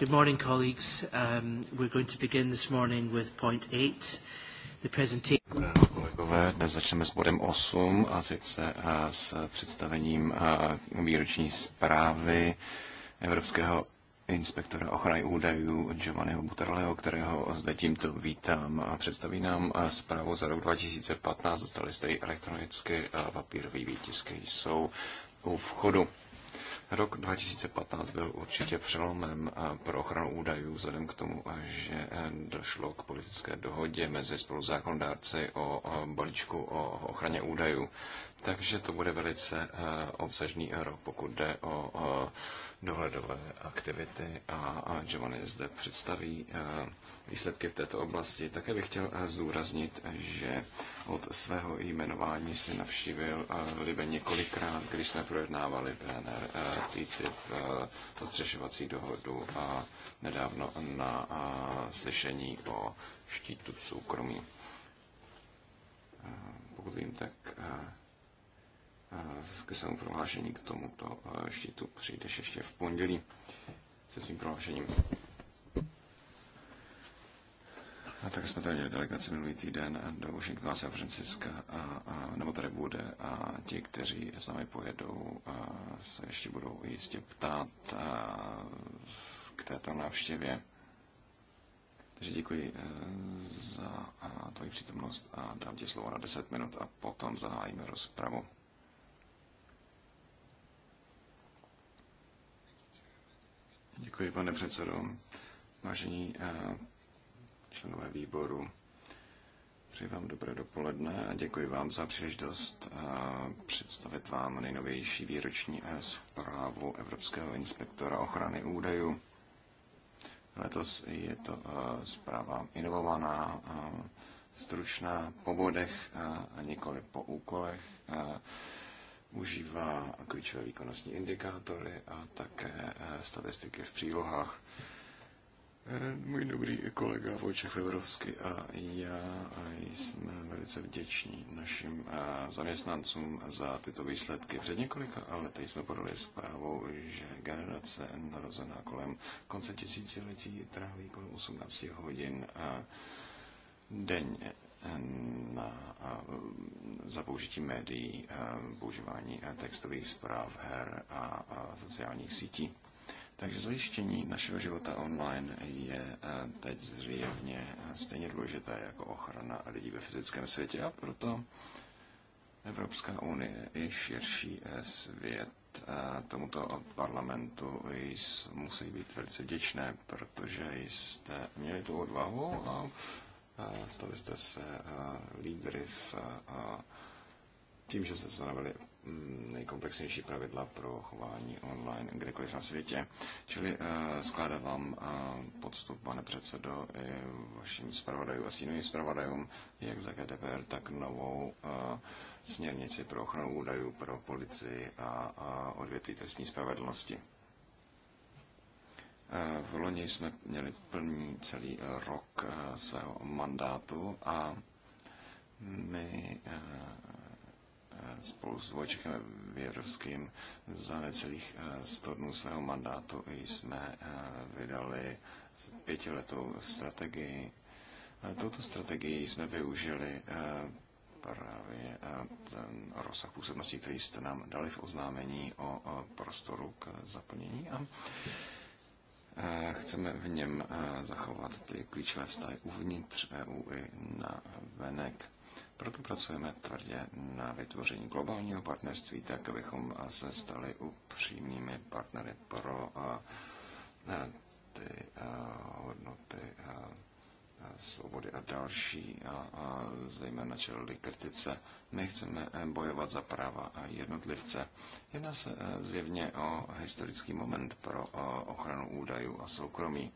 Good morning, colleagues. Um, we're going to begin this morning with point eight, the presentation. ráno, kolegové. Dnes začneme s bodem 8 a sice a eh, s představením a, eh, výroční zprávy Evropského inspektora ochrany údajů Giovanniho Butarleho, kterého zde tímto vítám a představí nám eh, zprávu za rok 2015. Dostali jste ji elektronicky a papírové výtisky jsou u vchodu. Rok 2015 byl určitě přelomem pro ochranu údajů vzhledem k tomu, že e, došlo k politické dohodě mezi spoluzákonodárci o balíčku o ochraně údajů. Takže to bude velice eh, obsažný rok, pokud jde o dohledové aktivity a Giovanni zde představí eh, výsledky v této oblasti. Také bych chtěl eh, zdůraznit, že od svého jmenování si navštívil Libe několikrát, když jsme projednávali PNR, TTIP, zastřešovací dohodu a nedávno na slyšení o štítu soukromí. Pokud vím, tak ke svému prohlášení k tomuto eh, štítu přijdeš ještě v pondělí se svým prohlášením. A tak jsme tady měli delegaci minulý týden do Washingtona, San Franciska, a, a, nebo tady bude, a ti, kteří s námi pojedou, a se ještě budou jistě ptát a, k této návštěvě. Takže děkuji eh, za tvoji přítomnost a dám ti slovo na 10 minut a potom zahájíme rozpravu. Děkuji, pane předsedo. Vážení eh, členové výboru, přeji vám dobré dopoledne a děkuji vám za příležitost eh, představit vám nejnovější výroční eh, zprávu Evropského inspektora ochrany údajů. Letos je to zpráva inovovaná, stručná po bodech a nikoli po úkolech užívá klíčové výkonnostní indikátory a také eh, statistiky v přílohách. Eh, můj dobrý kolega Vojček Fevrovský a já eh, jsme velice vděční našim zaměstnancům za tyto výsledky. Před několika lety jsme podali zprávou, že generace narozená kolem konce tisíciletí tráví kolem 18 hodin denně na, za použití médií, používání textových zpráv, her a sociálních sítí. Takže zajištění našeho života online je teď zřejmě stejně důležité jako ochrana lidí ve fyzickém světě a proto Evropská unie i širší e, svět tomuto parlamentu musí být velice vděčné, protože jste měli tu odvahu a stali jste se lídry v tím, že jste stanovili mm, nejkomplexnější pravidla pro chování online kdekoliv na světě. Čili uh, skládám vám uh, podstup, pane předsedo, i vašim zpravodajům a stínovým zpravodajům, jak za GDPR, tak novou uh, směrnici pro ochranu údajů pro policii a, a odvětví trestní spravedlnosti. Eh, v loni jsme měli plný celý eh, rok eh, svého mandátu a my spolu s Vojčkem Věrovským za necelých 100 dnů svého mandátu jsme vydali pětiletou strategii. Touto strategii jsme využili právě ten rozsah působnosti, který jste nám dali v oznámení o prostoru k zaplnění. A chceme v něm zachovat ty klíčové vztahy uvnitř EU i na venek. Proto pracujeme tvrdě na vytvoření globálního partnerství, tak abychom se stali upřímnými partnery pro ty hodnoty svobody a další a, a zejména čelili kritice. My chceme eh, bojovat za práva a jednotlivce. Jedná se eh, zjevně o historický moment pro eh, ochranu údajů a soukromí.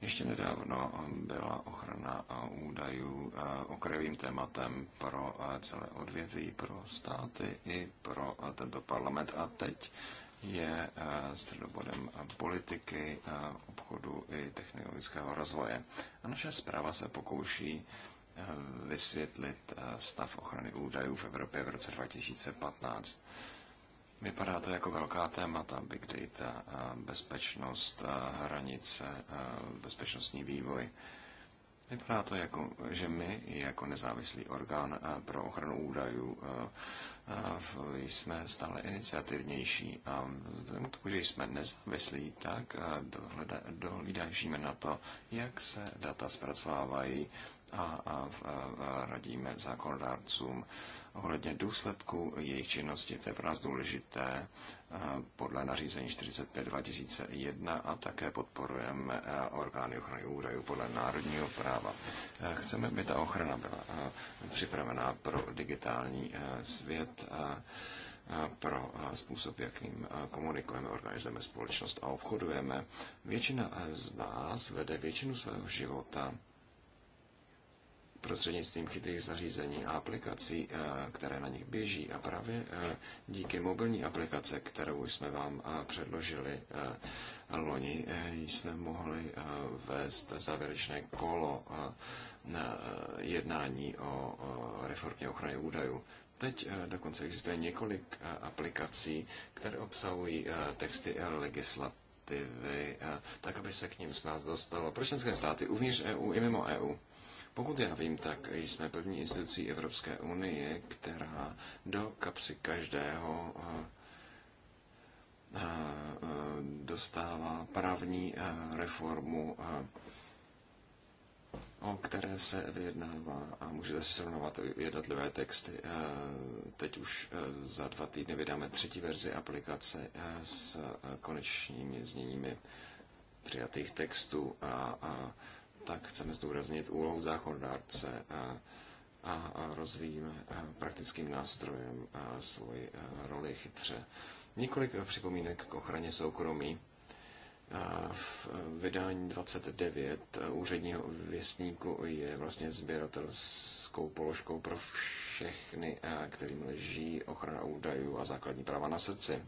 Ještě nedávno byla ochrana údajů okrajovým tématem pro celé odvětví, pro státy i pro tento parlament. A teď je eh, středobodem eh, politiky, eh, obchodu i technologického rozvoje. A naše zpráva se pokouší vysvětlit stav ochrany údajů v Evropě v roce 2015. Vypadá to jako velká témata, big data, bezpečnost, hranice, bezpečnostní vývoj. Vypadá to jako, že my jako nezávislý orgán eh, pro ochranu údajů eh, eh, jsme stále iniciativnější a vzhledem k tomu, že jsme nezávislí, tak dohlídáme na to, jak se data zpracovávají a, a, a radíme zákonodárcům ohledně důsledku jejich činnosti. To je pro nás důležité podle nařízení 45 2001 a také podporujeme orgány ochrany údajů podle národního práva. Chceme, aby ta ochrana byla připravená pro digitální svět pro způsob, jakým komunikujeme, organizujeme společnost a obchodujeme. Většina z nás vede většinu svého života prostřednictvím chytrých zařízení a aplikací, eh, které na nich běží. A právě eh, díky mobilní aplikace, kterou jsme vám eh, předložili loni, jsme mohli vést závěrečné kolo jednání o reformě ochrany údajů. Teď dokonce existuje několik aplikací, které obsahují texty legislativy, tak aby se k ním snad dostalo pro členské státy uvnitř EU i mimo EU. Pokud já vím, tak jsme první institucí Evropské unie, která do kapsy každého eh, eh, dostává právní eh, reformu, o které se vyjednává a můžete si srovnovat jednotlivé texty. Teď už za dva týdny vydáme třetí verzi aplikace s konečnými zněními přijatých textů a, a tak chceme zdůraznit úlohu zákonodárce a, a rozvíjíme praktickým nástrojem svoji roli chytře. Několik připomínek k ochraně soukromí. V vydání 29 úředního věstníku je vlastně sběratelskou položkou pro všechny, kterým leží ochrana údajů a základní práva na srdci.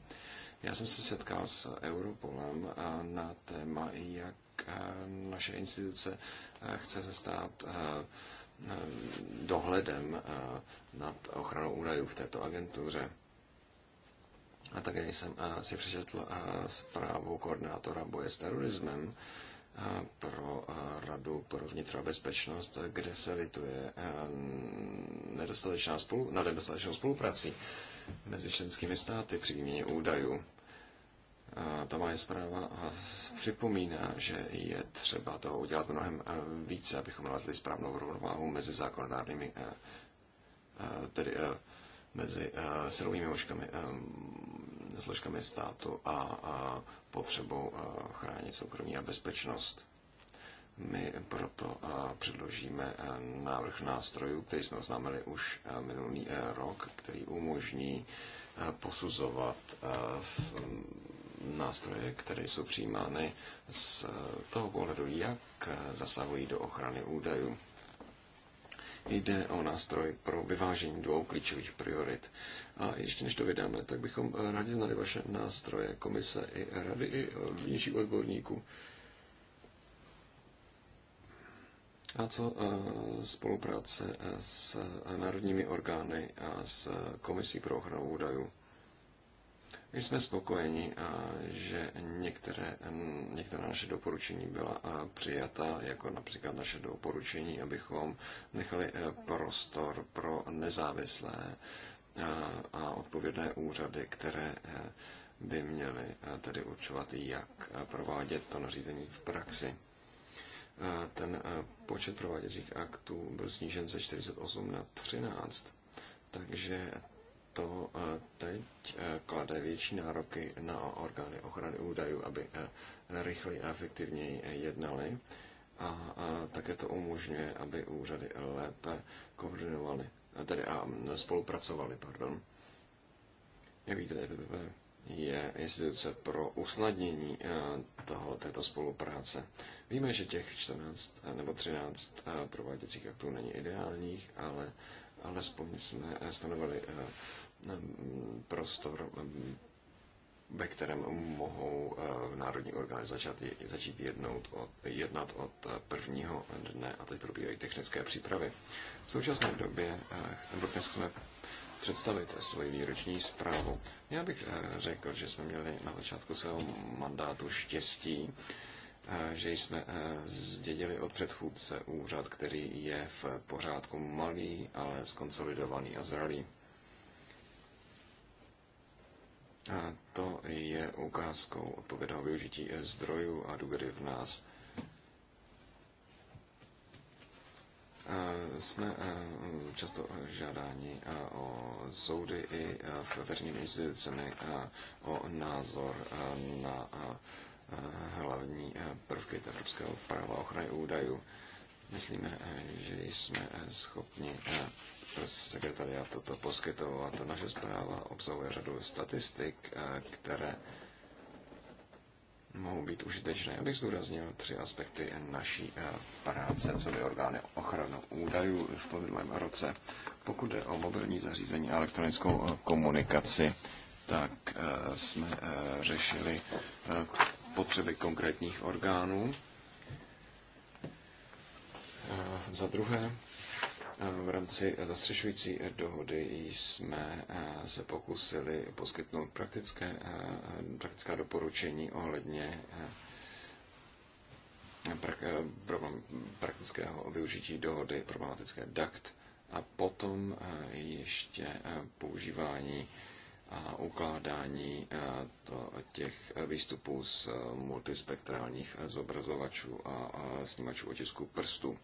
Já jsem se setkal s Europolem na téma, jak Eh, naše instituce eh, chce se stát eh, dohledem nad ochranou údajů v této agentuře. A také jsem si přečetl zprávu koordinátora boje s terorismem pro Radu pro vnitra bezpečnost, kde se lituje nedostatečná spolu, na nedostatečnou spoluprací mezi členskými státy při výměně údajů ta má je zpráva připomíná, že je třeba toho udělat mnohem eh, více, abychom nalezli správnou rovnováhu mezi zákonodárnými, eh, eh, tedy mezi silovými možkami, složkami státu a potřebou chránit soukromí a bezpečnost. My proto předložíme návrh nástrojů, který jsme oznámili už minulý rok, který umožní posuzovat nástroje, které jsou přijímány z eh, toho pohledu, jak eh, zasahují do ochrany údajů. Jde o nástroj pro vyvážení dvou klíčových priorit. A ještě než to vydáme, tak bychom eh, rádi znali vaše nástroje, komise i rady i vnějších odborníků. A co spolupráce s národními orgány a s Komisí pro ochranu údajů? My jsme spokojeni, že některé, některé naše doporučení byla přijata, jako například naše doporučení, abychom nechali e, prostor pro nezávislé e, a odpovědné úřady, které e, by měly tedy určovat, jak provádět to nařízení v praxi. Ten počet prováděcích aktů byl snížen ze 48 na 13, takže to eh, teď eh, klade větší nároky na orgány ochrany údajů, aby eh, rychleji a efektivněji jednali a také to umožňuje, aby úřady lépe koordinovaly, tedy a spolupracovaly, pardon. Jak víte, EPPP je instituce pro usnadnění toho, této spolupráce. Víme, že těch 14 nebo 13 prováděcích aktů není ideálních, ale alespoň jsme stanovili prostor, ve kterém mohou eh, národní orgány začít, začít jednout od, jednat od eh, prvního dne a teď probíhají technické přípravy. V současné době, nebo eh, dnes jsme představit svoji výroční zprávu. Já bych řekl, že jsme měli na začátku svého mandátu štěstí, že jsme zdědili od předchůdce úřad, který je v pořádku malý, ale skonsolidovaný a zralý. A to je ukázkou odpovědného využití zdrojů a důvěry v nás. Jsme e, často žádáni e, o soudy i e, v veřejnými institucemi o názor na hlavní prvky evropského práva ochrany údajů. Myslíme, že jsme schopni přes sekretariat toto poskytovat. Naše zpráva obsahuje řadu statistik, eh, které mohou být užitečné. Já bych zdůraznil tři aspekty naší eh, práce, co by orgány ochranu údajů v minulém roce. Pokud jde o mobilní zařízení a elektronickou eh, komunikaci, tak jsme řešili potřeby konkrétních orgánů. Za druhé, v rámci zastřešující dohody jsme eh, se pokusili poskytnout praktické, eh, praktická doporučení ohledně eh, praktického využití dohody problematické DACT a potom ještě používání a ukládání to, těch výstupů z multispektrálních zobrazovačů a snímačů otisků prstů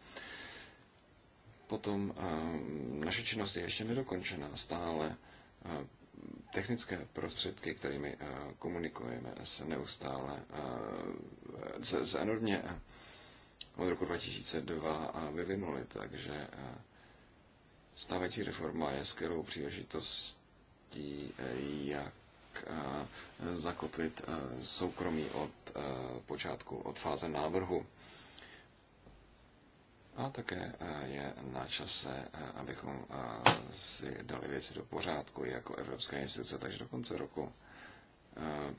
potom eh, naše činnost je ještě nedokončená stále. Eh, technické prostředky, kterými eh, komunikujeme, se neustále, se, se enormně od roku 2002 vyvinuly, takže stávající reforma je skvělou příležitostí, jak zakotvit soukromí od počátku, od fáze návrhu a také eh, je na čase, eh, abychom eh, si dali věci do pořádku jako Evropské instituce, takže do konce roku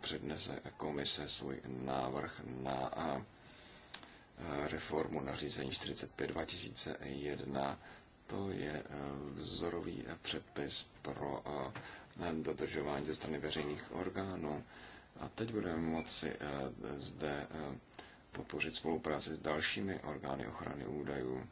přednese komise svůj návrh na reformu nařízení 45 2001. To je vzorový předpis pro dodržování ze strany veřejných orgánů. A teď budeme moci zde podpořit spolupráci s dalšími orgány ochrany údajů.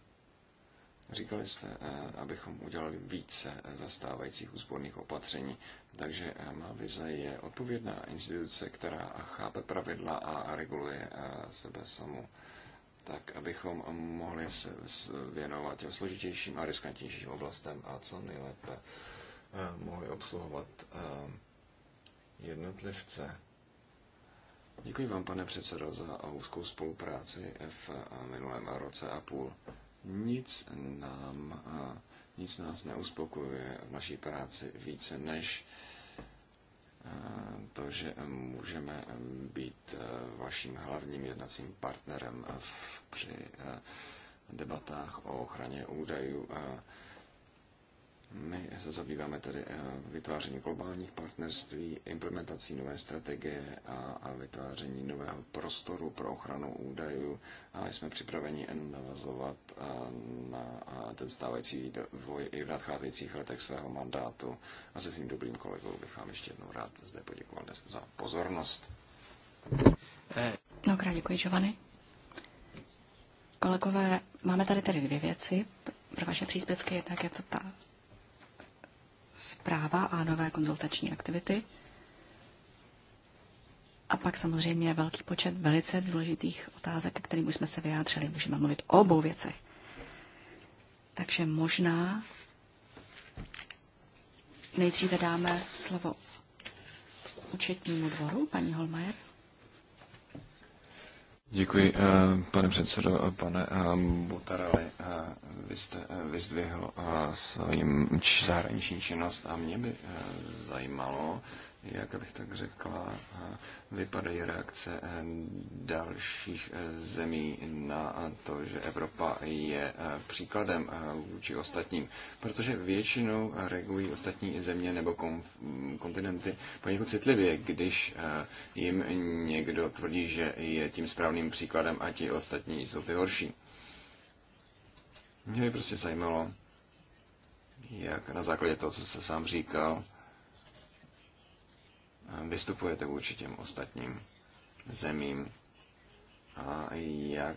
Říkali jste, eh, abychom udělali více eh, zastávajících úsporných opatření, takže eh, má vize je odpovědná instituce, která chápe pravidla a reguluje sebe samu, tak abychom mohli se věnovat těm složitějším a riskantnějším oblastem a co nejlépe mohli obsluhovat jednotlivce Děkuji vám, pane předsedo, za úzkou spolupráci v minulém roce a půl. Nic nám, nic nás neuspokojuje v naší práci více než to, že můžeme být vaším hlavním jednacím partnerem v, při debatách o ochraně údajů. A, my se zabýváme tedy eh, vytváření globálních partnerství, implementací nové strategie a vytváření nového prostoru pro ochranu údajů ale jsme připraveni navazovat eh, na ten stávající vývoj i v nadcházejících letech svého mandátu. A se svým dobrým kolegou bych vám ještě jednou rád zde poděkoval za pozornost. Eh. No, krát děkuji, Giovanni. Kolegové, máme tady tedy dvě věci pro vaše příspěvky. Jednak je to ta zpráva a nové konzultační aktivity. A pak samozřejmě je velký počet velice důležitých otázek, kterým už jsme se vyjádřili. Můžeme mluvit o obou věcech. Takže možná nejdříve dáme slovo učetnímu dvoru, paní Holmajer. Děkuji, eh, pane předsedo. Eh, pane eh, Butarali, vy jste vyzdvihl svým zahraniční činnost a mě by zajímalo, jak bych tak řekla, vypadají reakce eh, dalších eh, zemí na eh, to, že Evropa je příkladem vůči ostatním. Protože většinou reagují ostatní země nebo kontinenty poněkud citlivě, když jim někdo tvrdí, že je tím správným příkladem a ti ostatní jsou ty horší. Mě by prostě zajímalo, jak na základě toho, co se sám říkal, vystupujete vůči těm ostatním zemím a jak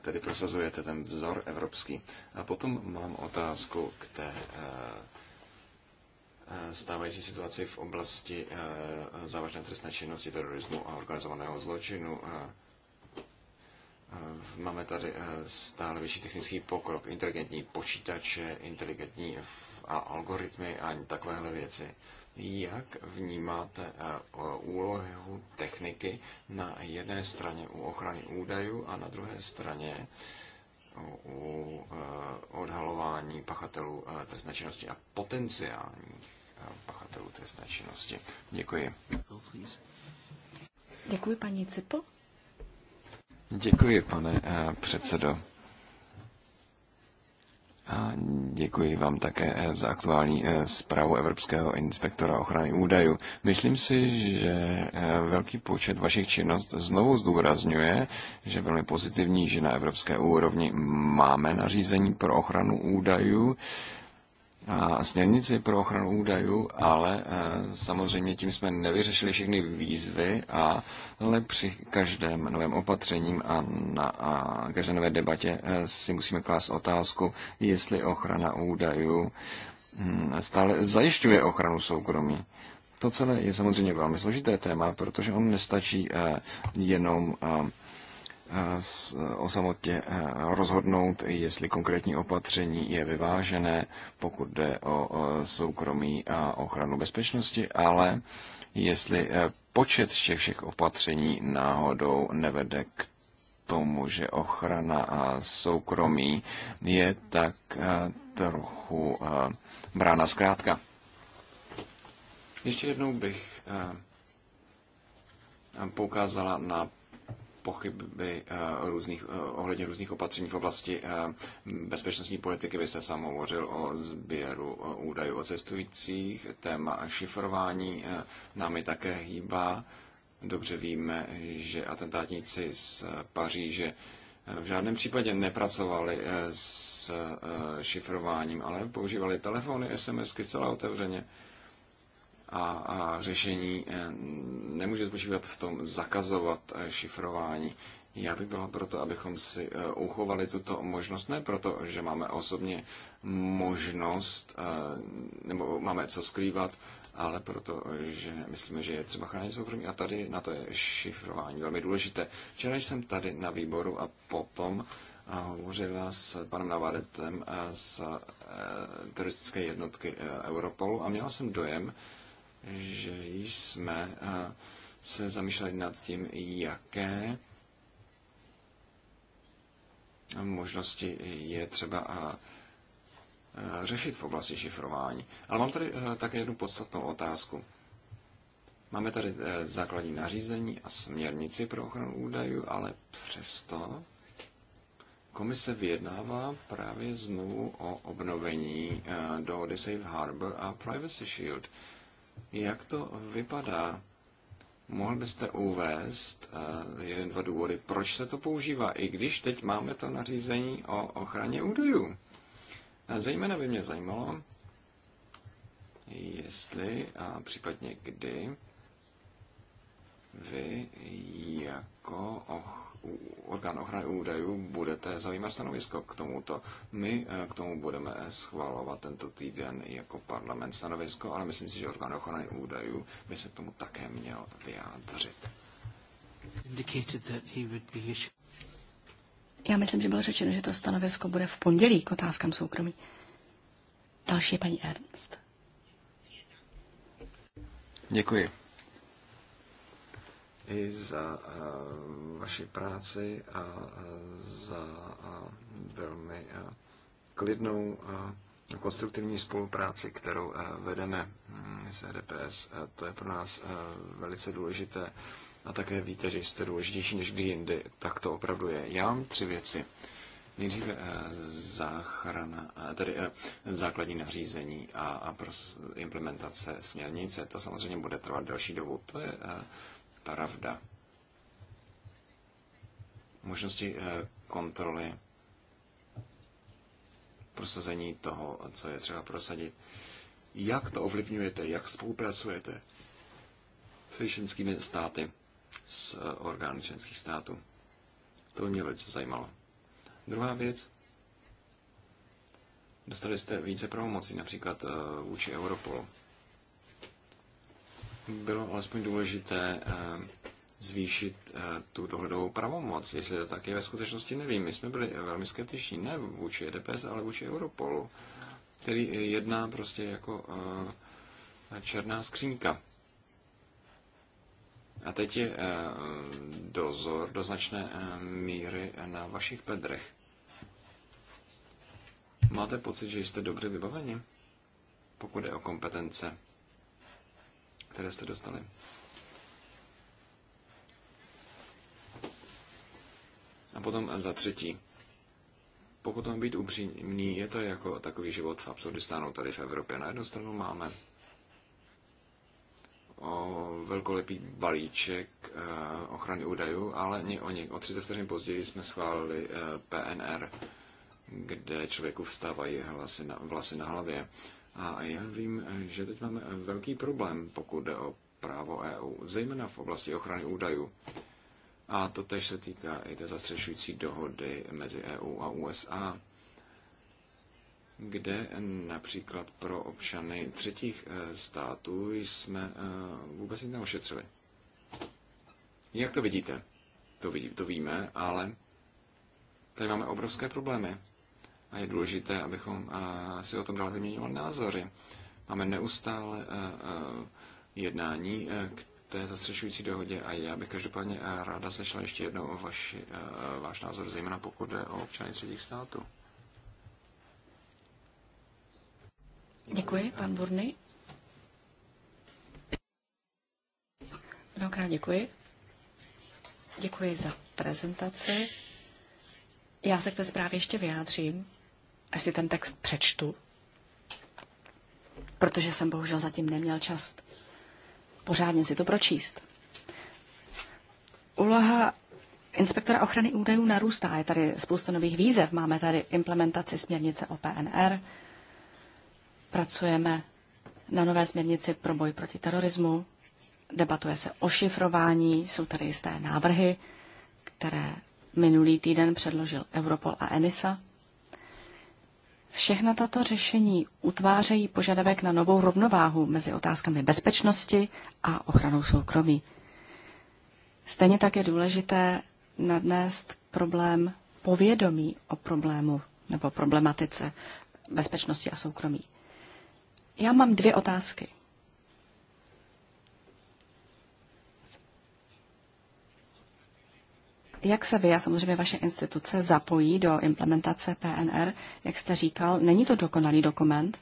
tedy prosazujete ten vzor evropský. A potom mám otázku k té eh, eh, stávající situaci v oblasti eh, závažné trestné činnosti, terorismu a organizovaného zločinu. Máme tady stále vyšší technický pokrok, inteligentní počítače, inteligentní a algoritmy a takovéhle věci. Jak vnímáte eh, úlohu techniky na jedné straně u ochrany údajů a na druhé straně u eh, odhalování pachatelů eh, trestné činnosti a potenciálních pachatelů trestné činnosti? Děkuji. Děkuji, paní Cipo. Děkuji, pane předsedo. A děkuji vám také eh, za aktuální eh, zprávu Evropského inspektora ochrany údajů. Myslím si, že eh, velký počet vašich činnost znovu zdůrazňuje, že velmi pozitivní, že na evropské úrovni máme nařízení pro ochranu údajů a směrnici pro ochranu údajů, ale e, samozřejmě tím jsme nevyřešili všechny výzvy, a, ale při každém novém opatřením a na a každé nové debatě e, si musíme klást otázku, jestli ochrana údajů hm, stále zajišťuje ochranu soukromí. To celé je samozřejmě velmi složité téma, protože on nestačí e, jenom o samotě eh, rozhodnout, jestli konkrétní opatření je vyvážené, pokud jde o soukromí a ochranu bezpečnosti, ale jestli eh, počet všech, všech opatření náhodou nevede k tomu, že ochrana a soukromí je tak eh, trochu brána zkrátka. Ještě jednou bych poukázala na pochyby eh, různých, eh, ohledně různých opatření v oblasti eh, bezpečnostní politiky. Vy jste sám hovořil o sběru údajů o cestujících, téma šifrování námi také hýbá. Dobře víme, že atentátníci z Paříže v žádném případě nepracovali s šifrováním, ale používali telefony, SMSky zcela otevřeně. A, a řešení eh, nemůže spočívat v tom zakazovat eh, šifrování. Já bych byla proto, abychom si eh, uchovali tuto možnost, ne proto, že máme osobně možnost, nebo máme co skrývat, ale proto, že myslíme, že je třeba chránit soukromí a tady na to je šifrování velmi důležité. Včera jsem tady na výboru a potom a hovořila s panem Navaretem z teroristické jednotky Europolu a měla jsem dojem, že jsme se zamýšleli nad tím, jaké možnosti je třeba řešit v oblasti šifrování. Ale mám tady také jednu podstatnou otázku. Máme tady e, základní nařízení a směrnici pro ochranu údajů, ale přesto komise vyjednává právě znovu o obnovení e, dohody Safe Harbor a Privacy Shield. Jak to vypadá? Mohl byste uvést eh, jeden, dva důvody, proč se to používá, i když teď máme to nařízení o ochraně údajů. A zejména by mě zajímalo, jestli a případně kdy vy jako och orgán ochrany údajů budete zajímat stanovisko k tomuto. My eh, k tomu budeme schvalovat tento týden jako parlament stanovisko, ale myslím si, že orgán ochrany údajů by se k tomu také měl vyjádřit. Já myslím, že bylo řečeno, že to stanovisko bude v pondělí k otázkám soukromí. Další je paní Ernst. Děkuji i za eh, vaši práci a eh, za eh, velmi klidnou a konstruktivní spolupráci, kterou vedeme hm, s EDPS. To je pro nás velice důležité a také víte, že jste důležitější než kdy jindy. Tak to opravdu je. Já mám tři věci. Nejdříve záchrana, tedy základní nařízení a implementace směrnice. To samozřejmě bude trvat další dobu. To je pravda. Možnosti eh, kontroly prosazení toho, co je třeba prosadit. Jak to ovlivňujete, jak spolupracujete s členskými státy, s eh, orgány členských států. To by mě velice zajímalo. Druhá věc. Dostali jste více pravomocí, například eh, vůči Europolu bylo alespoň důležité eh, zvýšit eh, tu dohledovou pravomoc. Jestli to tak je ve skutečnosti, nevím. My jsme byli velmi skeptiční, ne vůči EDPS, ale vůči Europolu, který jedná prostě jako eh, černá skřínka. A teď je dozor do značné míry na vašich pedrech. Máte pocit, že jste dobře vybaveni, pokud je o kompetence? které jste dostali. A potom za třetí, pokud mám být upřímný, je to jako takový život v absurdistánu tady v Evropě. Na jednu stranu máme o velkolepý balíček eh, ochrany údajů, ale o, ně, o 30 vteřin později jsme schválili eh, PNR, kde člověku vstávají hlasy na, vlasy na hlavě. A já vím, že teď máme velký problém, pokud jde o právo EU, zejména v oblasti ochrany údajů. A to tež se týká i té zastřešující dohody mezi EU a USA, kde například pro občany třetích eh, států jsme eh, vůbec nic neošetřili. Jak to vidíte? To, vidí, to víme, ale tady máme obrovské problémy. A je důležité, abychom si o tom dále vyměňovali názory. Máme neustále jednání k té zastřešující dohodě a já bych každopádně ráda sešla ještě jednou o vaši, váš názor, zejména pokud jde o občany třetích států. Děkuji, pan Burny. Mnohokrát děkuji. Děkuji za prezentaci. Já se k té zprávě ještě vyjádřím až si ten text přečtu, protože jsem bohužel zatím neměl čas pořádně si to pročíst. Úloha inspektora ochrany údajů narůstá. Je tady spousta nových výzev. Máme tady implementaci směrnice o PNR. Pracujeme na nové směrnici pro boj proti terorismu. Debatuje se o šifrování. Jsou tady jisté návrhy, které minulý týden předložil Europol a ENISA. Všechna tato řešení utvářejí požadavek na novou rovnováhu mezi otázkami bezpečnosti a ochranou soukromí. Stejně tak je důležité nadnést problém povědomí o problému nebo problematice bezpečnosti a soukromí. Já mám dvě otázky. jak se vy a samozřejmě vaše instituce zapojí do implementace PNR, jak jste říkal, není to dokonalý dokument,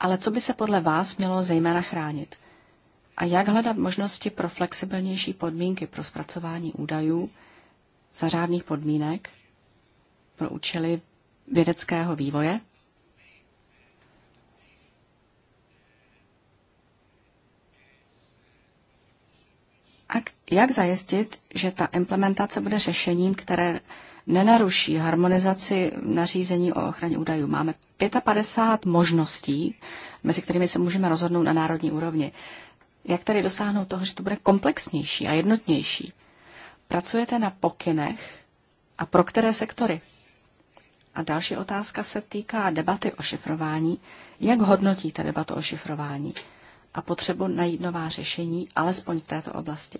ale co by se podle vás mělo zejména chránit? A jak hledat možnosti pro flexibilnější podmínky pro zpracování údajů za řádných podmínek pro účely vědeckého vývoje? jak zajistit, že ta implementace bude řešením, které nenaruší harmonizaci nařízení o ochraně údajů. Máme 55 možností, mezi kterými se můžeme rozhodnout na národní úrovni. Jak tedy dosáhnout toho, že to bude komplexnější a jednotnější? Pracujete na pokynech a pro které sektory? A další otázka se týká debaty o šifrování. Jak hodnotíte debatu o šifrování? a potřebu najít nová řešení, alespoň v této oblasti.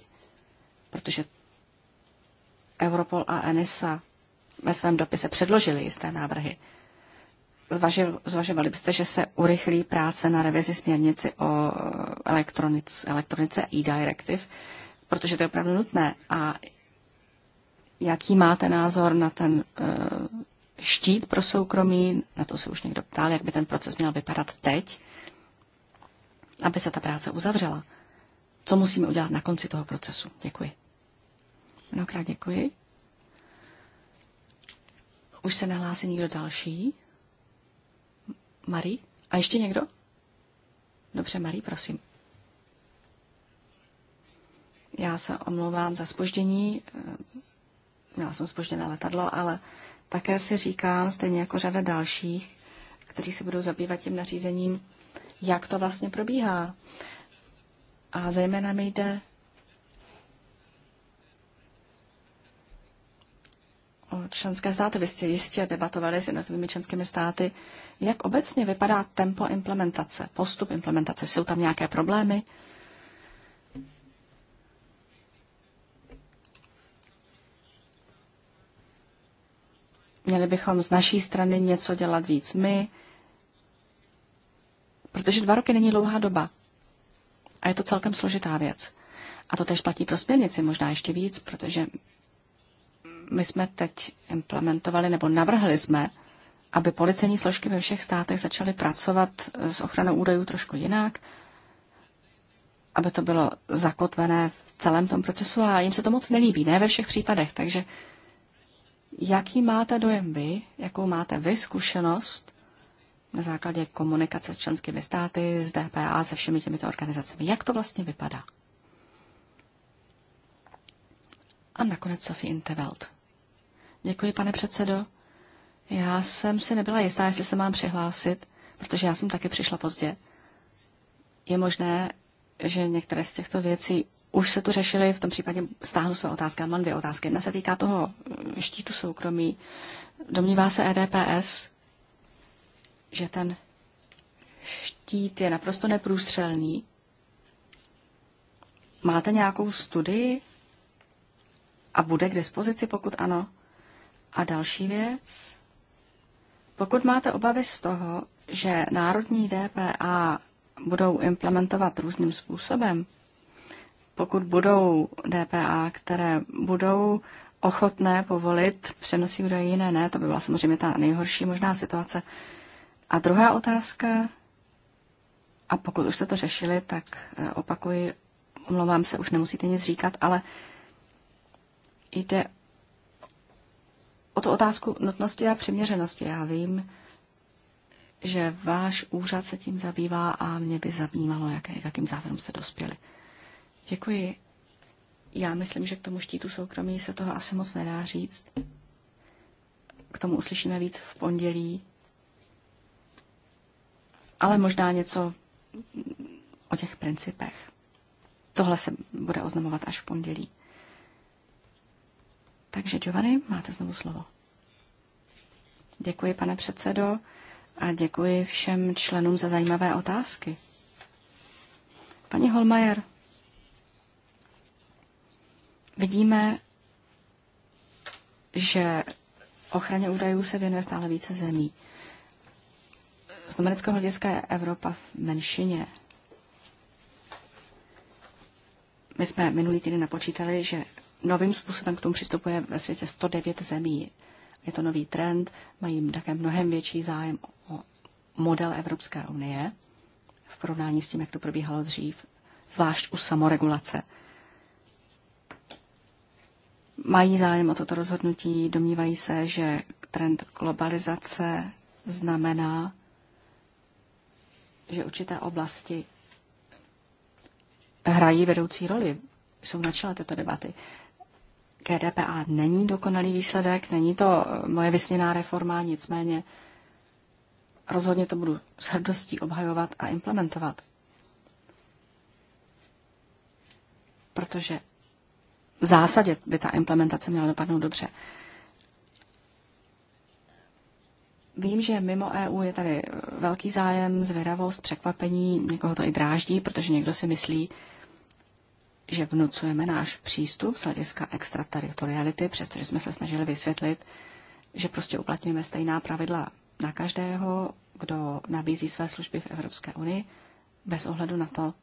Protože Europol a ENISA ve svém dopise předložili jisté návrhy. Zvažil, zvažovali byste, že se urychlí práce na revizi směrnici o elektronic, elektronice e-directive, protože to je opravdu nutné. A jaký máte názor na ten eh, štít pro soukromí? Na to se už někdo ptal, jak by ten proces měl vypadat teď aby se ta práce uzavřela. Co musíme udělat na konci toho procesu? Děkuji. Mnohokrát děkuji. Už se nehlásí někdo další? Marie? A ještě někdo? Dobře, Marie, prosím. Já se omlouvám za spoždění. Měla jsem spožděné letadlo, ale také si říkám, stejně jako řada dalších, kteří se budou zabývat tím nařízením, jak to vlastně probíhá. A zejména mi jde o členské státy. Vy jste jistě debatovali s jednotlivými členskými státy. Jak obecně vypadá tempo implementace, postup implementace? Jsou tam nějaké problémy? Měli bychom z naší strany něco dělat víc my, Protože dva roky není dlouhá doba. A je to celkem složitá věc. A to tež platí pro směrnici, možná ještě víc, protože my jsme teď implementovali nebo navrhli jsme, aby policejní složky ve všech státech začaly pracovat eh, s ochranou údajů trošku jinak, aby to bylo zakotvené v celém tom procesu a jim se to moc nelíbí, ne ve všech případech. Takže jaký máte dojem vy, jakou máte vy zkušenost na základě komunikace s členskými státy, s DPA, se všemi těmito organizacemi. Jak to vlastně vypadá? A nakonec Sophie Intervelt. Děkuji, pane předsedo. Já jsem si nebyla jistá, jestli se mám přihlásit, protože já jsem taky přišla pozdě. Je možné, že některé z těchto věcí už se tu řešily, v tom případě stáhnu své otázky, mám dvě otázky. Jedna se týká toho štítu soukromí. Domnívá se EDPS, že ten štít je naprosto neprůstřelný. Máte nějakou studii a bude k dispozici, pokud ano? A další věc, pokud máte obavy z toho, že národní DPA budou implementovat různým způsobem, pokud budou DPA, které budou ochotné povolit přenosy údajů jiné, ne, to by byla samozřejmě ta nejhorší možná situace, a druhá otázka, a pokud už jste to řešili, tak eh, opakuji, omlouvám se, už nemusíte nic říkat, ale jde o tu otázku nutnosti a přiměřenosti. Já vím, že váš úřad se tím zabývá a mě by zajímalo, jak, jakým závěrem se dospěli. Děkuji. Já myslím, že k tomu štítu soukromí se toho asi moc nedá říct. K tomu uslyšíme víc v pondělí ale možná něco o těch principech. Tohle se bude oznamovat až v pondělí. Takže Giovanni, máte znovu slovo. Děkuji, pane předsedo, a děkuji všem členům za zajímavé otázky. Paní Holmajer, vidíme, že ochraně údajů se věnuje stále více zemí. Z amerického hlediska je Evropa v menšině. My jsme minulý týden napočítali, že novým způsobem k tomu přistupuje ve světě 109 zemí. Je to nový trend, mají také mnohem větší zájem o model Evropské unie v porovnání s tím, jak to probíhalo dřív, zvlášť u samoregulace. Mají zájem o toto rozhodnutí, domnívají se, že trend globalizace znamená, že určité oblasti hrají vedoucí roli, jsou na čele této debaty. KDPA není dokonalý výsledek, není to eh, moje vysněná reforma, nicméně rozhodně to budu s hrdostí obhajovat a implementovat. Protože v zásadě by ta implementace měla dopadnout dobře. Vím, že mimo EU je tady velký zájem, zvědavost, překvapení, někoho to i dráždí, protože někdo si myslí, že vnucujeme náš přístup z hlediska extrateritoriality, přestože jsme se snažili vysvětlit, že prostě uplatňujeme stejná pravidla na každého, kdo nabízí své služby v Evropské unii, bez ohledu na to,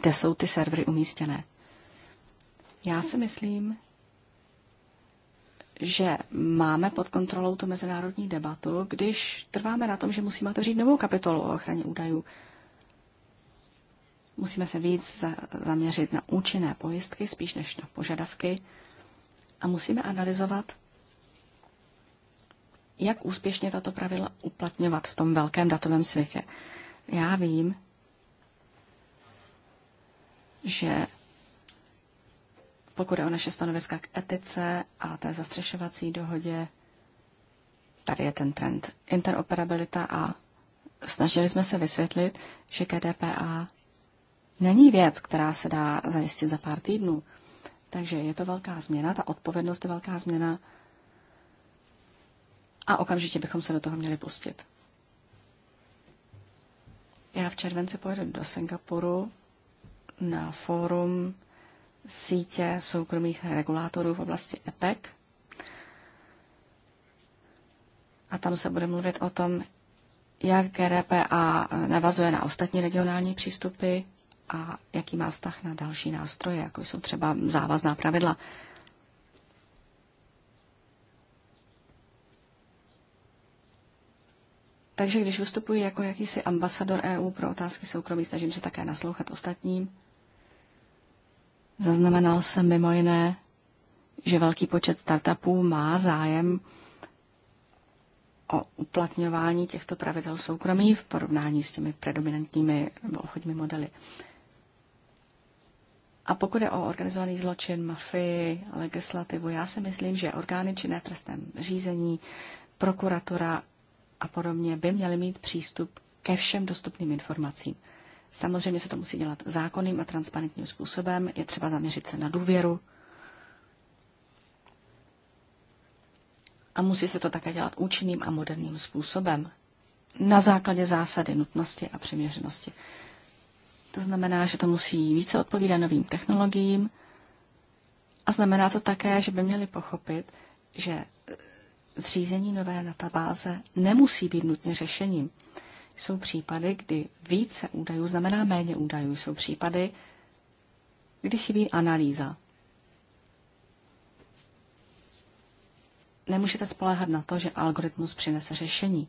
kde jsou ty servery umístěné. Já si myslím, že máme pod kontrolou tu mezinárodní debatu, když trváme na tom, že musíme otevřít novou kapitolu o ochraně údajů. Musíme se víc zaměřit na účinné pojistky spíš než na požadavky a musíme analyzovat, jak úspěšně tato pravidla uplatňovat v tom velkém datovém světě. Já vím, že pokud je o naše stanoviska k etice a té zastřešovací dohodě, tady je ten trend interoperabilita a snažili jsme se vysvětlit, že KDPA není věc, která se dá zajistit za pár týdnů. Takže je to velká změna, ta odpovědnost je velká změna a okamžitě bychom se do toho měli pustit. Já v červenci pojedu do Singapuru na fórum sítě soukromých regulátorů v oblasti EPEC. A tam se bude mluvit o tom, jak GDPA navazuje na ostatní regionální přístupy a jaký má vztah na další nástroje, jako jsou třeba závazná pravidla. Takže když vystupuji jako jakýsi ambasador EU pro otázky soukromí, snažím se také naslouchat ostatním Zaznamenal jsem mimo jiné, že velký počet startupů má zájem o uplatňování těchto pravidel soukromí v porovnání s těmi predominantními nebo obchodními modely. A pokud je o organizovaný zločin, mafii, legislativu, já si myslím, že orgány činné trestem řízení, prokuratura a podobně by měly mít přístup ke všem dostupným informacím. Samozřejmě se to musí dělat zákonným a transparentním způsobem. Je třeba zaměřit se na důvěru. A musí se to také dělat účinným a moderním způsobem. Na základě zásady nutnosti a přiměřenosti. To znamená, že to musí více odpovídat novým technologiím. A znamená to také, že by měli pochopit, že zřízení nové databáze nemusí být nutně řešením. Jsou případy, kdy více údajů znamená méně údajů. Jsou případy, kdy chybí analýza. Nemůžete spolehat na to, že algoritmus přinese řešení.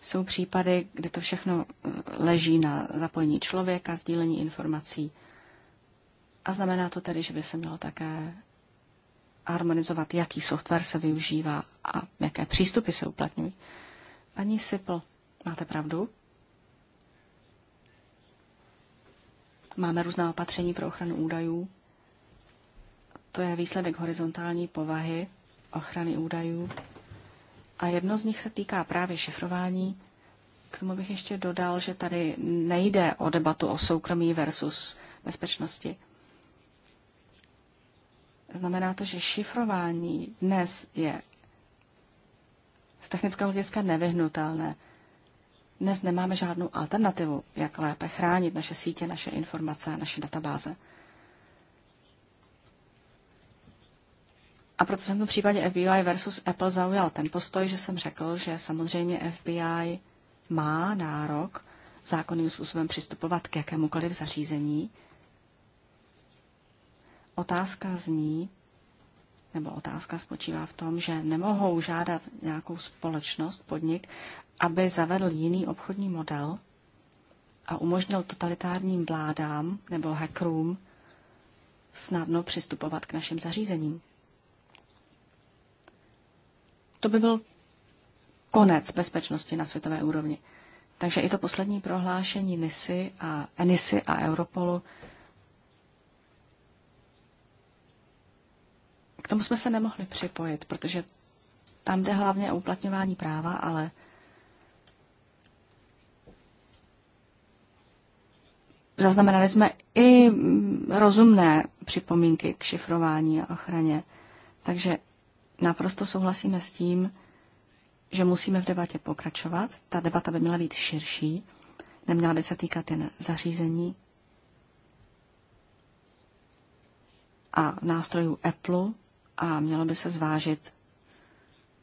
Jsou případy, kde to všechno eh, leží na zapojení člověka, sdílení informací. A znamená to tedy, že by se mělo také harmonizovat, jaký software se využívá a jaké přístupy se uplatňují. Paní Sipl, máte pravdu? Máme různá opatření pro ochranu údajů. To je výsledek horizontální povahy ochrany údajů. A jedno z nich se týká právě šifrování. K tomu bych ještě dodal, že tady nejde o debatu o soukromí versus bezpečnosti. Znamená to, že šifrování dnes je z technického hlediska nevyhnutelné. Dnes nemáme žádnou alternativu, jak lépe chránit naše sítě, naše informace, naše databáze. A proto jsem v případě FBI versus Apple zaujal ten postoj, že jsem řekl, že samozřejmě FBI má nárok zákonným způsobem přistupovat k jakémukoliv zařízení. Otázka zní, nebo otázka spočívá v tom, že nemohou žádat nějakou společnost, podnik, aby zavedl jiný obchodní model a umožnil totalitárním vládám nebo hackerům snadno přistupovat k našim zařízením. To by byl konec bezpečnosti na světové úrovni. Takže i to poslední prohlášení NISY a, NISY a Europolu K tomu jsme se nemohli připojit, protože tam jde hlavně o uplatňování práva, ale zaznamenali jsme i rozumné připomínky k šifrování a ochraně. Takže naprosto souhlasíme s tím, že musíme v debatě pokračovat. Ta debata by měla být širší, neměla by se týkat jen zařízení a nástrojů Apple, a mělo by se zvážit,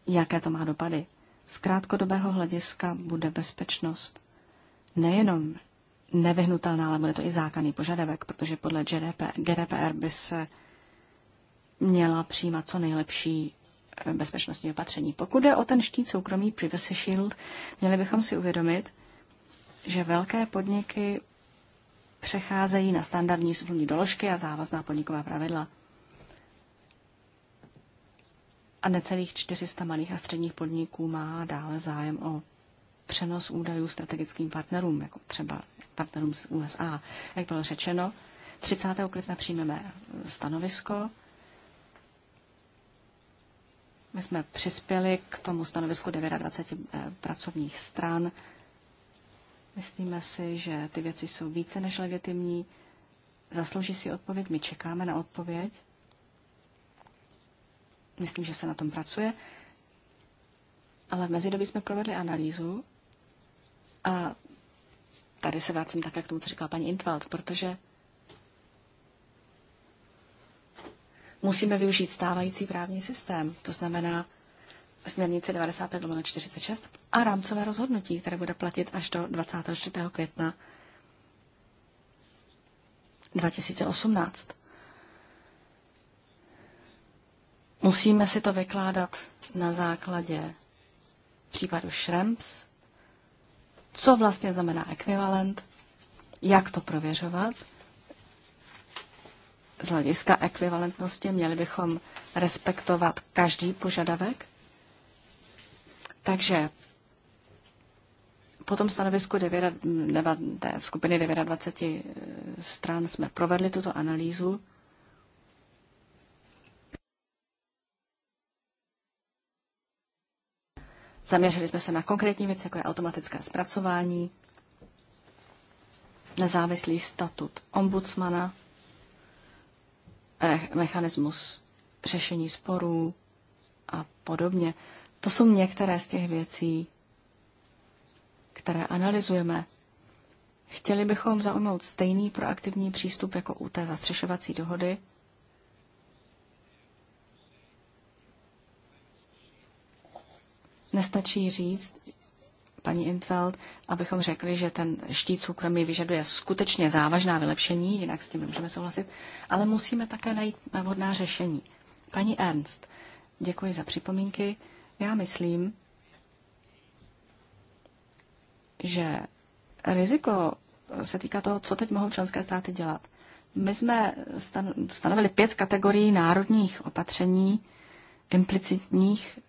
jaké to má dopady. Z krátkodobého hlediska bude bezpečnost nejenom nevyhnutelná, ale bude to i zákonný požadavek, protože podle GDPR by se měla přijímat co nejlepší eh, bezpečnostní opatření. Pokud jde o ten štít soukromý Privacy Shield, měli bychom si uvědomit, že velké podniky přecházejí na standardní smluvní doložky a závazná podniková pravidla a necelých 400 malých a středních podniků má dále zájem o přenos údajů strategickým partnerům, jako třeba partnerům z USA. Jak bylo řečeno, 30. května přijmeme stanovisko. My jsme přispěli k tomu stanovisku 29 eh, pracovních stran. Myslíme si, že ty věci jsou více než legitimní. Zaslouží si odpověď, my čekáme na odpověď. Myslím, že se na tom pracuje. Ale v mezidobí jsme provedli analýzu a tady se vracím také k tomu, co říkala paní Intwald, protože musíme využít stávající právní systém, to znamená směrnice 95 46 a rámcové rozhodnutí, které bude platit až do 24. května 2018. Musíme si to vykládat na základě případu Schrems, co vlastně znamená ekvivalent, jak to prověřovat. Z hlediska ekvivalentnosti měli bychom respektovat každý požadavek. Takže po tom stanovisku 9, 9, skupiny 29 stran jsme provedli tuto analýzu Zaměřili jsme se na konkrétní věci, jako je automatické zpracování, nezávislý statut ombudsmana, eh, mechanismus řešení sporů a podobně. To jsou některé z těch věcí, které analyzujeme. Chtěli bychom zaujmout stejný proaktivní přístup jako u té zastřešovací dohody, Nestačí říct, paní Infeld, abychom řekli, že ten štít soukromí vyžaduje skutečně závažná vylepšení, jinak s tím nemůžeme souhlasit, ale musíme také najít vhodná řešení. Paní Ernst, děkuji za připomínky. Já myslím, že riziko se týká toho, co teď mohou členské státy dělat. My jsme stanovili pět kategorií národních opatření, implicitních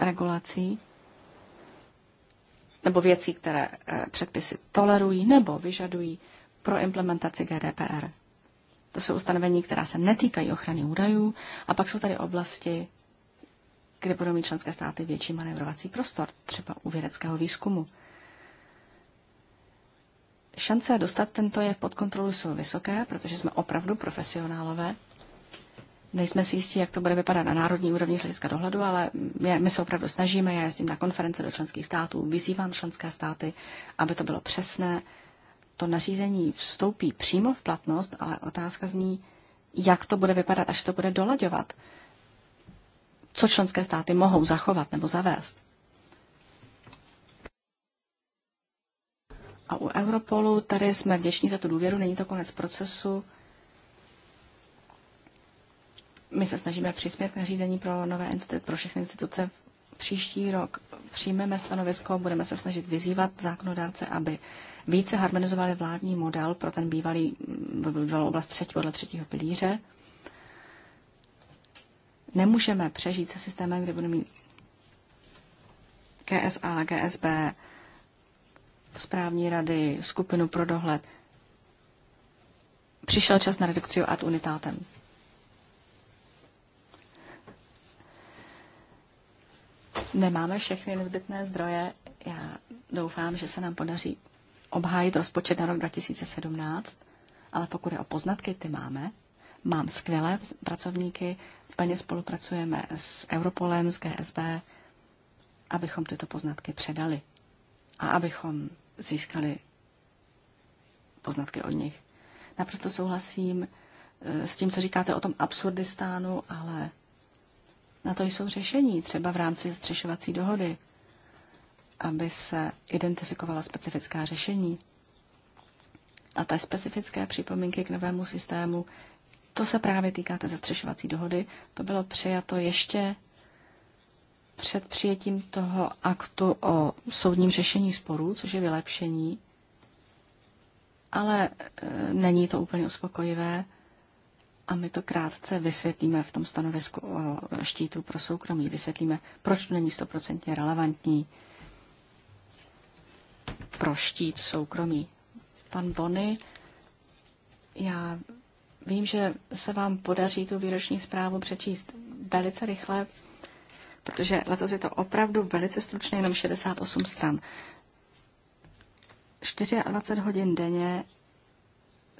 regulací nebo věcí, které eh, předpisy tolerují nebo vyžadují pro implementaci GDPR. To jsou ustanovení, která se netýkají ochrany údajů a pak jsou tady oblasti, kde budou mít členské státy větší manevrovací prostor, třeba u vědeckého výzkumu. Šance dostat tento je pod kontrolu jsou vysoké, protože jsme opravdu profesionálové Nejsme si jistí, jak to bude vypadat na národní úrovni z hlediska dohledu, ale my se opravdu snažíme, já jezdím na konference do členských států, vyzývám členské státy, aby to bylo přesné. To nařízení vstoupí přímo v platnost, ale otázka zní, jak to bude vypadat, až to bude dolaďovat. Co členské státy mohou zachovat nebo zavést? A u Europolu tady jsme vděční za tu důvěru, není to konec procesu. My se snažíme přispět k nařízení pro nové instituce, pro všechny instituce. Příští rok přijmeme stanovisko, budeme se snažit vyzývat zákonodárce, aby více harmonizovali vládní model pro ten bývalý, mm, bývalou oblast třetí, podle třetího pilíře. Nemůžeme přežít se systémem, kde budeme mít KSA, GSB, správní rady, skupinu pro dohled. Přišel čas na redukci ad unitátem. Nemáme všechny nezbytné zdroje. Já doufám, že se nám podaří obhájit rozpočet na rok 2017, ale pokud je o poznatky, ty máme. Mám skvělé pracovníky, plně spolupracujeme s Europolem, s GSB, abychom tyto poznatky předali a abychom získali poznatky od nich. Naprosto souhlasím eh, s tím, co říkáte o tom Absurdistánu, ale na to jsou řešení, třeba v rámci střešovací dohody, aby se identifikovala specifická řešení. A ty specifické připomínky k novému systému, to se právě týká té zastřešovací dohody. To bylo přijato ještě před přijetím toho aktu o soudním řešení sporů, což je vylepšení, ale e, není to úplně uspokojivé. A my to krátce vysvětlíme v tom stanovisku o štítu pro soukromí. Vysvětlíme, proč to není stoprocentně relevantní pro štít soukromí. Pan Bony, já vím, že se vám podaří tu výroční zprávu přečíst velice rychle, protože letos je to opravdu velice stručné, jenom 68 stran. 24 hodin denně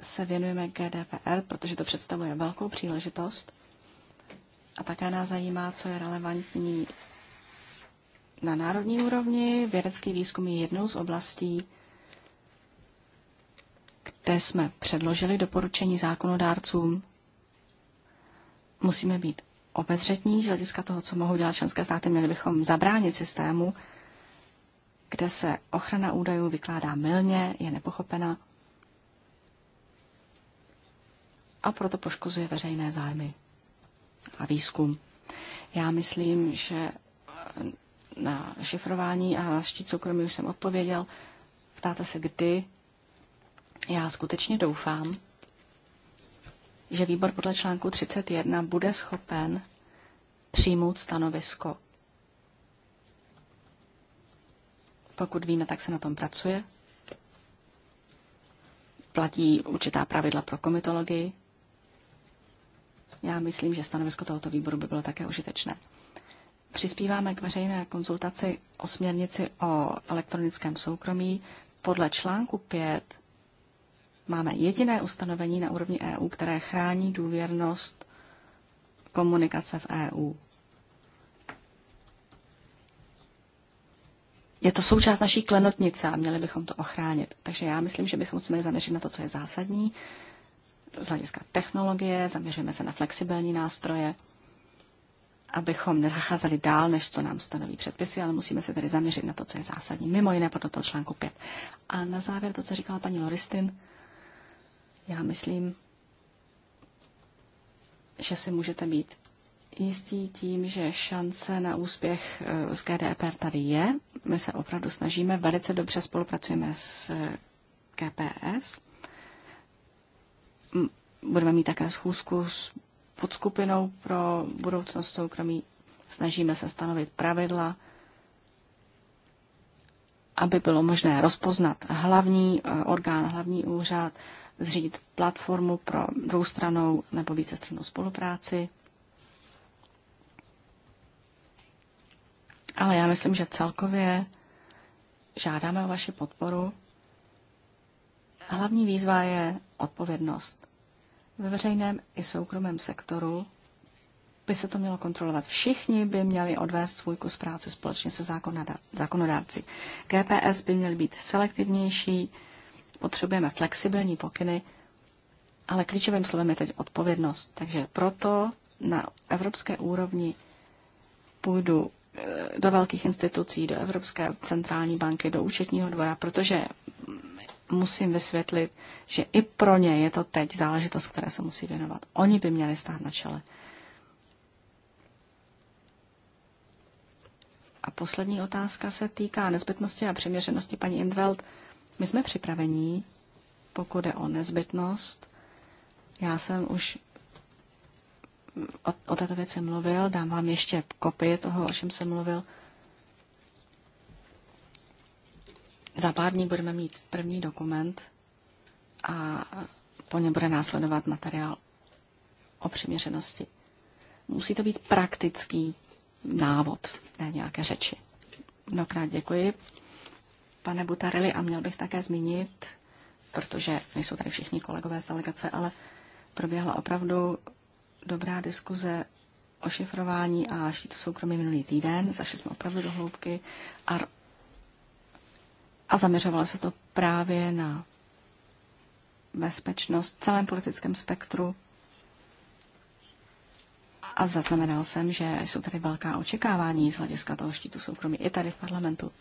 se věnujeme GDPR, protože to představuje velkou příležitost a také nás zajímá, co je relevantní na národní úrovni. Vědecký výzkum je jednou z oblastí, kde jsme předložili doporučení zákonodárcům. Musíme být obezřetní z hlediska toho, co mohou dělat členské státy. Měli bychom zabránit systému, kde se ochrana údajů vykládá mylně, je nepochopena a proto poškozuje veřejné zájmy a výzkum. Já myslím, že eh, na šifrování a štít soukromí už jsem odpověděl. Ptáte se, kdy? Já skutečně doufám, že výbor podle článku 31 bude schopen přijmout stanovisko. Pokud víme, tak se na tom pracuje. Platí určitá pravidla pro komitologii. Já myslím, že stanovisko tohoto výboru by bylo také užitečné. Přispíváme k veřejné konzultaci o směrnici o elektronickém soukromí. Podle článku 5 máme jediné ustanovení na úrovni EU, které chrání důvěrnost komunikace v EU. Je to součást naší klenotnice a měli bychom to ochránit. Takže já myslím, že bychom se měli zaměřit na to, co je zásadní, z hlediska technologie, zaměříme se na flexibilní nástroje, abychom nezacházeli dál, než co nám stanoví předpisy, ale musíme se tedy zaměřit na to, co je zásadní, mimo jiné podle toho článku 5. A na závěr to, co říkala paní Loristin, já myslím, že si můžete být jistí tím, že šance na úspěch eh, z GDPR tady je. My se opravdu snažíme, velice dobře spolupracujeme s KPS. Eh, budeme mít také schůzku s podskupinou pro budoucnost soukromí. Snažíme se stanovit pravidla, aby bylo možné rozpoznat hlavní eh, orgán, hlavní úřad, zřídit platformu pro dvoustranou nebo vícestrannou spolupráci. Ale já myslím, že celkově žádáme o vaši podporu. Hlavní výzva je odpovědnost. Ve veřejném i soukromém sektoru by se to mělo kontrolovat. Všichni by měli odvést svůj kus práce společně se zákonodárci. GPS by měly být selektivnější, potřebujeme flexibilní pokyny, ale klíčovým slovem je teď odpovědnost. Takže proto na evropské úrovni půjdu eh, do velkých institucí, do Evropské centrální banky, do účetního dvora, protože musím vysvětlit, že i pro ně je to teď záležitost, které se musí věnovat. Oni by měli stát na čele. A poslední otázka se týká nezbytnosti a přiměřenosti paní Indveld. My jsme připravení, pokud je o nezbytnost. Já jsem už o, o této věci mluvil, dám vám ještě kopii toho, o čem jsem mluvil. Za pár dní budeme mít první dokument a po něm bude následovat materiál o přiměřenosti. Musí to být praktický návod, ne nějaké řeči. Mnohokrát děkuji, pane Butarili, a měl bych také zmínit, protože nejsou tady všichni kolegové z delegace, ale proběhla opravdu dobrá diskuze o šifrování a šítu soukromí minulý týden. Zašli jsme opravdu do hloubky a a zaměřovalo se to právě na bezpečnost v celém politickém spektru. A zaznamenal jsem, že jsou tady velká očekávání z hlediska toho štítu soukromí i tady v parlamentu.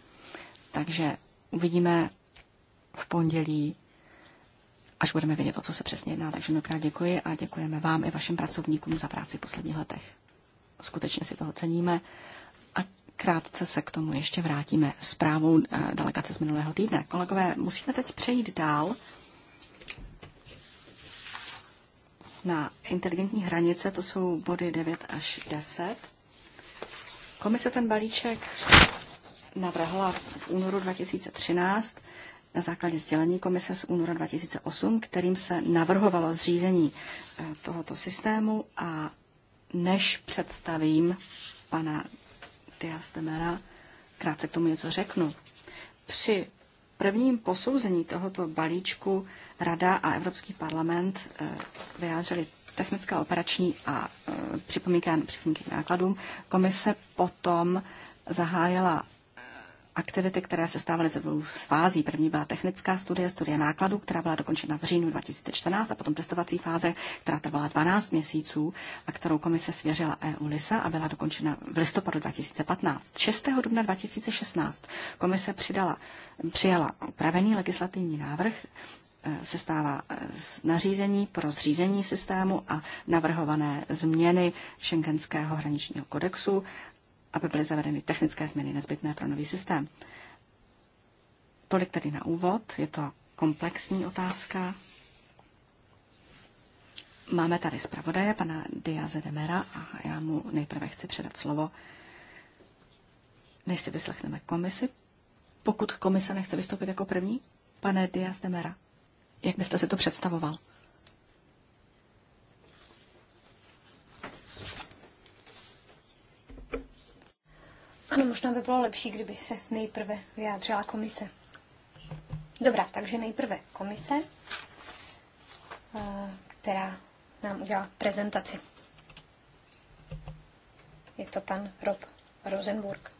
Takže uvidíme v pondělí, až budeme vědět, o co se přesně jedná. Takže mnohokrát děkuji a děkujeme vám i vašim pracovníkům za práci v posledních letech. Skutečně si toho ceníme Krátce se k tomu ještě vrátíme zprávou eh, delegace z minulého týdne. Kolegové, musíme teď přejít dál na inteligentní hranice, to jsou body 9 až 10. Komise ten balíček navrhla v únoru 2013 na základě sdělení komise z února 2008, kterým se navrhovalo zřízení eh, tohoto systému a než představím pana Diaz de Krátce k tomu něco řeknu. Při prvním posouzení tohoto balíčku Rada a Evropský parlament eh, vyjádřili technická operační a eh, připomínky, připomínky k nákladům. Komise potom zahájila aktivity, které se stávaly ze dvou fází. První byla technická studie, studie nákladů, která byla dokončena v říjnu 2014 a potom testovací fáze, která trvala 12 měsíců a kterou komise svěřila EU LISA a byla dokončena v listopadu 2015. 6. dubna 2016 komise přidala, přijala upravený legislativní návrh, eh, se stává z eh, nařízení pro zřízení systému a navrhované změny Schengenského hraničního kodexu aby byly zavedeny technické změny nezbytné pro nový systém. Tolik tedy na úvod, je to komplexní otázka. Máme tady zpravodaje, pana Diaze Demera, a já mu nejprve chci předat slovo, než si vyslechneme komisi. Pokud komise nechce vystoupit jako první, pane Diaz Demera, jak byste si to představoval? Ano, možná by bylo lepší, kdyby se nejprve vyjádřila komise. Dobrá, takže nejprve komise, eh, která nám udělá prezentaci. Je to pan Rob Rosenburg.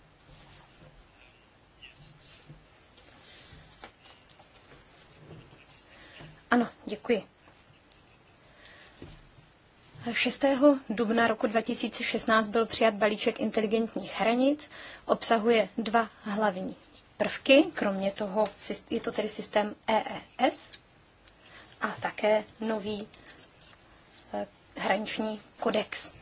Ano, děkuji. 6. dubna roku 2016 byl přijat balíček inteligentních hranic, obsahuje dva hlavní prvky, kromě toho je to tedy systém EES a také nový eh, hraniční kodex.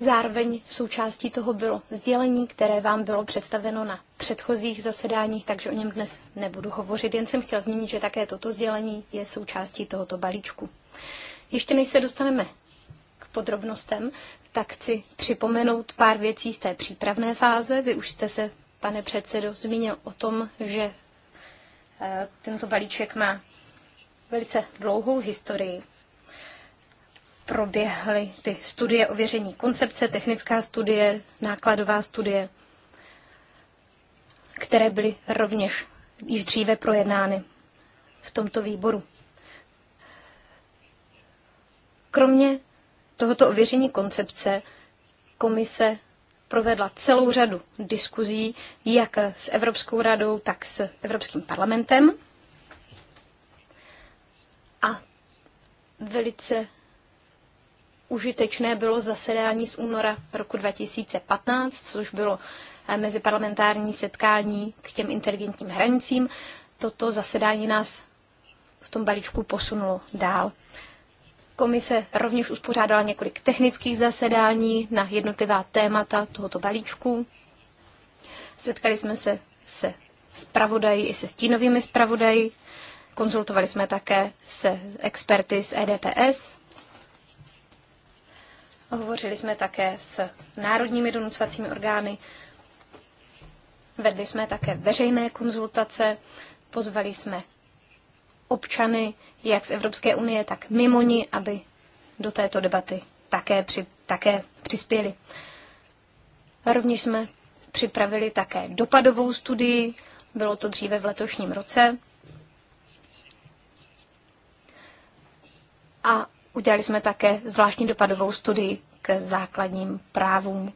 Zároveň součástí toho bylo sdělení, které vám bylo představeno na předchozích zasedáních, takže o něm dnes nebudu hovořit. Jen jsem chtěl zmínit, že také toto sdělení je součástí tohoto balíčku. Ještě než se dostaneme k podrobnostem, tak chci připomenout pár věcí z té přípravné fáze. Vy už jste se, pane předsedo, zmínil o tom, že eh, tento balíček má velice dlouhou historii. Proběhly ty studie ověření koncepce, technická studie, nákladová studie, které byly rovněž již dříve projednány v tomto výboru. Kromě tohoto ověření koncepce komise provedla celou řadu diskuzí, jak s Evropskou radou, tak s Evropským parlamentem. A velice užitečné bylo zasedání z února roku 2015, což bylo eh, meziparlamentární setkání k těm inteligentním hranicím. Toto zasedání nás v tom balíčku posunulo dál. Komise rovněž uspořádala několik technických zasedání na jednotlivá témata tohoto balíčku. Setkali jsme se se zpravodají i se stínovými zpravodají. Konzultovali jsme také se experty z EDPS. Hovořili jsme také s národními donucovacími orgány. Vedli jsme také veřejné konzultace. Pozvali jsme občany, jak z Evropské unie, tak mimo ní, aby do této debaty také, při, také přispěli. rovněž jsme připravili také dopadovou studii, bylo to dříve v letošním roce. A udělali jsme také zvláštní dopadovou studii k základním právům,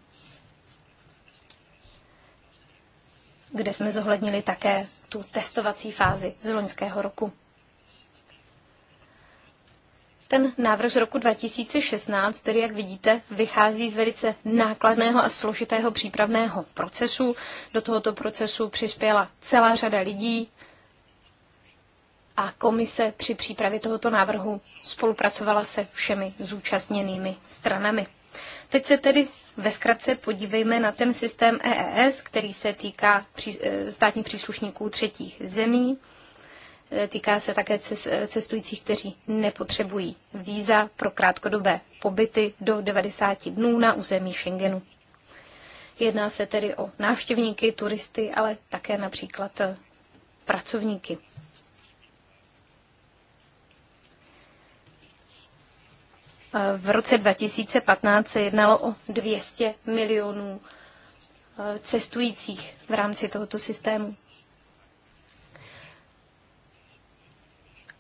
kde jsme zohlednili také tu testovací fázi z loňského roku. Ten návrh z roku 2016, který, jak vidíte, vychází z velice nákladného a složitého přípravného procesu. Do tohoto procesu přispěla celá řada lidí a komise při přípravě tohoto návrhu spolupracovala se všemi zúčastněnými stranami. Teď se tedy ve zkratce podívejme na ten systém EES, který se týká e, státních příslušníků třetích zemí. Týká se také cestujících, kteří nepotřebují víza pro krátkodobé pobyty do 90 dnů na území Schengenu. Jedná se tedy o návštěvníky, turisty, ale také například eh, pracovníky. Eh, v roce 2015 se jednalo o 200 milionů eh, cestujících v rámci tohoto systému.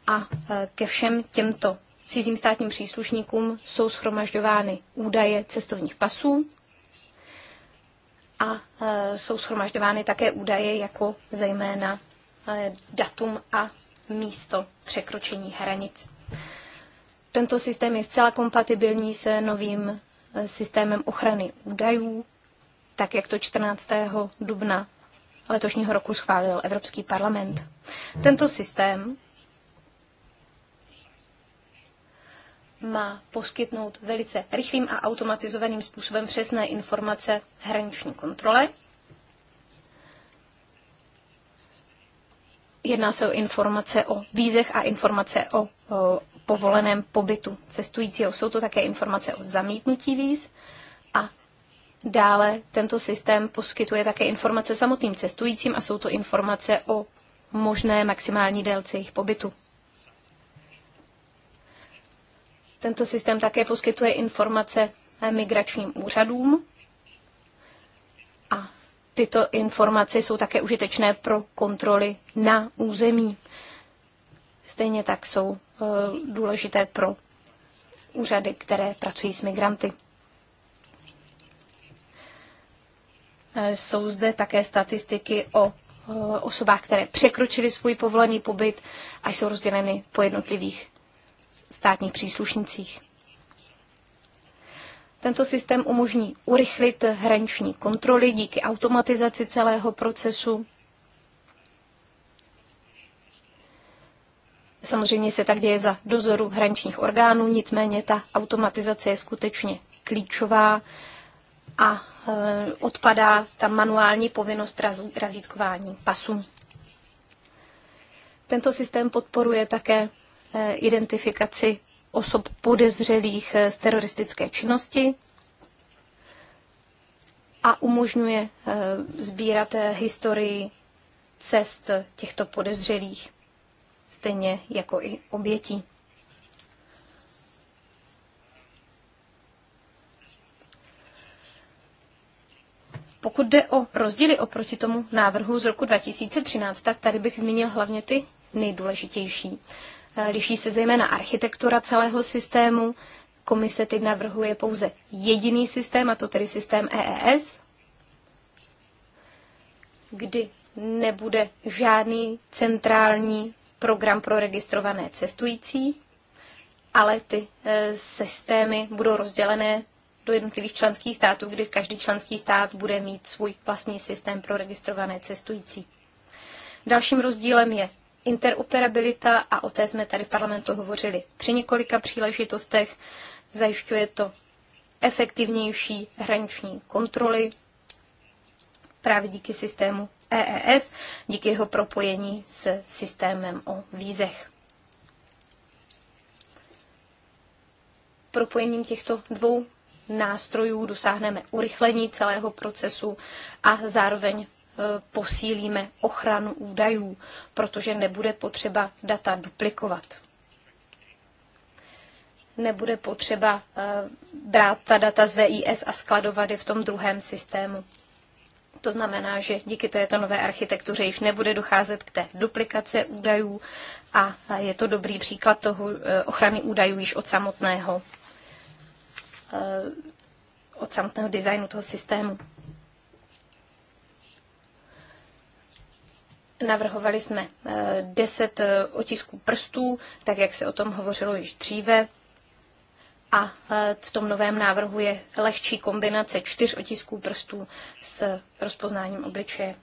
a e, ke všem těmto cizím státním příslušníkům jsou schromažďovány údaje cestovních pasů a e, jsou schromažďovány také údaje jako zejména e, datum a místo překročení hranic. Tento systém je zcela kompatibilní se novým systémem ochrany údajů, tak jak to 14. dubna letošního roku schválil Evropský parlament. Tento systém má poskytnout velice rychlým a automatizovaným způsobem přesné informace hraniční kontrole. Jedná se o informace o vízech a informace o, o povoleném pobytu cestujícího. Jsou to také informace o zamítnutí víz a dále tento systém poskytuje také informace samotným cestujícím a jsou to informace o možné maximální délce jejich pobytu. Tento systém také poskytuje informace eh, migračním úřadům a tyto informace jsou také užitečné pro kontroly na území. Stejně tak jsou eh, důležité pro úřady, které pracují s migranty. Eh, jsou zde také statistiky o osobách, které překročily svůj povolený pobyt a jsou rozděleny po jednotlivých státních příslušnicích. Tento systém umožní urychlit hraniční kontroly díky automatizaci celého procesu. Samozřejmě se tak děje za dozoru hraničních orgánů, nicméně ta automatizace je skutečně klíčová a e, odpadá ta manuální povinnost razítkování pasů. Tento systém podporuje také Eh, identifikaci osob podezřelých eh, z teroristické činnosti a umožňuje eh, sbírat historii cest těchto podezřelých, stejně jako i obětí. Pokud jde o rozdíly oproti tomu návrhu z roku 2013, tak tady bych zmínil hlavně ty nejdůležitější. Eh, liší se zejména architektura celého systému. Komise teď navrhuje pouze jediný systém, a to tedy systém EES, kdy nebude žádný centrální program pro registrované cestující, ale ty eh, systémy budou rozdělené do jednotlivých členských států, kdy každý členský stát bude mít svůj vlastní systém pro registrované cestující. Dalším rozdílem je Interoperabilita, a o té jsme tady v parlamentu hovořili při několika příležitostech, zajišťuje to efektivnější hraniční kontroly právě díky systému EES, díky jeho propojení s systémem o vízech. Propojením těchto dvou nástrojů dosáhneme urychlení celého procesu a zároveň Eh, posílíme ochranu údajů, protože nebude potřeba data duplikovat. Nebude potřeba eh, brát ta data z VIS a skladovat je v tom druhém systému. To znamená, že díky této nové architektuře již nebude docházet k té duplikace údajů a je to dobrý příklad toho eh, ochrany údajů již od samotného, od samotného designu toho systému. Navrhovali jsme 10 eh, eh, otisků prstů, tak jak se o tom hovořilo již dříve. A eh, v tom novém návrhu je lehčí kombinace čtyř otisků prstů s rozpoznáním obličeje.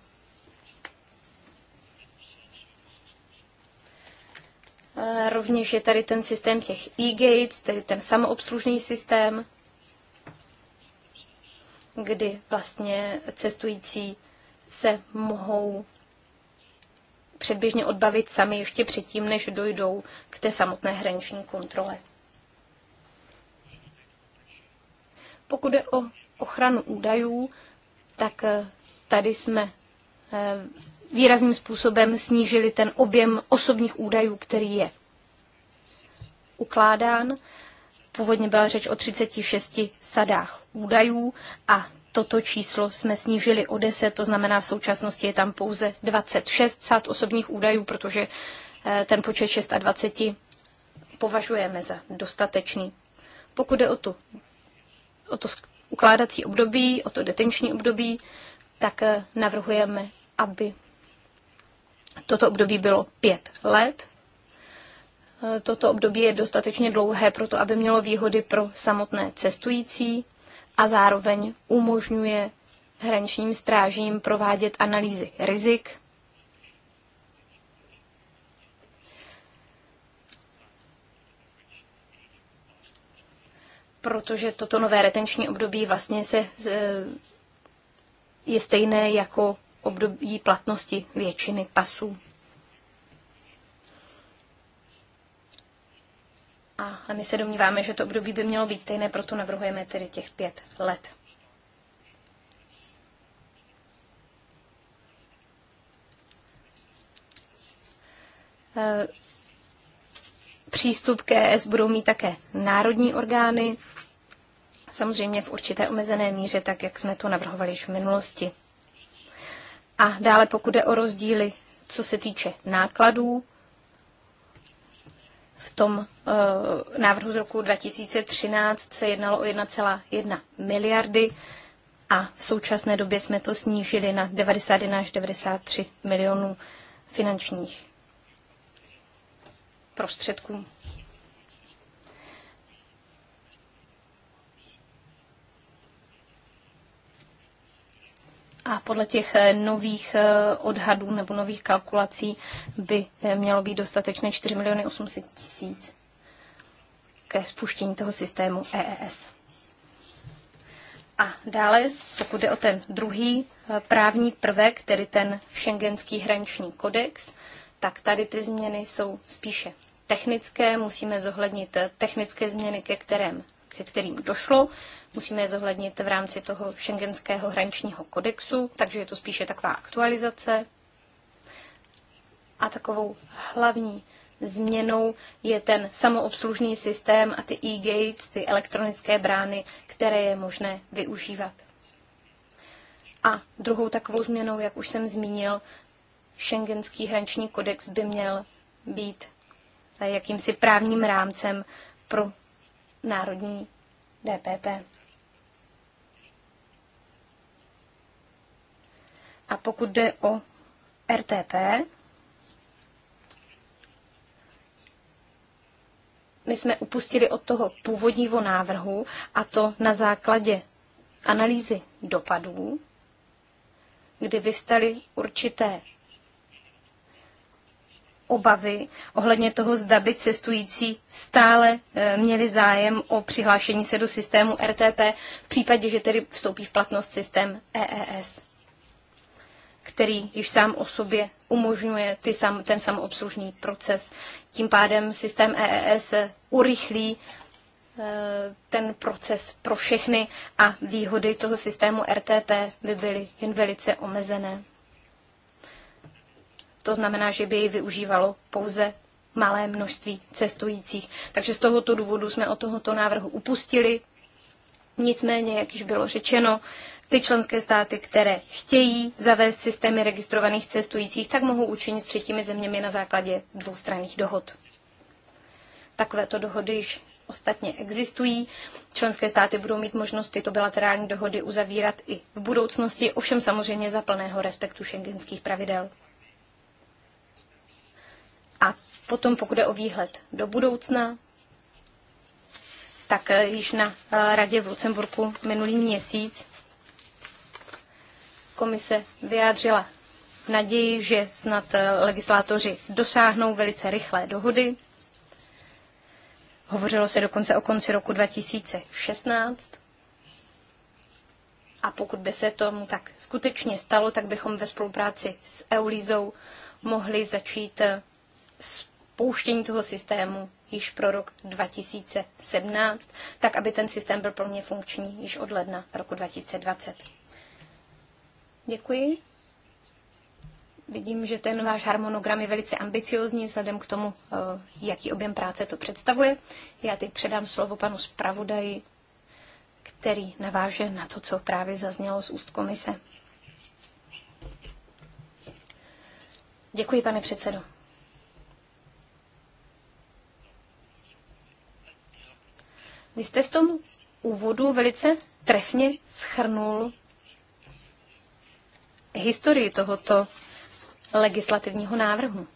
Rovněž je tady ten systém těch e-gates, tedy ten samoobslužný systém, kdy vlastně cestující se mohou předběžně odbavit sami ještě předtím, než dojdou k té samotné hraniční kontrole. Pokud je o ochranu údajů, tak eh, tady jsme eh, výrazným způsobem snížili ten objem osobních údajů, který je ukládán. Původně byla řeč o 36 sadách údajů a toto číslo jsme snížili o 10, to znamená v současnosti je tam pouze 26 SAT osobních údajů, protože eh, ten počet 26 považujeme za dostatečný. Pokud jde o, tu, o to ukládací období, o to detenční období, tak eh, navrhujeme, aby toto období bylo pět let. Eh, toto období je dostatečně dlouhé pro to, aby mělo výhody pro samotné cestující, a zároveň umožňuje hraničním strážím provádět analýzy rizik. Protože toto nové retenční období vlastně se, e, je stejné jako období platnosti většiny pasů. a my se domníváme, že to období by mělo být stejné, proto navrhujeme tedy těch pět let. Eh, přístup k ES budou mít také národní orgány, samozřejmě v určité omezené míře, tak jak jsme to navrhovali již v minulosti. A dále, pokud jde o rozdíly, co se týče nákladů, v tom eh, návrhu z roku 2013 se jednalo o 1,1 miliardy a v současné době jsme to snížili na 91 až 93 milionů finančních prostředků. a podle těch eh, nových eh, odhadů nebo nových kalkulací by eh, mělo být dostatečné 4 miliony 800 tisíc ke spuštění toho systému EES. A dále, pokud jde o ten druhý právní prvek, tedy ten šengenský hraniční kodex, tak tady ty změny jsou spíše technické, musíme zohlednit technické změny, ke, kterém, ke kterým došlo musíme je zohlednit v rámci toho šengenského hraničního kodexu, takže je to spíše taková aktualizace. A takovou hlavní změnou je ten samoobslužný systém a ty e-gates, ty elektronické brány, které je možné využívat. A druhou takovou změnou, jak už jsem zmínil, šengenský hraniční kodex by měl být jakýmsi právním rámcem pro národní DPP. A pokud jde o RTP, my jsme upustili od toho původního návrhu a to na základě analýzy dopadů, kdy vyvstaly určité obavy ohledně toho, zda by cestující stále eh, měli zájem o přihlášení se do systému RTP v případě, že tedy vstoupí v platnost systém EES který již sám o sobě umožňuje ty sam, ten samoobslužný proces. Tím pádem systém EES urychlí eh, ten proces pro všechny a výhody toho systému RTP by byly jen velice omezené. To znamená, že by ji využívalo pouze malé množství cestujících. Takže z tohoto důvodu jsme o tohoto návrhu upustili. Nicméně, jak již bylo řečeno, ty členské státy, které chtějí zavést systémy registrovaných cestujících, tak mohou učinit s třetími zeměmi na základě dvoustranných dohod. Takovéto dohody již ostatně existují. Členské státy budou mít možnost tyto bilaterální dohody uzavírat i v budoucnosti, ovšem samozřejmě za plného respektu šengenských pravidel. A potom, pokud je o výhled do budoucna, tak eh, již na eh, radě v Lucemburku minulý měsíc komise vyjádřila naději, že snad eh, legislátoři dosáhnou velice rychlé dohody. Hovořilo se dokonce o konci roku 2016. A pokud by se tomu tak skutečně stalo, tak bychom ve spolupráci s Eulízou mohli začít eh, spouštění toho systému již pro rok 2017, tak aby ten systém byl plně funkční již od ledna roku 2020. Děkuji. Vidím, že ten váš harmonogram je velice ambiciozní vzhledem k tomu, eh, jaký objem práce to představuje. Já teď předám slovo panu zpravodaji, který naváže na to, co právě zaznělo z úst komise. Děkuji, pane předsedo. Vy jste v tom úvodu velice trefně schrnul historii tohoto legislativního návrhu.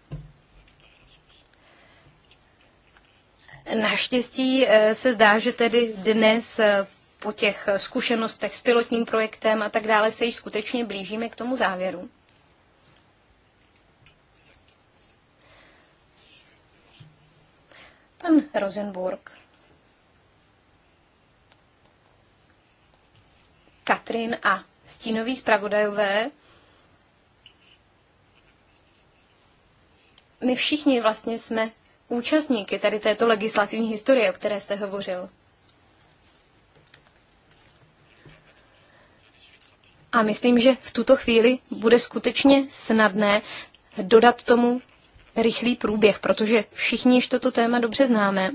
Naštěstí eh, se zdá, že tedy dnes eh, po těch zkušenostech s pilotním projektem a tak dále se již skutečně blížíme k tomu závěru. Pan Rosenburg. Katrin a stínoví zpravodajové my všichni vlastně jsme účastníky tady této legislativní historie, o které jste hovořil. A myslím, že v tuto chvíli bude skutečně snadné dodat tomu rychlý průběh, protože všichni již toto téma dobře známe.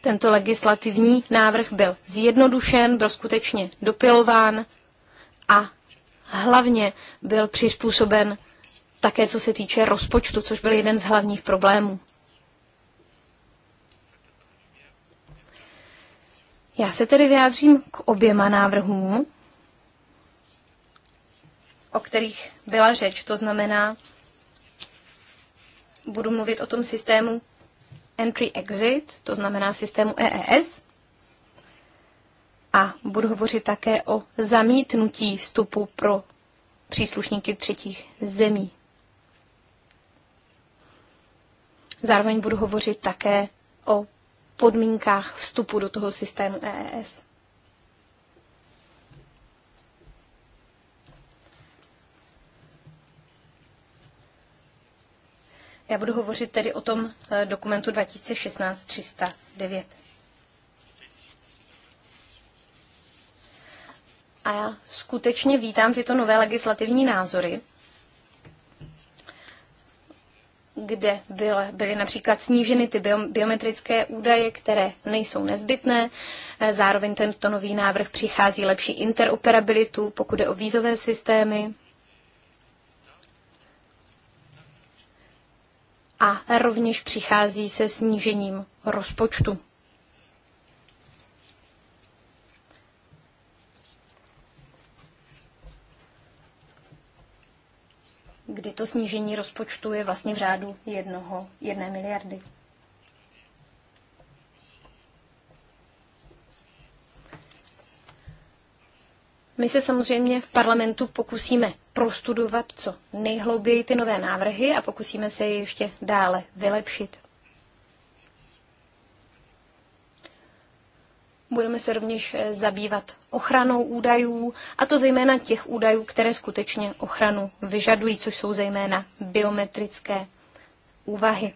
Tento legislativní návrh byl zjednodušen, byl skutečně dopilován a hlavně byl přizpůsoben také co se týče rozpočtu, což byl jeden z hlavních problémů. Já se tedy vyjádřím k oběma návrhům, o kterých byla řeč. To znamená, budu mluvit o tom systému entry-exit, to znamená systému EES, a budu hovořit také o zamítnutí vstupu pro příslušníky třetích zemí. Zároveň budu hovořit také o podmínkách vstupu do toho systému EES. Já budu hovořit tedy o tom eh, dokumentu 2016-309. A já skutečně vítám tyto nové legislativní názory, kde byly, byly například sníženy ty biometrické údaje, které nejsou nezbytné. Eh, zároveň tento nový návrh přichází lepší interoperabilitu, pokud je o vízové systémy. A rovněž přichází se snížením rozpočtu. kdy to snížení rozpočtu je vlastně v řádu jednoho, jedné miliardy. My se samozřejmě v parlamentu pokusíme prostudovat co nejhlouběji ty nové návrhy a pokusíme se je ještě dále vylepšit. Budeme se rovněž eh, zabývat ochranou údajů, a to zejména těch údajů, které skutečně ochranu vyžadují, což jsou zejména biometrické úvahy,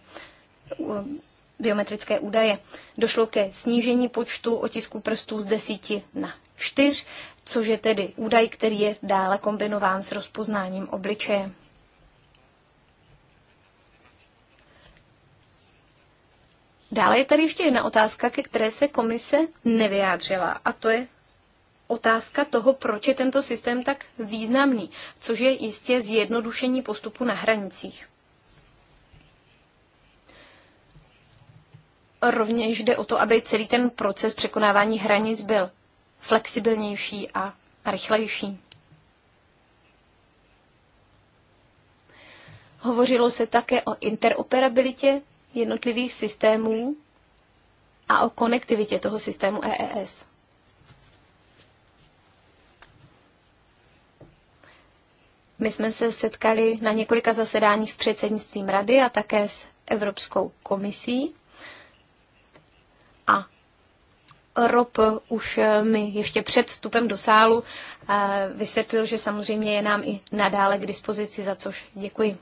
biometrické údaje. Došlo ke snížení počtu otisků prstů z desíti na čtyř, což je tedy údaj, který je dále kombinován s rozpoznáním obličeje. Dále je tady ještě jedna otázka, ke které se komise nevyjádřila, a to je otázka toho, proč je tento systém tak významný, což je jistě zjednodušení postupu na hranicích. Rovněž jde o to, aby celý ten proces překonávání hranic byl flexibilnější a rychlejší. Hovořilo se také o interoperabilitě jednotlivých systémů a o konektivitě toho systému EES. My jsme se setkali na několika zasedáních s předsednictvím Rady a také s Evropskou komisí. A Rob už eh, mi ještě před vstupem do sálu eh, vysvětlil, že samozřejmě je nám i nadále k dispozici, za což děkuji.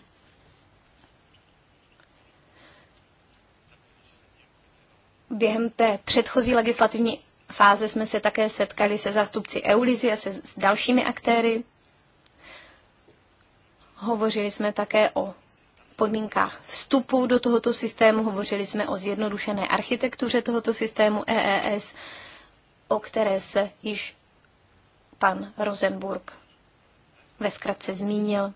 Během té předchozí legislativní fáze jsme se také setkali se zástupci EULIZY a se s dalšími aktéry. Hovořili jsme také o podmínkách vstupu do tohoto systému, hovořili jsme o zjednodušené architektuře tohoto systému EES, o které se již pan Rosenburg ve zkratce zmínil.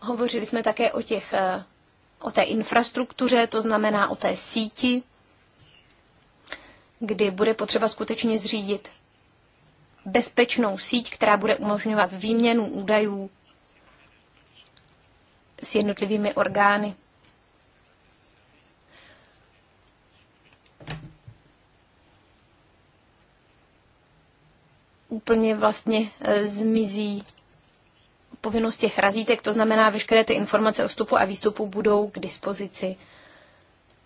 Hovořili jsme také o těch eh, o té infrastruktuře, to znamená o té síti, kdy bude potřeba skutečně zřídit bezpečnou síť, která bude umožňovat výměnu údajů s jednotlivými orgány. Úplně vlastně e, zmizí povinnost těch razítek, to znamená, veškeré ty informace o vstupu a výstupu budou k dispozici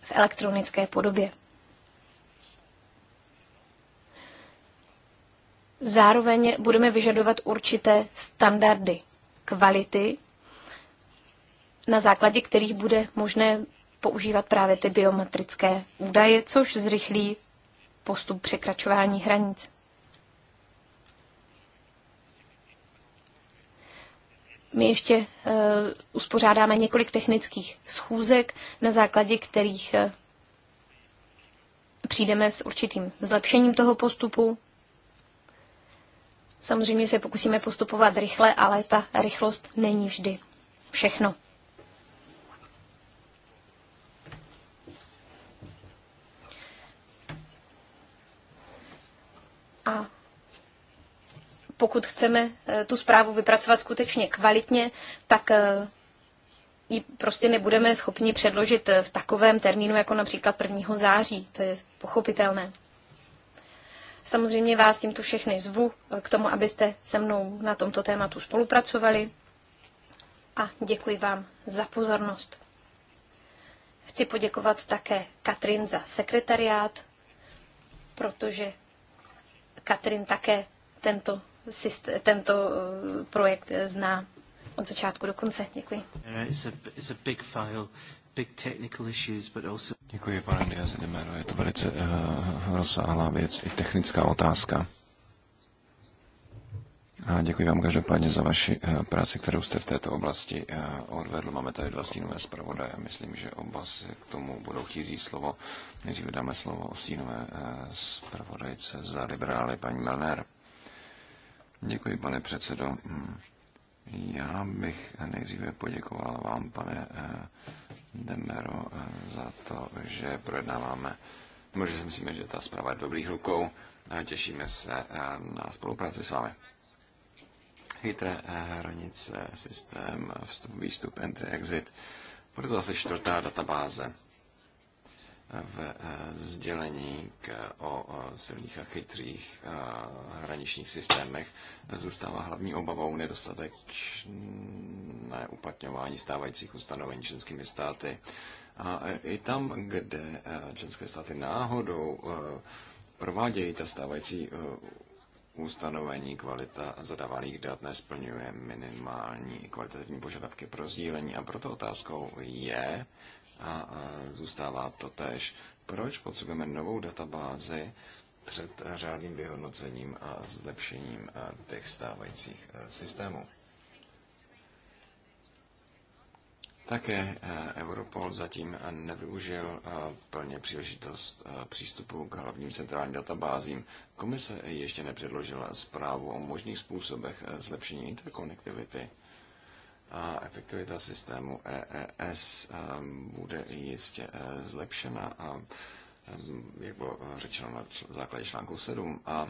v elektronické podobě. Zároveň budeme vyžadovat určité standardy kvality, na základě kterých bude možné používat právě ty biometrické údaje, což zrychlí postup překračování hranic. My ještě uh, uspořádáme několik technických schůzek, na základě kterých uh, přijdeme s určitým zlepšením toho postupu. Samozřejmě se pokusíme postupovat rychle, ale ta rychlost není vždy všechno. A pokud chceme eh, tu zprávu vypracovat skutečně kvalitně, tak eh, ji prostě nebudeme schopni předložit eh, v takovém termínu, jako například 1. září. To je pochopitelné. Samozřejmě vás tímto všechny zvu k tomu, abyste se mnou na tomto tématu spolupracovali a děkuji vám za pozornost. Chci poděkovat také Katrin za sekretariát, protože Katrin také tento tento eh, projekt zná od začátku do konce. Děkuji. Děkuji, pane Diaz Dimero. Je to velice uh, rozsáhlá věc, i technická otázka. A děkuji vám každopádně za vaši eh, práci, kterou jste v této oblasti odvedl. Máme tady dva stínové zpravodaje. Myslím, že oba se k tomu budou chtít říct slovo. Nejdříve dáme slovo o stínové zpravodajce za liberály, paní Melner. Děkuji, pane předsedo. Hmm. Já bych nejdříve poděkoval vám, pane eh, Demero, eh, za to, že projednáváme, nebo že si myslíme, že ta zpráva je dobrých rukou. Těšíme se eh, na spolupráci s vámi. Chytré hranice, systém, vstup, výstup, entry, exit. to zase čtvrtá databáze v eh, sdělení k, o silných a chytrých eh, hraničních systémech zůstává hlavní obavou nedostatečné uplatňování stávajících ustanovení členskými státy. A eh, i tam, kde členské státy náhodou provádějí ta stávající ustanovení kvalita zadávaných dat nesplňuje minimální kvalitativní požadavky pro sdílení a proto otázkou je, a zůstává to tež. Proč potřebujeme novou databázi před řádným vyhodnocením a zlepšením těch stávajících systémů? Také Europol zatím nevyužil plně příležitost přístupu k hlavním centrálním databázím. Komise ještě nepředložila zprávu o možných způsobech zlepšení interkonektivity a efektivita systému EES ehm, bude jistě eh, zlepšena a ehm, jak bylo eh, řečeno na základě článku 7 a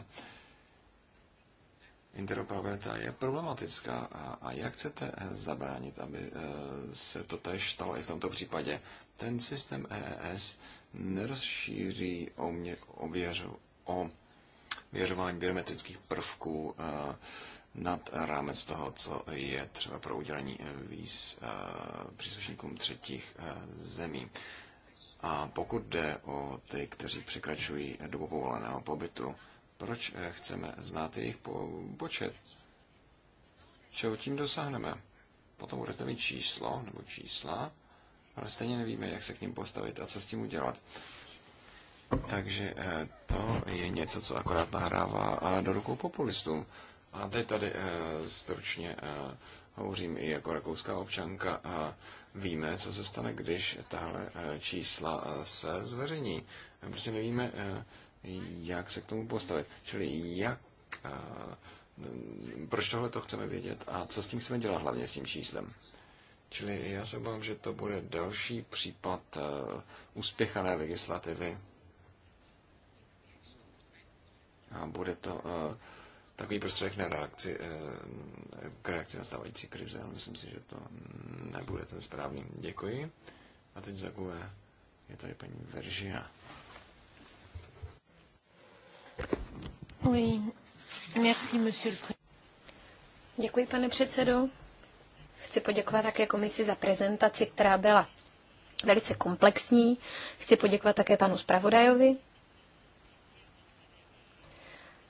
interoperabilita je problematická a, a jak chcete eh, zabránit, aby se to tež stalo i v tomto případě? Ten systém EES nerozšíří o, mě, o, věřu, o věřování biometrických prvků nad rámec toho, co je třeba pro udělení eh, víz eh, příslušníkům třetích eh, zemí. A pokud jde o ty, kteří překračují dobu povoleného pobytu, proč chceme znát jejich počet? Čeho tím dosáhneme? Potom budete mít číslo nebo čísla, ale stejně nevíme, jak se k ním postavit a co s tím udělat. Takže to je něco, co akorát nahrává do rukou populistům. A teď tady eh, stručně eh, hovořím i jako rakouská občanka a víme, co se stane, když tahle eh, čísla se zveřejní. Prostě nevíme, jak se k tomu postavit. Čili jak, proč tohle to chceme vědět a co s tím chceme dělat hlavně s tím číslem. Čili já se obávám, že to bude další případ úspěchané legislativy. A bude to takový prostředek na reakci, eh, k reakci na stávající krize, ale myslím si, že to nebude ten správný. Děkuji. A teď za GUE je tady paní Veržia. Oui. Merci, monsieur Děkuji, pane předsedo. Chci poděkovat také komisi za prezentaci, která byla velice komplexní. Chci poděkovat také panu zpravodajovi.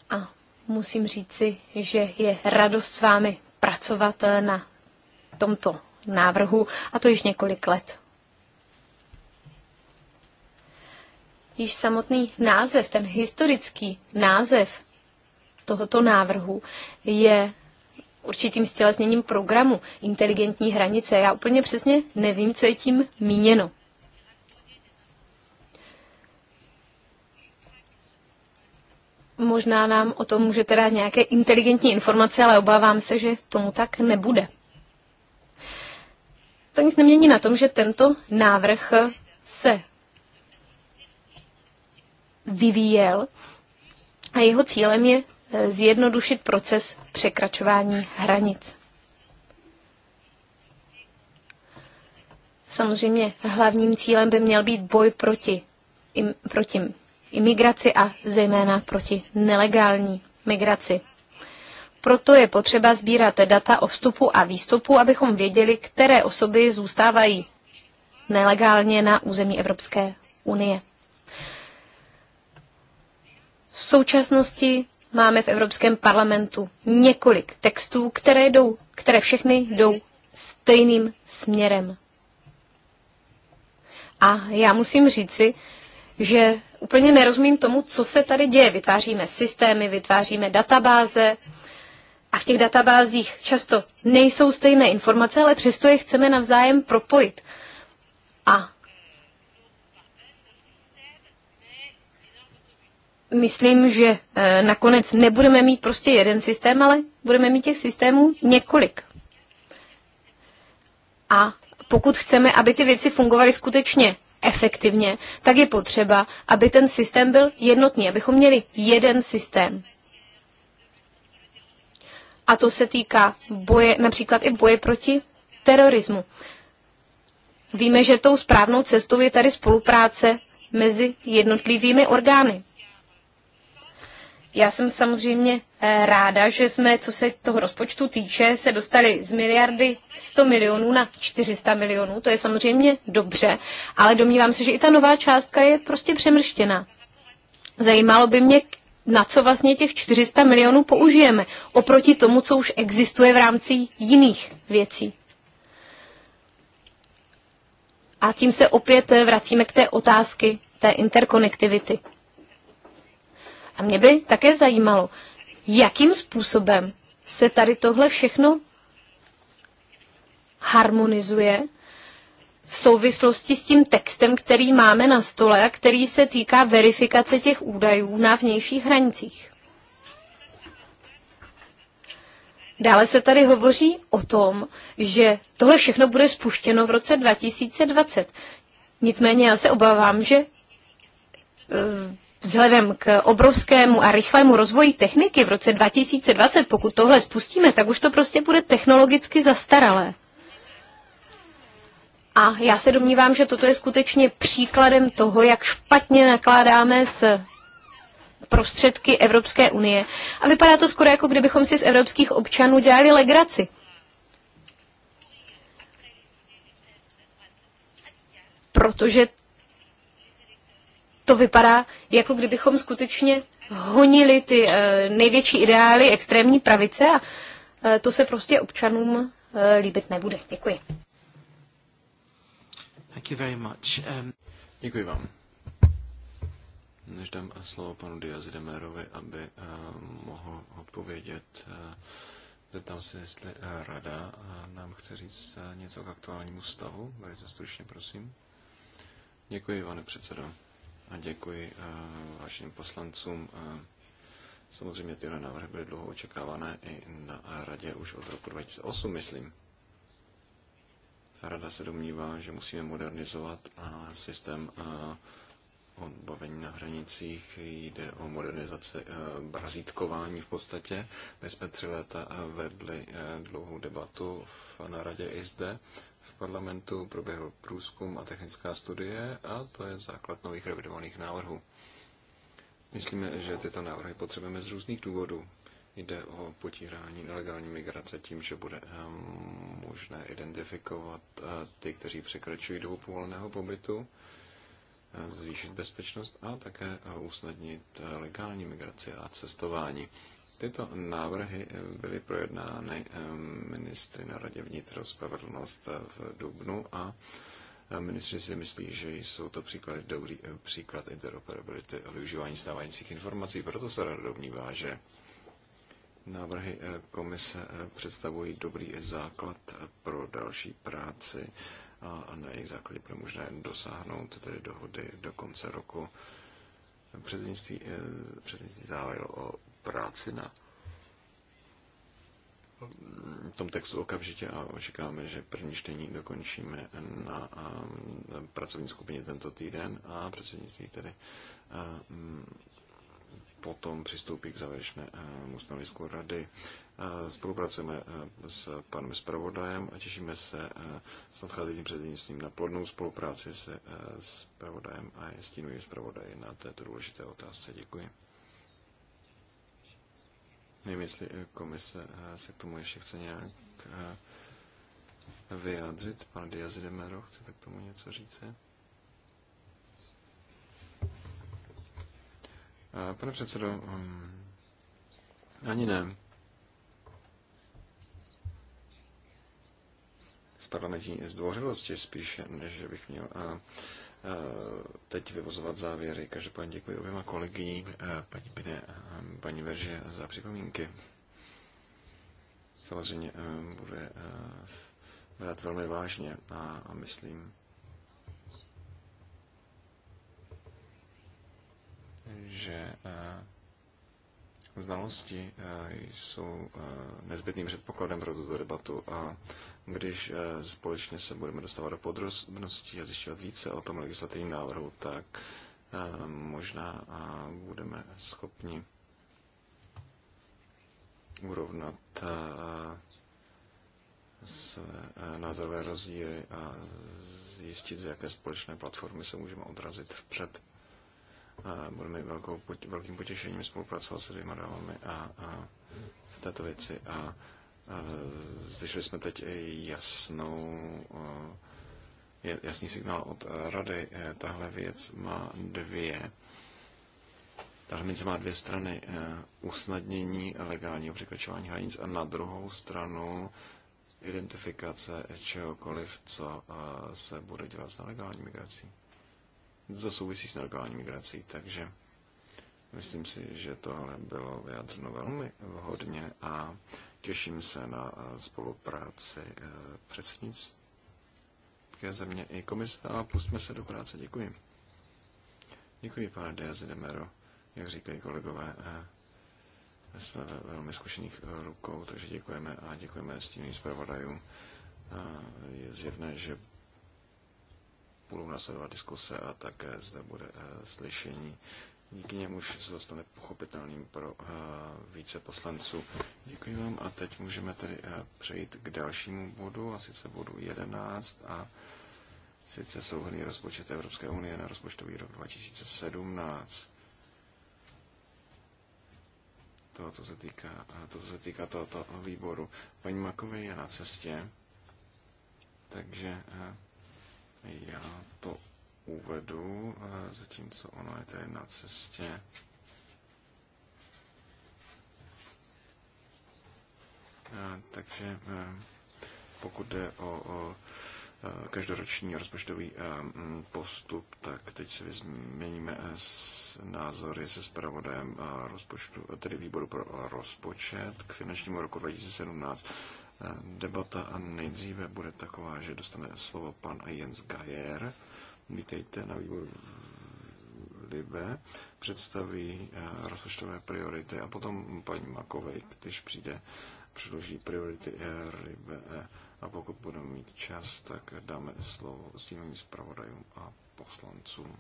A musím říci, že je radost s vámi pracovat eh, na tomto návrhu, a to již několik let. Již samotný název, ten historický název tohoto návrhu je určitým stělesněním programu inteligentní hranice. Já úplně přesně nevím, co je tím míněno. Možná nám o tom můžete dát nějaké inteligentní informace, ale obávám se, že tomu tak nebude. To nic nemění na tom, že tento návrh se vyvíjel a jeho cílem je eh, zjednodušit proces překračování hranic. Samozřejmě hlavním cílem by měl být boj proti, im, proti imigraci a zejména proti nelegální migraci. Proto je potřeba sbírat data o vstupu a výstupu, abychom věděli, které osoby zůstávají nelegálně na území Evropské unie. V současnosti máme v Evropském parlamentu několik textů, které, jdou, které všechny jdou stejným směrem. A já musím říci, že úplně nerozumím tomu, co se tady děje. Vytváříme systémy, vytváříme databáze a v těch databázích často nejsou stejné informace, ale přesto je chceme navzájem propojit. A myslím, že e, nakonec nebudeme mít prostě jeden systém, ale budeme mít těch systémů několik. A pokud chceme, aby ty věci fungovaly skutečně efektivně, tak je potřeba, aby ten systém byl jednotný, abychom měli jeden systém. A to se týká boje, například i boje proti terorismu. Víme, že tou správnou cestou je tady spolupráce mezi jednotlivými orgány. Já jsem samozřejmě eh, ráda, že jsme, co se toho rozpočtu týče, se dostali z miliardy 100 milionů na 400 milionů. To je samozřejmě dobře, ale domnívám se, že i ta nová částka je prostě přemrštěná. Zajímalo by mě, na co vlastně těch 400 milionů použijeme, oproti tomu, co už existuje v rámci jiných věcí. A tím se opět eh, vracíme k té otázky té interkonektivity. A mě by také zajímalo, jakým způsobem se tady tohle všechno harmonizuje v souvislosti s tím textem, který máme na stole a který se týká verifikace těch údajů na vnějších hranicích. Dále se tady hovoří o tom, že tohle všechno bude spuštěno v roce 2020. Nicméně já se obávám, že eh, vzhledem k obrovskému a rychlému rozvoji techniky v roce 2020, pokud tohle spustíme, tak už to prostě bude technologicky zastaralé. A já se domnívám, že toto je skutečně příkladem toho, jak špatně nakládáme s prostředky Evropské unie. A vypadá to skoro jako kdybychom si z evropských občanů dělali legraci. Protože to vypadá, jako kdybychom skutečně honili ty eh, největší ideály extrémní pravice a eh, to se prostě občanům eh, líbit nebude. Děkuji. Thank you very much. Um... Děkuji vám. Než dám slovo panu Diazi Demerovi, aby uh, mohl odpovědět, uh, zeptám se, jestli uh, rada uh, nám chce říct uh, něco k aktuálnímu stavu. Velice stručně, prosím. Děkuji, pane předsedo. A děkuji eh, vašim poslancům. Eh, samozřejmě tyhle návrhy byly dlouho očekávané i na radě už od roku 2008, myslím. Rada se domnívá, že musíme modernizovat systém eh, odbavení na hranicích. Jde o modernizaci brazítkování v podstatě. My jsme tři léta vedli dlouhou debatu na radě i zde v parlamentu proběhl průzkum a technická studie a to je základ nových revidovaných návrhů. Myslíme, že tyto návrhy potřebujeme z různých důvodů. Jde o potírání nelegální migrace tím, že bude eh, možné identifikovat eh, ty, kteří překračují dobu povoleného pobytu, eh, zvýšit bezpečnost a také usnadnit legální migraci a cestování. Tyto návrhy eh, byly projednány eh, ministry na radě vnitro spravedlnost eh, v Dubnu a ministři si myslí, že jsou to příklad, dobrý příklad interoperability a využívání stávajících informací. Proto se rada domnívá, že návrhy komise představují dobrý základ pro další práci a na jejich základě bude možné dosáhnout tedy dohody do konce roku. Předsednictví, předsednictví závěl o práci na tom textu okamžitě a očekáváme, že první čtení dokončíme eh, na pracovní skupině tento týden a předsednictví tedy eh, potom přistoupí k závěrečnému eh, stanovisku rady. Spolupracujeme s panem zpravodajem a těšíme se s nadcházejícím předsednictvím na plodnou spolupráci se zpravodajem a stínovým zpravodaji na této důležité otázce. Děkuji. Nevím, jestli eh, komise eh, se k tomu ještě chce nějak eh, vyjádřit. Pan Diaz Demero chce tak tomu něco říct. Pane předsedo, hm, ani ne. Z parlamentní zdvořilosti spíše, než bych měl. A Eh, teď vyvozovat závěry. Každopádně děkuji oběma kolegyním, eh, paní Pine a paní Verže, za připomínky. Samozřejmě eh, bude je brát velmi vážně a, a myslím, že Znalosti eh, jsou eh, nezbytným předpokladem pro tuto debatu a když eh, společně se budeme dostávat do podrobností a zjišťovat více o tom legislativním návrhu, tak možná budeme schopni urovnat své názorové rozdíly a zjistit, z jaké společné platformy se můžeme odrazit vpřed a bude mi velkou, velkým potěšením spolupracovat se dvěma dámami a, a v této věci. A, a slyšeli jsme teď jasnou, jasný signál od rady. E, tahle věc má dvě Tahle mince má dvě strany. E, usnadnění legálního překračování hranic a na druhou stranu identifikace čehokoliv, co e, se bude dělat s nelegální migrací to souvisí s nelegální migrací, takže myslím si, že tohle bylo vyjádřeno velmi vhodně a těším se na eh, spolupráci eh, předsednické země i komise a pustíme se do práce. Děkuji. Děkuji, pane Diaz Demero, jak říkají kolegové eh, jsme ve velmi zkušených rukou, takže děkujeme a děkujeme stínovým zpravodajům. Je zjevné, že budou následovat diskuse a také zde bude eh, slyšení. Díky němuž se dostane pochopitelným pro eh, více poslanců. Děkuji vám a teď můžeme tedy eh, přejít k dalšímu bodu, a sice bodu 11 a sice souhrný rozpočet Evropské unie na rozpočtový rok 2017 To co se týká, to, co se týká tohoto výboru. Paní Makové je na cestě, takže já to uvedu, eh, zatímco ono je tady na cestě. Eh, takže eh, pokud jde o, o každoroční rozpočtový postup, tak teď si změníme s názory se zpravodajem rozpočtu, tedy výboru pro rozpočet k finančnímu roku 2017 debata a nejdříve bude taková, že dostane slovo pan Jens Gajer. Vítejte na výboru Libe. Představí eh, rozpočtové priority a potom paní Makovej, když přijde, předloží priority eh, Libe. Eh, a pokud budeme mít čas, tak dáme slovo sdílení zpravodajům a poslancům.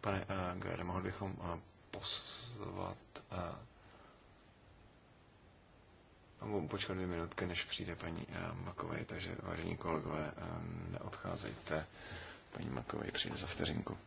Pane eh, Gare, mohli bychom eh, poslat eh, počkat dvě minutky, než přijde paní Makovej, takže vážení kolegové, neodcházejte. Paní Makovej přijde za vteřinku.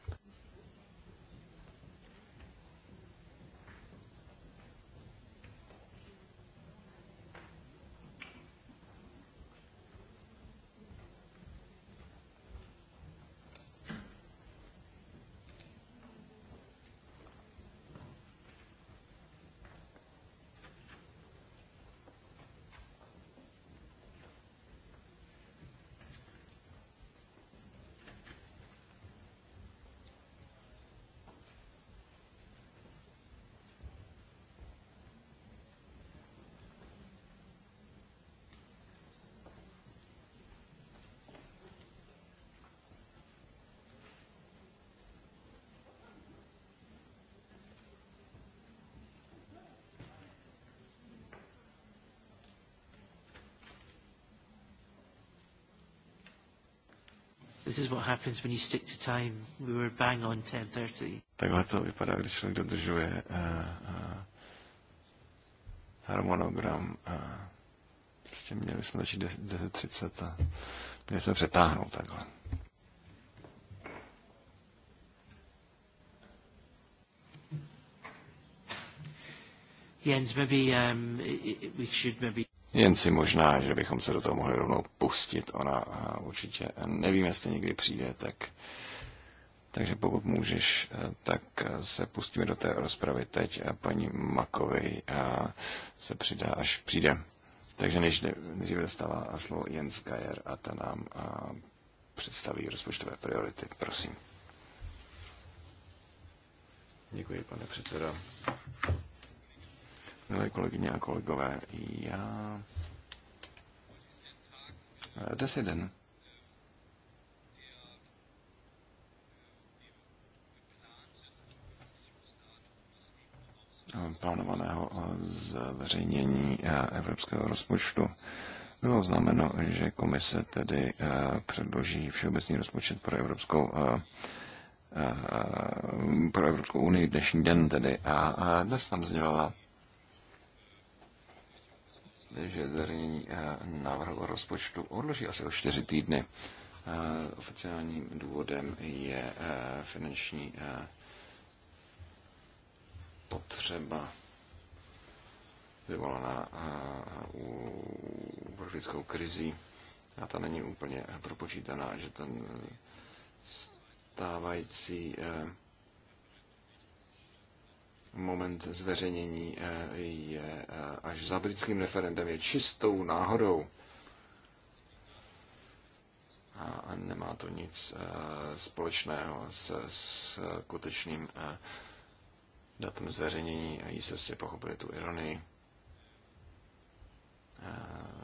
This is what happens when you stick to time. We were bang on 10.30. Takhle to vypadá, když člověk dodržuje uh, uh, harmonogram. Uh, prostě měli jsme začít 10.30 a měli jsme přetáhnout takhle. Jens, maybe um, we should maybe jen si možná, že bychom se do toho mohli rovnou pustit. Ona určitě, nevím, jestli někdy přijde, tak... Takže pokud můžeš, tak se pustíme do té rozpravy teď a paní Makovi a se přidá, až přijde. Takže než dříve dostává slovo Jens Geier a ta nám a představí rozpočtové priority. Prosím. Děkuji, pane předsedo. Milé kolegyně a kolegové, já... Dnes jeden. plánovaného eh, zveřejnění eh, evropského rozpočtu. Bylo oznámeno, že komise tedy eh, předloží všeobecný rozpočet pro Evropskou, pro Evropskou unii dnešní den tedy a dnes tam sdělila, že zveřejnění eh, návrhu rozpočtu odloží asi o čtyři týdny. Eh, oficiálním důvodem je eh, finanční potřeba vyvolaná uprchlickou krizí a ta není úplně propočítaná, že ten stávající moment zveřejnění eh, je eh, až za britským referendem, je čistou náhodou. A nemá to nic eh, společného se skutečným datem zveřejnění a jistě si pochopili tu ironii,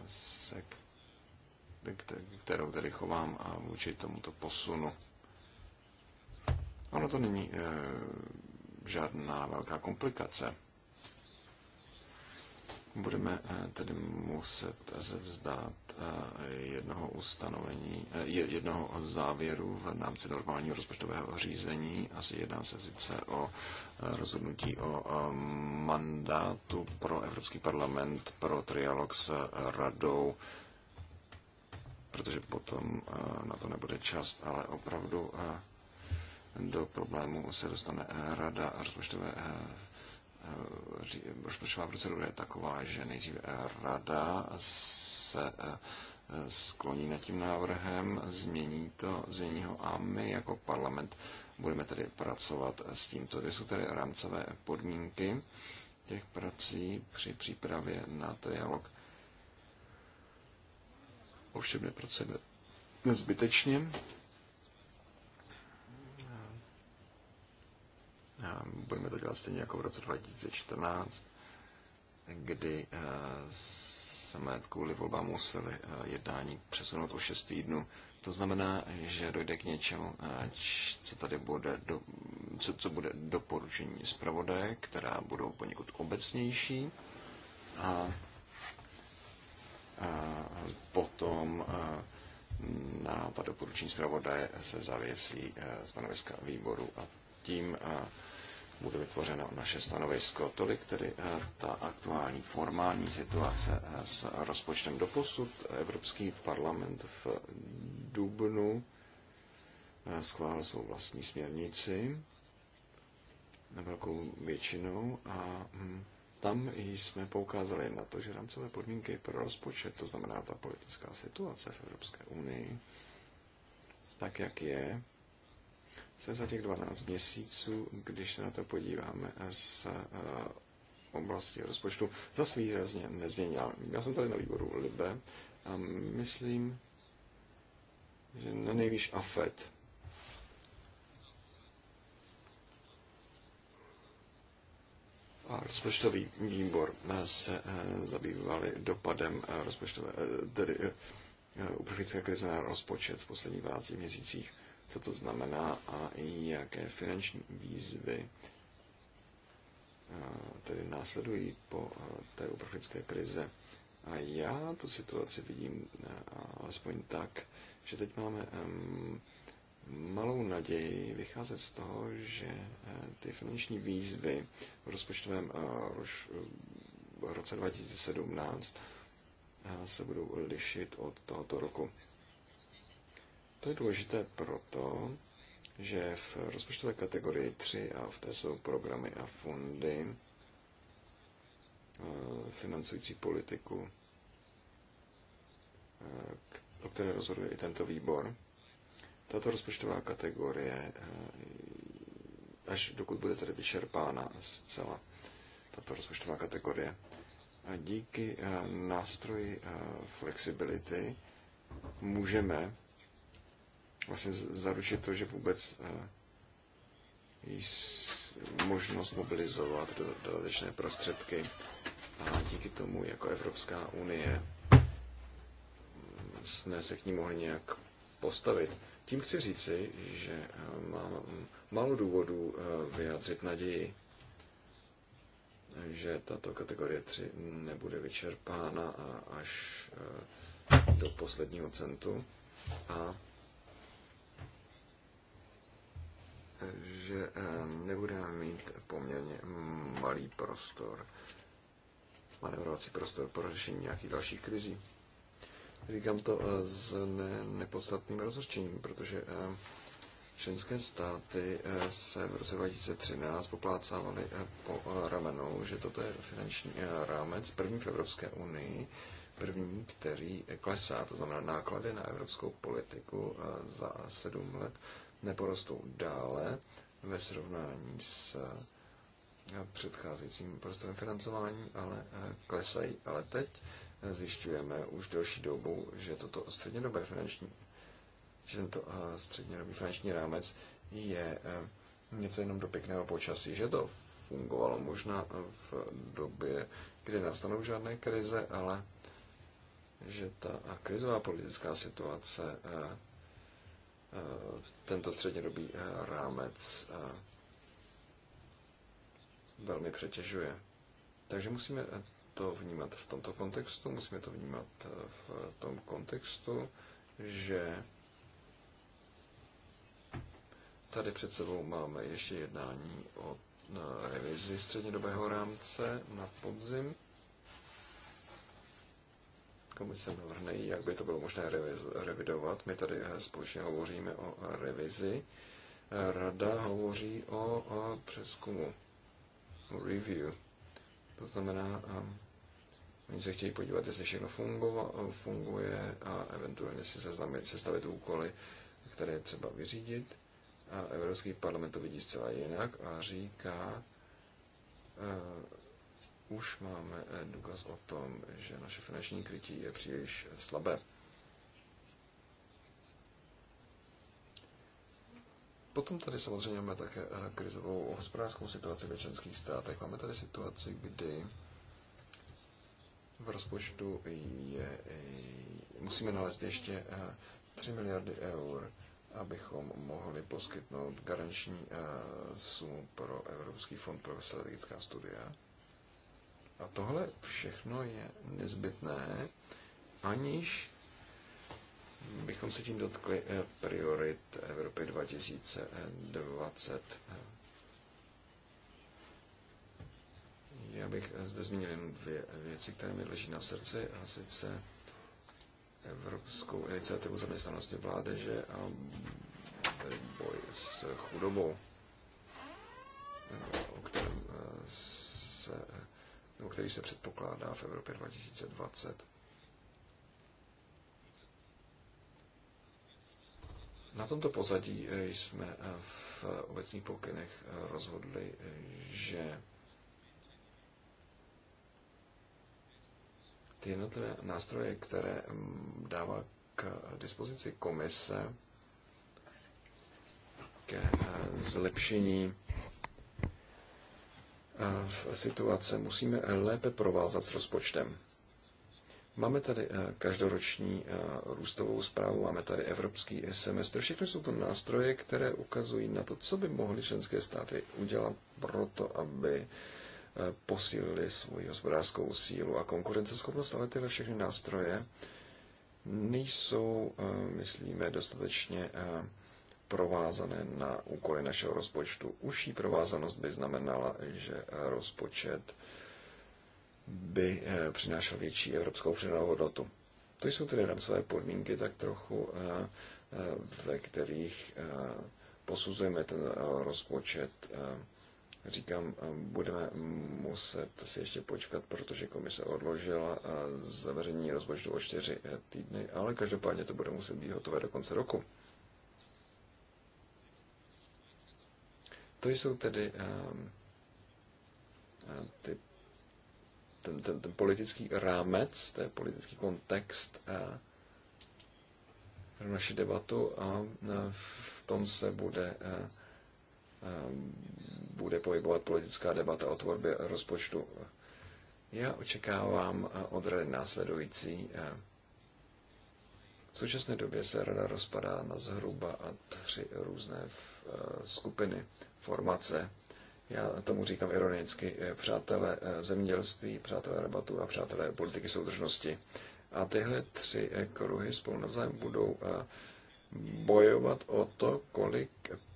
se, kterou tady chovám a vůči tomuto posunu. Ono to není žádná velká komplikace. Budeme eh, tedy muset se vzdát eh, jednoho ustanovení, eh, jednoho závěru v rámci normálního rozpočtového řízení. Asi jedná se sice o rozhodnutí o mandátu pro Evropský parlament pro trialog s radou protože potom na to nebude čas, ale opravdu do problému se dostane eh, rada rozpočtové eh, eh, rozpočtová procedura je taková, že nejdříve rada se skloní nad tím návrhem, změní, to, změní ho a my jako parlament budeme tedy pracovat s tímto. To jsou tedy rámcové podmínky těch prací při přípravě na trialog. Ovšem nepracujeme zbytečně. budeme to dělat stejně jako v roce 2014, kdy eh, jsme kvůli volbám museli eh, jednání přesunout o 6 týdnů. To znamená, že dojde k něčemu, eh, co tady bude, do, co, co bude doporučení zpravodaje, která budou poněkud obecnější. A, a potom a, na ta doporučení zpravodaje se zavěsí stanoviska výboru a tím a, bude vytvořeno naše stanovisko. Tolik tedy eh, ta aktuální formální situace eh, s rozpočtem do posud. Evropský parlament v Dubnu eh, schválil svou vlastní směrnici velkou většinou a hm, tam jsme poukázali na to, že rámcové podmínky pro rozpočet, to znamená ta politická situace v Evropské unii, tak jak je, se za těch 12 měsíců, když se na to podíváme z eh, oblasti rozpočtu, zase výrazně nezměnila. Já jsem tady na výboru Libe a myslím, že na nejvýš AFET a rozpočtový výbor eh, se eh, zabývali dopadem rozpočtové, tedy uprchlické krize na rozpočet v posledních 12 měsících co to znamená a i jaké finanční výzvy tedy následují po té uprchlické krize. A já tu situaci vidím alespoň tak, že teď máme malou naději vycházet z toho, že e, ty finanční výzvy v rozpočtovém e, roce 2017 se budou lišit od tohoto roku. To je důležité proto, že v rozpočtové kategorii 3 a v té jsou programy a fondy eh, financující politiku, eh, o které rozhoduje i tento výbor. Tato rozpočtová kategorie, eh, až dokud bude tedy vyčerpána zcela, tato rozpočtová kategorie, a díky nástroji flexibility můžeme vlastně zaručit to, že vůbec eh, možnost mobilizovat dodatečné prostředky a díky tomu jako Evropská unie mm, jsme se k ní mohli nějak postavit. Tím chci říci, že eh, mám málo důvodů eh, vyjádřit naději, že tato kategorie 3 nebude vyčerpána až do posledního centu a že eh, nebudeme mít poměrně malý prostor, manevrovací prostor pro řešení nějakých dalších krizí. Říkám to eh, s ne, nepodstatným rozhořčením, protože eh, členské státy se v roce 2013 poplácávaly po ramenou, že toto je finanční rámec, první v Evropské unii, první, který klesá, to znamená náklady na evropskou politiku za sedm let neporostou dále ve srovnání s eh, předcházejícím prostorem financování, ale eh, klesají. Ale teď eh, zjišťujeme už delší dobu, že toto střednědobé finanční, že tento střednědobý finanční rámec je něco jenom do pěkného počasí, že to fungovalo možná v době, kdy nastanou žádné krize, ale že ta krizová politická situace Eh, tento střednědobý eh, rámec eh, velmi přetěžuje. Takže musíme to vnímat v tomto kontextu, musíme to vnímat v tom kontextu, že tady před sebou máme ještě jednání o revizi střednědobého rámce na podzim komise navrhnejí, jak by to bylo možné revidovat. My tady eh, společně hovoříme o eh, revizi. Rada hovoří o, o přeskumu, o review. To znamená, ehm, oni se chtějí podívat, jestli všechno funguje a eventuálně si seznamit, sestavit úkoly, které je třeba vyřídit. A Evropský parlament to vidí zcela jinak a říká, eh, už máme eh, důkaz o tom, že naše finanční krytí je příliš eh, slabé. Potom tady samozřejmě máme také eh, krizovou hospodářskou situaci ve členských státech. Máme tady situaci, kdy v rozpočtu je, musíme nalézt ještě 3 miliardy eur, abychom mohli poskytnout garanční sumu pro Evropský fond pro strategická studia. A tohle všechno je nezbytné, aniž bychom se tím dotkli eh, priorit Evropy 2020. Já bych zde zmínil jen dvě věci, které mi leží na srdci, a sice Evropskou iniciativu zaměstnanosti vládeže a boj s chudobou, o kterém eh, se nebo který se předpokládá v Evropě 2020. Na tomto pozadí eh, jsme eh, v obecných pokynech eh, rozhodli, že ty jednotlivé nástroje, které mm, dává k dispozici komise ke zlepšení situace musíme lépe provázat s rozpočtem. Máme tady eh, každoroční eh, růstovou zprávu, máme tady evropský semestr. Všechno jsou to nástroje, které ukazují na to, co by mohly členské státy udělat pro to, aby eh, posílili svoji hospodářskou sílu a konkurenceschopnost, ale tyhle všechny nástroje nejsou, myslíme, dostatečně provázané na úkoly našeho rozpočtu. Užší provázanost by znamenala, že rozpočet by eh, přinášel větší evropskou přidanou hodnotu. To jsou tedy rámcové podmínky tak trochu, eh, eh, ve kterých posuzujeme ten rozpočet. Říkám, budeme muset si ještě počkat, protože komise odložila zavření rozpočtu o čtyři týdny, ale každopádně to bude muset být hotové do konce roku. To jsou tedy ehm, eh, ty, ten, ten, ten politický rámec, ten politický kontext eh, pro naši debatu a eh, v tom se bude, bude pohybovat politická debata o tvorbě rozpočtu. Já očekávám od rady následující. V současné době se rada rozpadá na zhruba a tři různé Eh, skupiny, formace. Já tomu říkám ironicky, eh, přátelé eh, zemědělství, přátelé rabatu a přátelé politiky soudržnosti. A tyhle tři kruhy spolu navzájem budou bojovat o to, kolik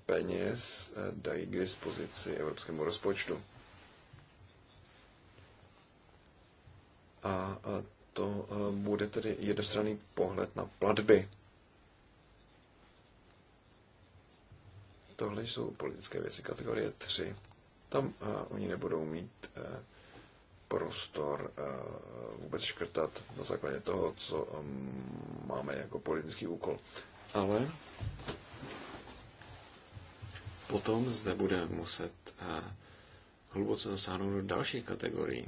peněz dají k dispozici evropskému rozpočtu. A to bude tedy jednostranný pohled na platby. Tohle jsou politické věci kategorie 3. Tam uh, oni nebudou mít uh, prostor uh, vůbec škrtat na základě toho, co um, máme jako politický úkol. Ale potom zde bude muset uh, hluboce zasáhnout do dalších kategorií.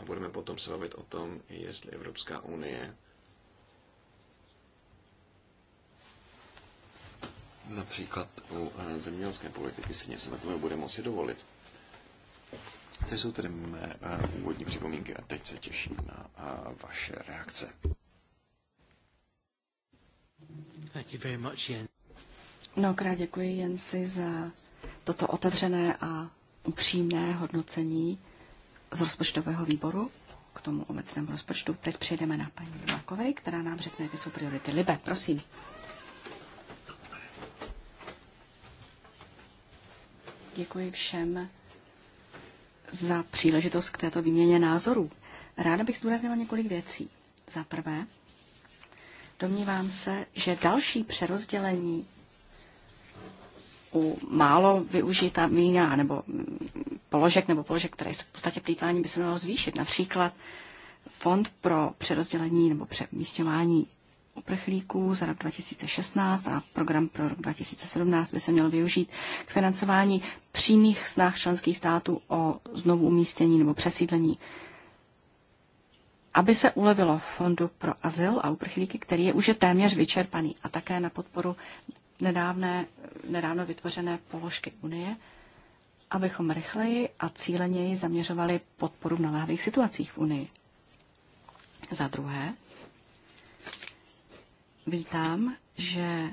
A budeme potom se bavit o tom, jestli Evropská unie například u eh, zemědělské politiky si něco takového bude moci dovolit. To jsou tedy mé eh, úvodní připomínky a teď se těším na eh, vaše reakce. Thank you very much, Jens. Mnohokrát děkuji Jensi za toto otevřené a upřímné hodnocení z rozpočtového výboru k tomu obecnému rozpočtu. Teď přejdeme na paní Vlakovej, která nám řekne, jaké jsou priority Libe. Prosím. děkuji všem za příležitost k této výměně názorů. Ráda bych zdůraznila několik věcí. Za prvé, domnívám se, že další přerozdělení u málo využitá mína nebo položek nebo položek, které jsou v podstatě plýtvání, by se mělo zvýšit. Například fond pro přerozdělení nebo přemístěvání uprchlíků za rok 2016 a program pro rok 2017 by se měl využít k financování přímých snah členských států o znovu umístění nebo přesídlení, aby se ulevilo Fondu pro azyl a uprchlíky, který je už je téměř vyčerpaný a také na podporu nedávné, nedávno vytvořené položky Unie, abychom rychleji a cíleněji zaměřovali podporu v naléhavých situacích v Unii. Za druhé, Vítám, že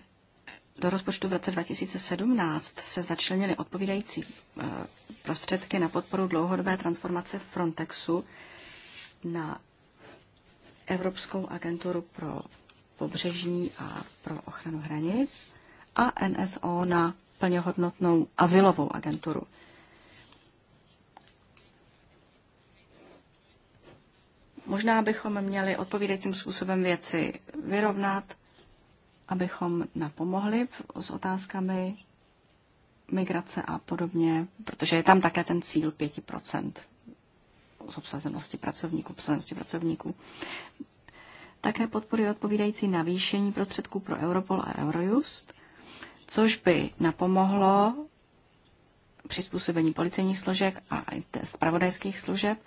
do rozpočtu v roce 2017 se začlenily odpovídající eh, prostředky na podporu dlouhodobé transformace Frontexu na Evropskou agenturu pro pobřežní a pro ochranu hranic a NSO na plněhodnotnou asilovou agenturu. Možná bychom měli odpovídajícím způsobem věci vyrovnat abychom napomohli s otázkami migrace a podobně, protože je tam také ten cíl 5% z obsazenosti pracovníků, obsazenosti pracovníků. Také podpory odpovídající navýšení prostředků pro Europol a Eurojust, což by napomohlo přizpůsobení policejních složek a zpravodajských služeb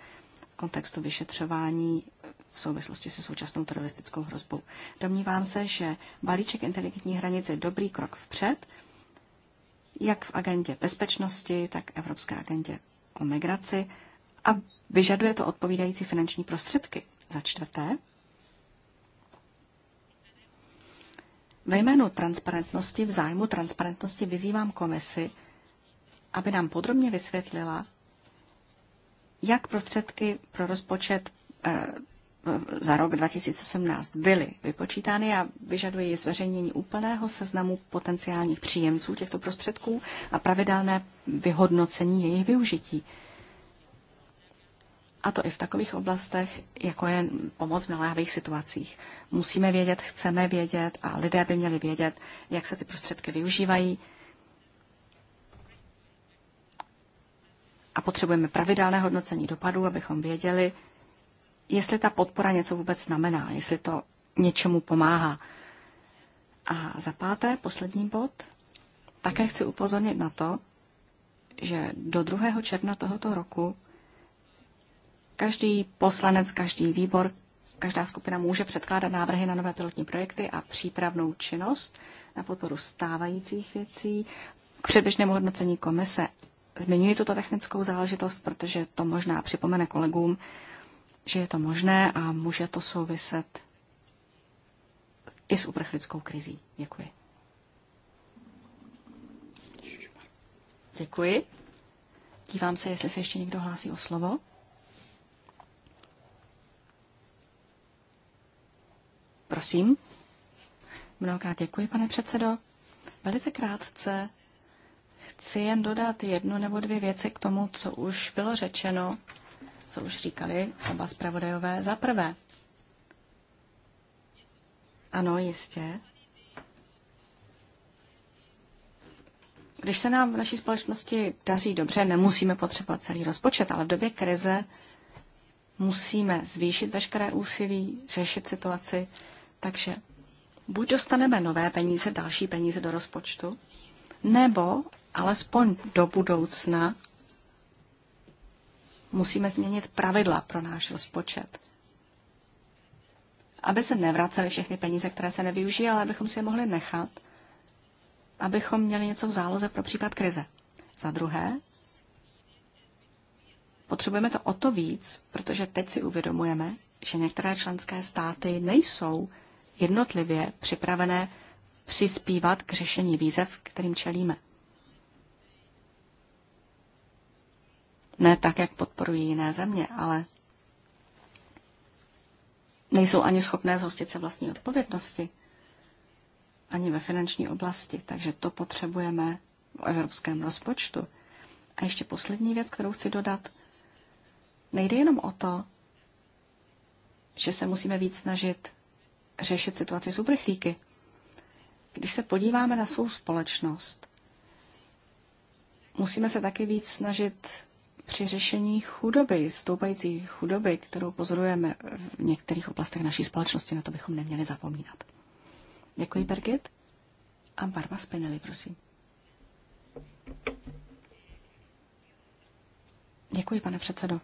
v kontextu vyšetřování v souvislosti se současnou teroristickou hrozbou. Domnívám se, že balíček inteligentní hranic je dobrý krok vpřed, jak v agendě bezpečnosti, tak evropské agendě o migraci a vyžaduje to odpovídající finanční prostředky. Za čtvrté, ve jménu transparentnosti, v zájmu transparentnosti vyzývám komisi, aby nám podrobně vysvětlila, jak prostředky pro rozpočet eh, za rok 2018 byly vypočítány a vyžadují zveřejnění úplného seznamu potenciálních příjemců těchto prostředků a pravidelné vyhodnocení jejich využití. A to i v takových oblastech, jako je pomoc v naléhavých situacích. Musíme vědět, chceme vědět a lidé by měli vědět, jak se ty prostředky využívají. A potřebujeme pravidelné hodnocení dopadů, abychom věděli, jestli ta podpora něco vůbec znamená, jestli to něčemu pomáhá. A za páté, poslední bod, také chci upozornit na to, že do 2. června tohoto roku každý poslanec, každý výbor, každá skupina může předkládat návrhy na nové pilotní projekty a přípravnou činnost na podporu stávajících věcí k předběžnému hodnocení komise. Zmiňuji tuto technickou záležitost, protože to možná připomene kolegům, že je to možné a může to souviset i s uprchlickou krizí. Děkuji. Děkuji. Dívám se, jestli se ještě někdo hlásí o slovo. Prosím. Mnohokrát děkuji, pane předsedo. Velice krátce chci jen dodat jednu nebo dvě věci k tomu, co už bylo řečeno co už říkali oba zpravodajové. Za prvé, ano, jistě. Když se nám v naší společnosti daří dobře, nemusíme potřebovat celý rozpočet, ale v době krize musíme zvýšit veškeré úsilí, řešit situaci. Takže buď dostaneme nové peníze, další peníze do rozpočtu, nebo alespoň do budoucna musíme změnit pravidla pro náš rozpočet. Aby se nevracely všechny peníze, které se nevyužijí, ale abychom si je mohli nechat, abychom měli něco v záloze pro případ krize. Za druhé, potřebujeme to o to víc, protože teď si uvědomujeme, že některé členské státy nejsou jednotlivě připravené přispívat k řešení výzev, kterým čelíme. ne tak, jak podporují jiné země, ale nejsou ani schopné zhostit se vlastní odpovědnosti, ani ve finanční oblasti, takže to potřebujeme v evropském rozpočtu. A ještě poslední věc, kterou chci dodat. Nejde jenom o to, že se musíme víc snažit řešit situaci s uprchlíky. Když se podíváme na svou společnost, musíme se taky víc snažit při řešení chudoby, stoupající chudoby, kterou pozorujeme v některých oblastech naší společnosti, na to bychom neměli zapomínat. Děkuji, Birgit. A Barba Spinelli, prosím. Děkuji, pane předsedo.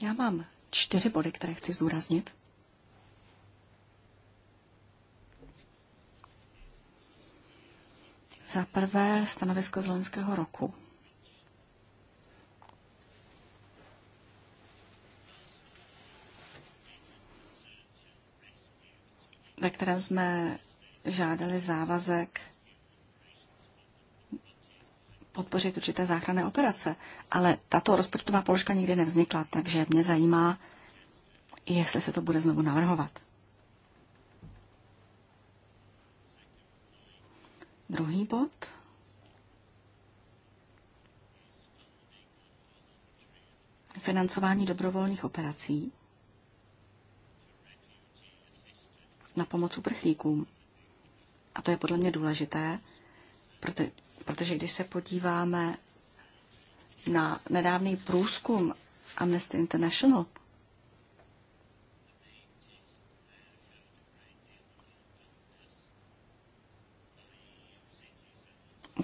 Já mám čtyři body, které chci zdůraznit. Za prvé stanovisko z loňského roku. ve kterém jsme žádali závazek podpořit určité záchranné operace, ale tato rozpočtová položka nikdy nevznikla, takže mě zajímá, jestli se to bude znovu navrhovat. Druhý bod. Financování dobrovolných operací na pomoc uprchlíkům. A to je podle mě důležité, proto, protože když se podíváme na nedávný průzkum Amnesty International,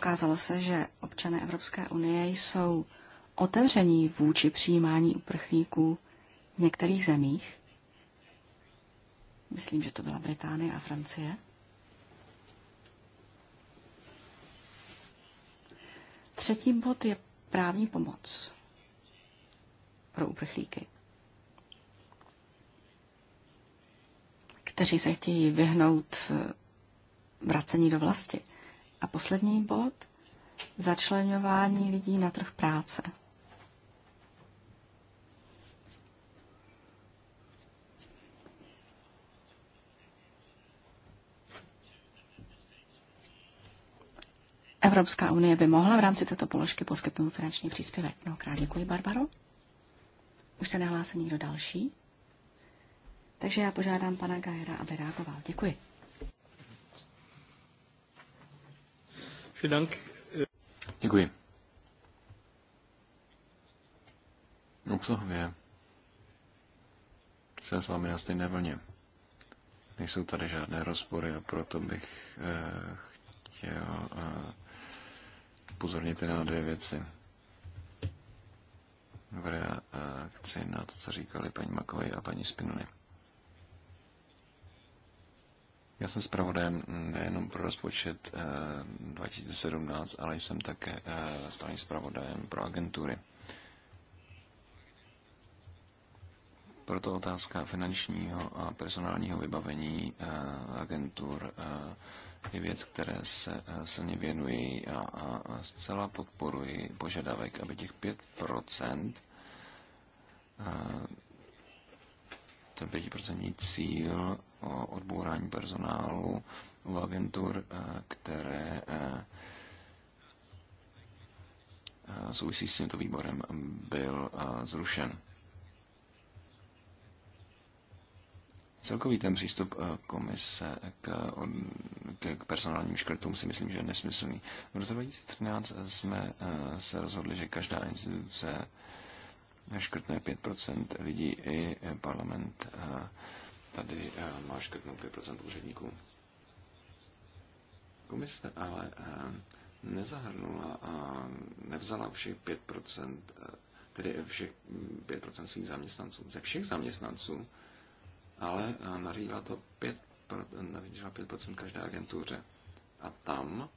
Ukázalo se, že občané Evropské unie jsou otevření vůči přijímání uprchlíků v některých zemích. Myslím, že to byla Británie a Francie. Třetí bod je právní pomoc pro uprchlíky, kteří se chtějí vyhnout eh, vracení do vlasti. A poslední bod, začlenování lidí na trh práce. Evropská unie by mohla v rámci této položky poskytnout finanční příspěvek. Mnohokrát děkuji, Barbaro. Už se nehlásí nikdo další. Takže já požádám pana Gajera, aby reagoval. Děkuji. Děkuji. Obsahově jsem s vámi na stejné vlně. Nejsou tady žádné rozpory a proto bych eh, chtěl eh, pozornit na dvě věci. V reakci na to, co říkali paní Makovej a paní Spinuli. Já jsem zpravodajem nejenom pro rozpočet 2017, eh, ale jsem také eh, stálým zpravodajem pro agentury. Proto otázka finančního a personálního vybavení eh, agentur je věc, které se silně věnuji a, a zcela podporuji požadavek, aby těch 5% 5% cíl o odbourání personálu u agentur, eh, které eh, eh, souvisí s tímto výborem, byl zrušen. Celkový ten přístup komise k, k personálním škrtům si myslím, že je nesmyslný. V roce 2013 jsme se rozhodli, že každá instituce škrtne 5% lidí i parlament tady eh, máš krknout 5% úředníků. Komise ale eh, nezahrnula a nevzala všech 5%, eh, tedy všech 5% svých zaměstnanců, ze všech zaměstnanců, ale nařídila to 5%, nařídila 5% každé agentuře. A tam,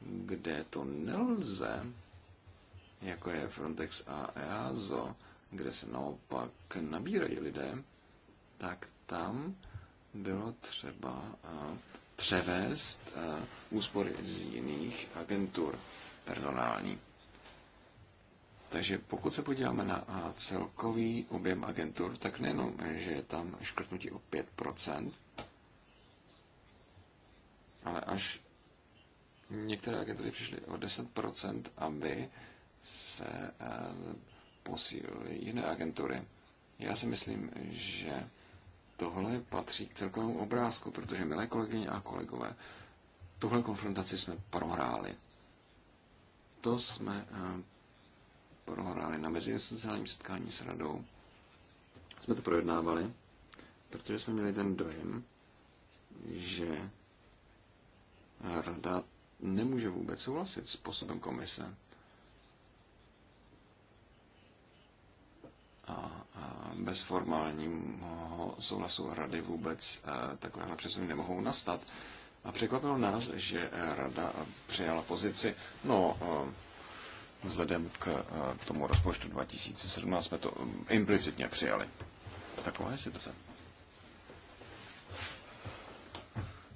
kde to nelze, jako je Frontex a EASO, kde se naopak nabírají lidé, tak tam bylo třeba eh, převést eh, úspory z jiných agentur personální. Takže pokud se podíváme na eh, celkový objem agentur, tak nejenom, že je tam škrtnutí o 5%, ale až některé agentury přišly o 10%, aby se posílily jiné agentury. Já si myslím, že tohle patří k celkovému obrázku, protože, milé kolegyně a kolegové, tuhle konfrontaci jsme prohráli. To jsme eh, prohráli na mezinstitucionálním setkání s radou. Jsme to projednávali, protože jsme měli ten dojem, že rada nemůže vůbec souhlasit s postupem komise. bez formálního souhlasu rady vůbec eh, takovéhle přesuny nemohou nastat. A překvapilo nás, že eh, rada přijala pozici, no, eh, vzhledem k tomu rozpočtu 2017 jsme to mm, implicitně přijali. Taková je situace.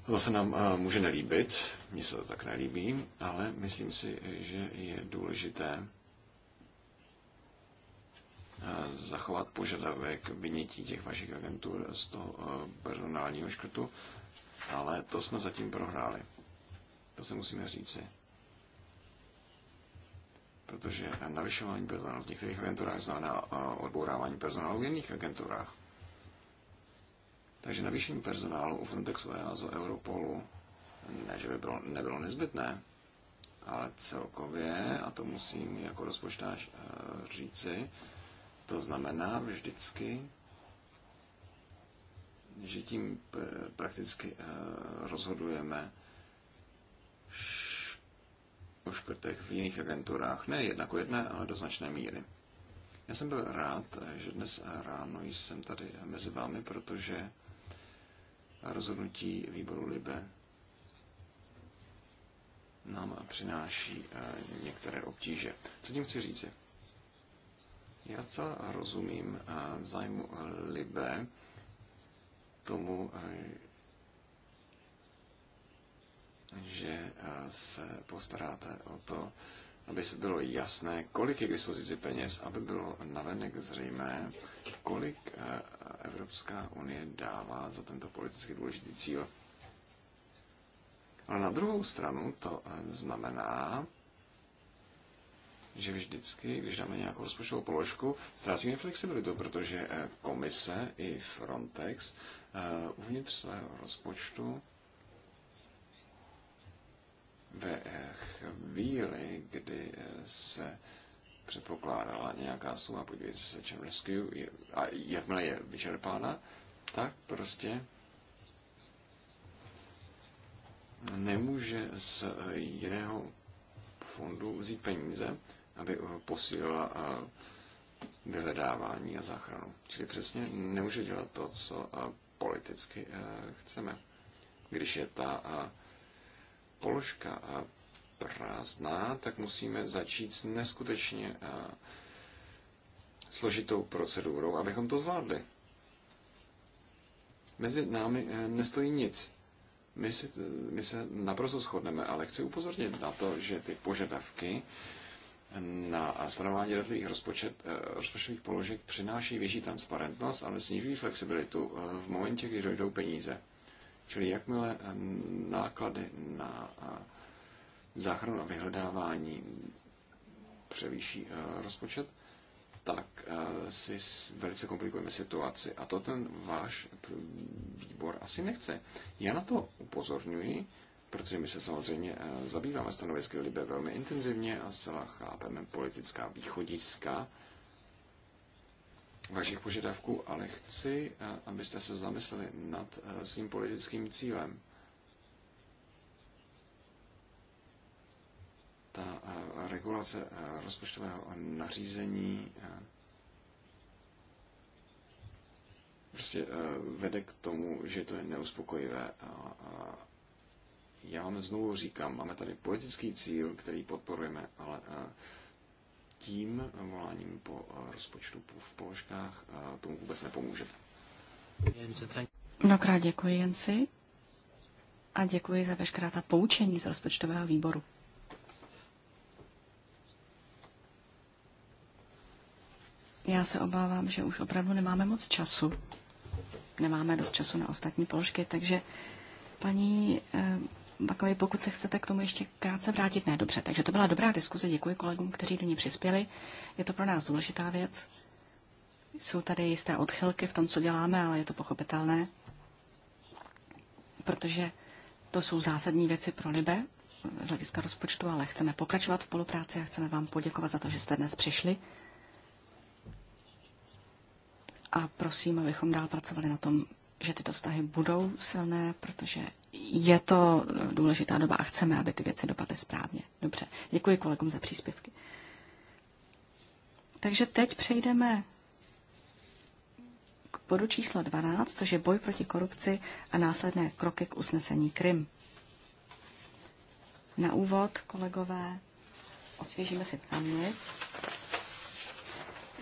To se nám může nelíbit, mně se to tak nelíbí, ale myslím si, že je důležité zachovat požadavek vynětí těch vašich agentur z toho eh, personálního škrtu, ale to jsme zatím prohráli. To se musíme říci. Protože navyšování personálu v některých agenturách znamená eh, odbourávání personálu v jiných agenturách. Takže navýšení personálu u Frontexu, z Europolu, ne, že by bylo, nebylo nezbytné, ale celkově, a to musím jako rozpočtář eh, říci, to znamená vždycky, že tím prakticky eh, rozhodujeme o škrtech v jiných agenturách. Ne jednako jedné, ale do značné míry. Já jsem byl rád, že dnes ráno jsem tady mezi vámi, protože rozhodnutí výboru Libe nám přináší eh, některé obtíže. Co tím chci říct? Já zcela rozumím eh, zájmu Libe tomu, eh, že eh, se postaráte o to, aby se bylo jasné, kolik je k dispozici peněz, aby bylo navenek zřejmé, kolik Evropská unie dává za tento politicky důležitý cíl. Ale na druhou stranu to znamená, že vždycky, když dáme nějakou rozpočtovou položku, ztrácíme flexibilitu, protože eh, komise i Frontex eh, uvnitř svého rozpočtu ve eh, chvíli, kdy se předpokládala nějaká suma, podívejte se, čem rescue, a jakmile je vyčerpána, tak prostě nemůže z jiného fondu vzít peníze, aby eh, posílila eh, vyhledávání a záchranu. Čili přesně nemůže dělat to, co eh, politicky chceme. Když je ta položka prázdná, tak musíme začít s neskutečně složitou procedurou, abychom to zvládli. Mezi námi nestojí nic. My, si, my se naprosto shodneme, ale chci upozornit na to, že ty požadavky na stanování jednotlivých rozpočet, eh, rozpočtových položek přináší větší transparentnost, ale snižují flexibilitu eh, v momentě, kdy dojdou peníze. Čili jakmile eh, náklady na záchranu a vyhledávání převýší rozpočet, tak si velice komplikujeme situaci. A to ten váš výbor asi nechce. Já na to upozorňuji, protože my se samozřejmě eh, zabýváme stanovisky Libe velmi intenzivně a zcela chápeme politická východiska vašich požadavků, ale chci, eh, abyste se zamysleli nad eh, svým politickým cílem. Ta regulace rozpočtového nařízení prostě vede k tomu, že to je neuspokojivé já vám znovu říkám, máme tady politický cíl, který podporujeme, ale eh, tím voláním po eh, rozpočtu v položkách eh, tomu vůbec nepomůžete. Mnohokrát děkuji Jensi a děkuji za veškerá ta poučení z rozpočtového výboru. Já se obávám, že už opravdu nemáme moc času. Nemáme dost času na ostatní položky, takže paní takový, pokud se chcete k tomu ještě krátce vrátit, ne, dobře. Takže to byla dobrá diskuze, děkuji kolegům, kteří do ní přispěli. Je to pro nás důležitá věc. Jsou tady jisté odchylky v tom, co děláme, ale je to pochopitelné, protože to jsou zásadní věci pro Libe eh, z hlediska rozpočtu, ale chceme pokračovat v spolupráci a chceme vám poděkovat za to, že jste dnes přišli. A prosím, abychom dál pracovali na tom že tyto vztahy budou silné, protože je to důležitá doba a chceme, aby ty věci dopadly správně. Dobře, děkuji kolegům za příspěvky. Takže teď přejdeme k bodu číslo 12, což je boj proti korupci a následné kroky k usnesení Krym. Na úvod, kolegové, osvěžíme si paměť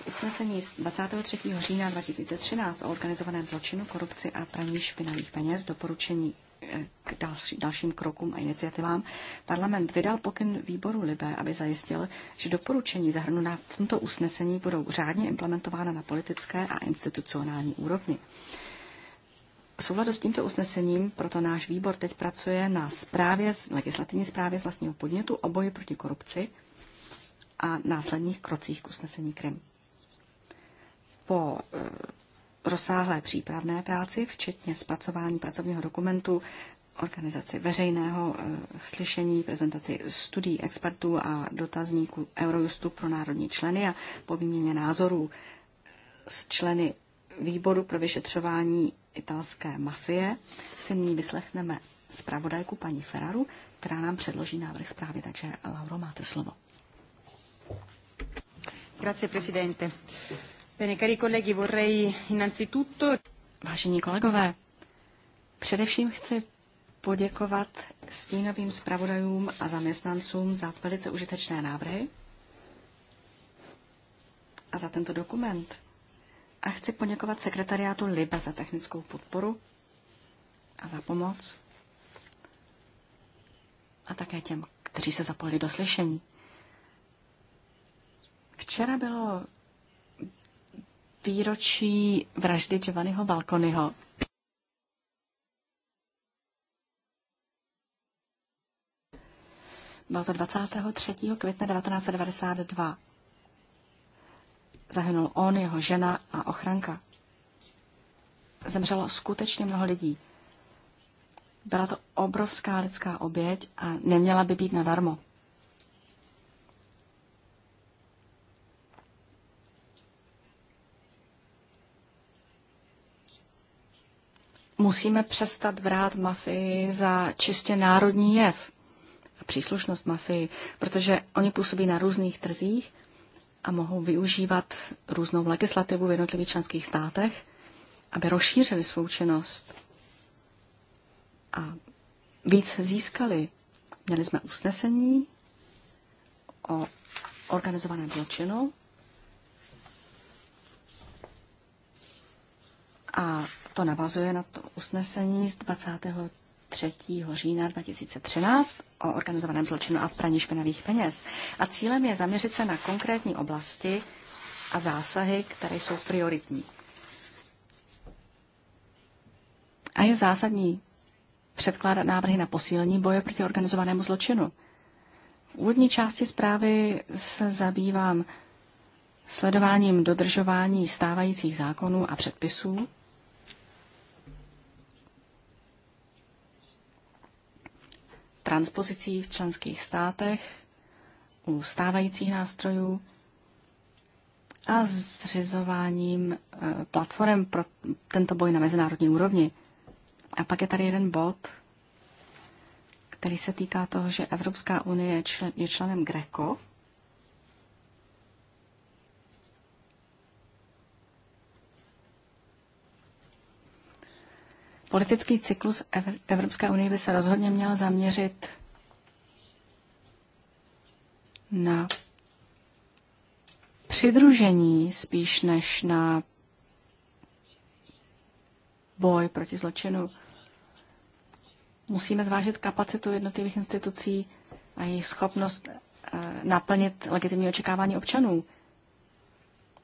usnesení z 23. října 2013 o organizovaném zločinu, korupci a praní špinavých peněz, doporučení eh, k další, dalším krokům a iniciativám, parlament vydal pokyn výboru Libé, aby zajistil, že doporučení zahrnuná v tomto usnesení budou řádně implementována na politické a institucionální úrovni. V souladu s tímto usnesením proto náš výbor teď pracuje na zprávě, legislativní zprávě z vlastního podnětu o boji proti korupci a následních krocích k usnesení Krym. Po eh, rozsáhlé přípravné práci, včetně zpracování pracovního dokumentu, organizaci veřejného eh, slyšení, prezentaci studií expertů a dotazníků Eurojustu pro národní členy a po výměně názorů eh, s členy výboru pro vyšetřování italské mafie si nyní vyslechneme zpravodajku paní Ferraru, která nám předloží návrh zprávy. Takže, Lauro, máte slovo. Grazie, presidente. Vážení kolegové, především chci poděkovat stínovým zpravodajům a zaměstnancům za velice užitečné návrhy a za tento dokument. A chci poděkovat sekretariátu LIBA za technickou podporu a za pomoc a také těm, kteří se zapojili do slyšení. Včera bylo výročí vraždy Giovanniho Balkonyho. Bylo to 23. května 1992. Zahynul on, jeho žena a ochranka. Zemřelo skutečně mnoho lidí. Byla to obrovská lidská oběť a neměla by být nadarmo. musíme přestat vrát mafii za čistě národní jev a příslušnost mafii, protože oni působí na různých trzích a mohou využívat různou legislativu v jednotlivých členských státech, aby rozšířili svou činnost a víc získali. Měli jsme usnesení o organizovaném zločinu a to navazuje na to usnesení z 23. října 2013 o organizovaném zločinu a praní špinavých peněz. A cílem je zaměřit se na konkrétní oblasti a zásahy, které jsou prioritní. A je zásadní předkládat návrhy na posílení boje proti organizovanému zločinu. V úvodní části zprávy se zabývám sledováním dodržování stávajících zákonů a předpisů transpozicí v členských státech, u stávajících nástrojů a zřizováním eh, platform pro tento boj na mezinárodní úrovni. A pak je tady jeden bod, který se týká toho, že Evropská unie je členem GRECO, Politický cyklus Evropské unie by se rozhodně měl zaměřit na přidružení spíš než na boj proti zločinu. Musíme zvážit kapacitu jednotlivých institucí a jejich schopnost eh, naplnit legitimní očekávání občanů.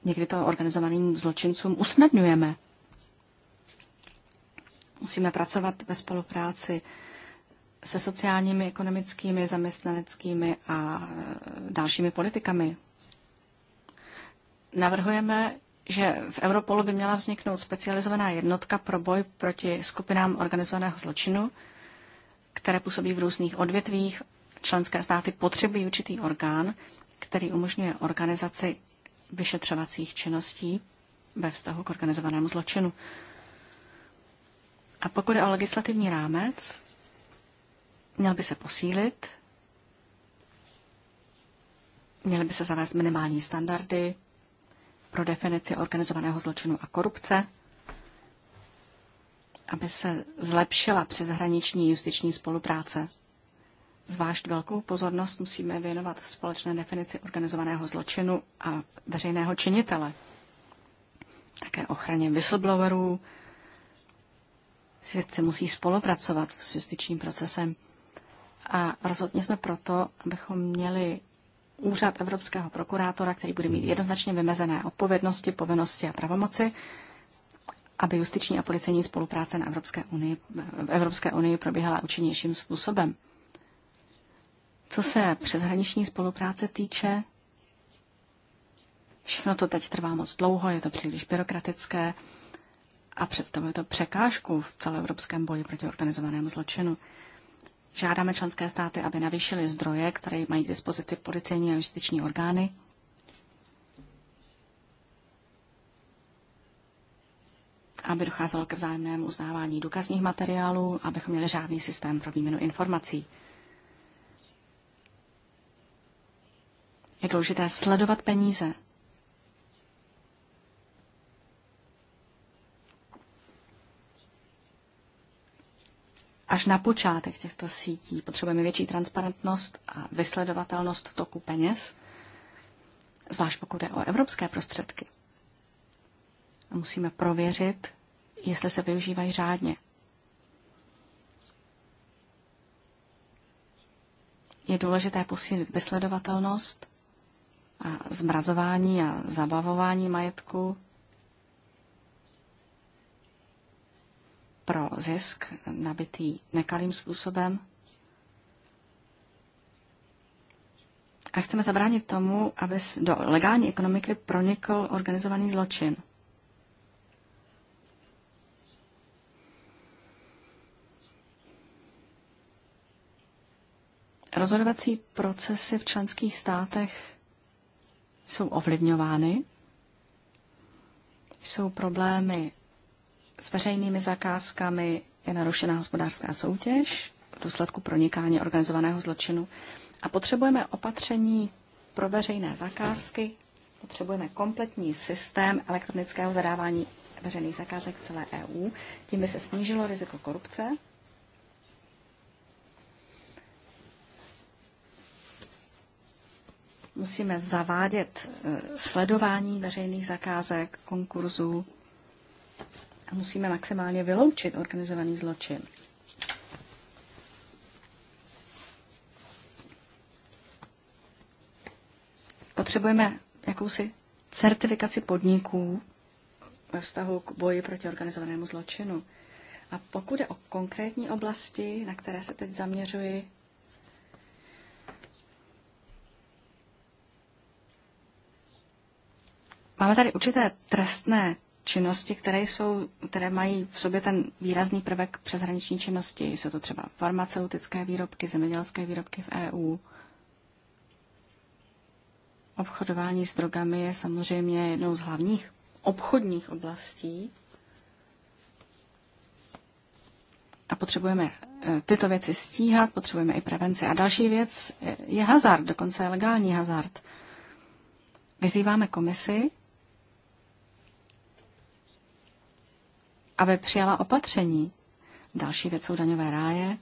Někdy to organizovaným zločincům usnadňujeme. Musíme pracovat ve spolupráci se sociálními, ekonomickými, zaměstnaneckými a e, dalšími politikami. Navrhujeme, že v Europolu by měla vzniknout specializovaná jednotka pro boj proti skupinám organizovaného zločinu, které působí v různých odvětvích. Členské státy potřebují určitý orgán, který umožňuje organizaci vyšetřovacích činností ve vztahu k organizovanému zločinu. A pokud je o legislativní rámec, měl by se posílit, měly by se zavést minimální standardy pro definici organizovaného zločinu a korupce, aby se zlepšila přeshraniční justiční spolupráce. Zvlášť velkou pozornost musíme věnovat společné definici organizovaného zločinu a veřejného činitele. Také ochraně whistleblowerů, Svědci musí spolupracovat s justičním procesem. A rozhodně jsme proto, abychom měli úřad evropského prokurátora, který bude mít jednoznačně vymezené odpovědnosti, povinnosti a pravomoci, aby justiční a policejní spolupráce na Evropské unii, v Evropské unii probíhala účinnějším způsobem. Co se přeshraniční spolupráce týče, všechno to teď trvá moc dlouho, je to příliš byrokratické a představuje to překážku v celoevropském boji proti organizovanému zločinu. Žádáme členské státy, aby navýšily zdroje, které mají k dispozici policejní a justiční orgány. aby docházelo ke vzájemnému uznávání důkazních materiálů, abychom měli žádný systém pro výměnu informací. Je důležité sledovat peníze, až na počátek těchto sítí. Potřebujeme větší transparentnost a vysledovatelnost toku peněz, zvlášť pokud jde o evropské prostředky. A musíme prověřit, jestli se využívají řádně. Je důležité posílit vysledovatelnost a zmrazování a zabavování majetku pro zisk nabitý nekalým způsobem. A chceme zabránit tomu, aby do legální ekonomiky pronikl organizovaný zločin. Rozhodovací procesy v členských státech jsou ovlivňovány, jsou problémy s veřejnými zakázkami je narušená hospodářská soutěž v důsledku pronikání organizovaného zločinu a potřebujeme opatření pro veřejné zakázky, potřebujeme kompletní systém elektronického zadávání veřejných zakázek celé EU. Tím by se snížilo riziko korupce. Musíme zavádět eh, sledování veřejných zakázek, konkurzů a musíme maximálně vyloučit organizovaný zločin. Potřebujeme jakousi certifikaci podniků ve vztahu k boji proti organizovanému zločinu. A pokud je o konkrétní oblasti, na které se teď zaměřuji, máme tady určité trestné činnosti, které, jsou, které mají v sobě ten výrazný prvek přeshraniční činnosti. Jsou to třeba farmaceutické výrobky, zemědělské výrobky v EU. Obchodování s drogami je samozřejmě jednou z hlavních obchodních oblastí. A potřebujeme eh, tyto věci stíhat, potřebujeme i prevenci. A další věc eh, je hazard, dokonce legální hazard. Vyzýváme komisi, aby přijala opatření. Další věc jsou daňové ráje,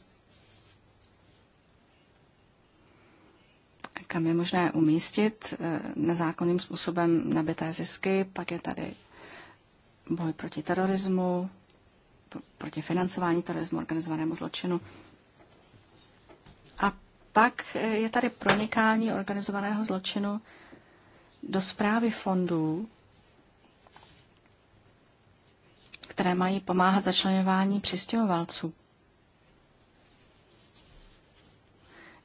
kam je možné umístit eh, nezákonným způsobem nabité zisky. Pak je tady boj proti terorismu, proti financování terorismu, organizovanému zločinu. A pak eh, je tady pronikání organizovaného zločinu do zprávy fondů které mají pomáhat začlenování přistěhovalců.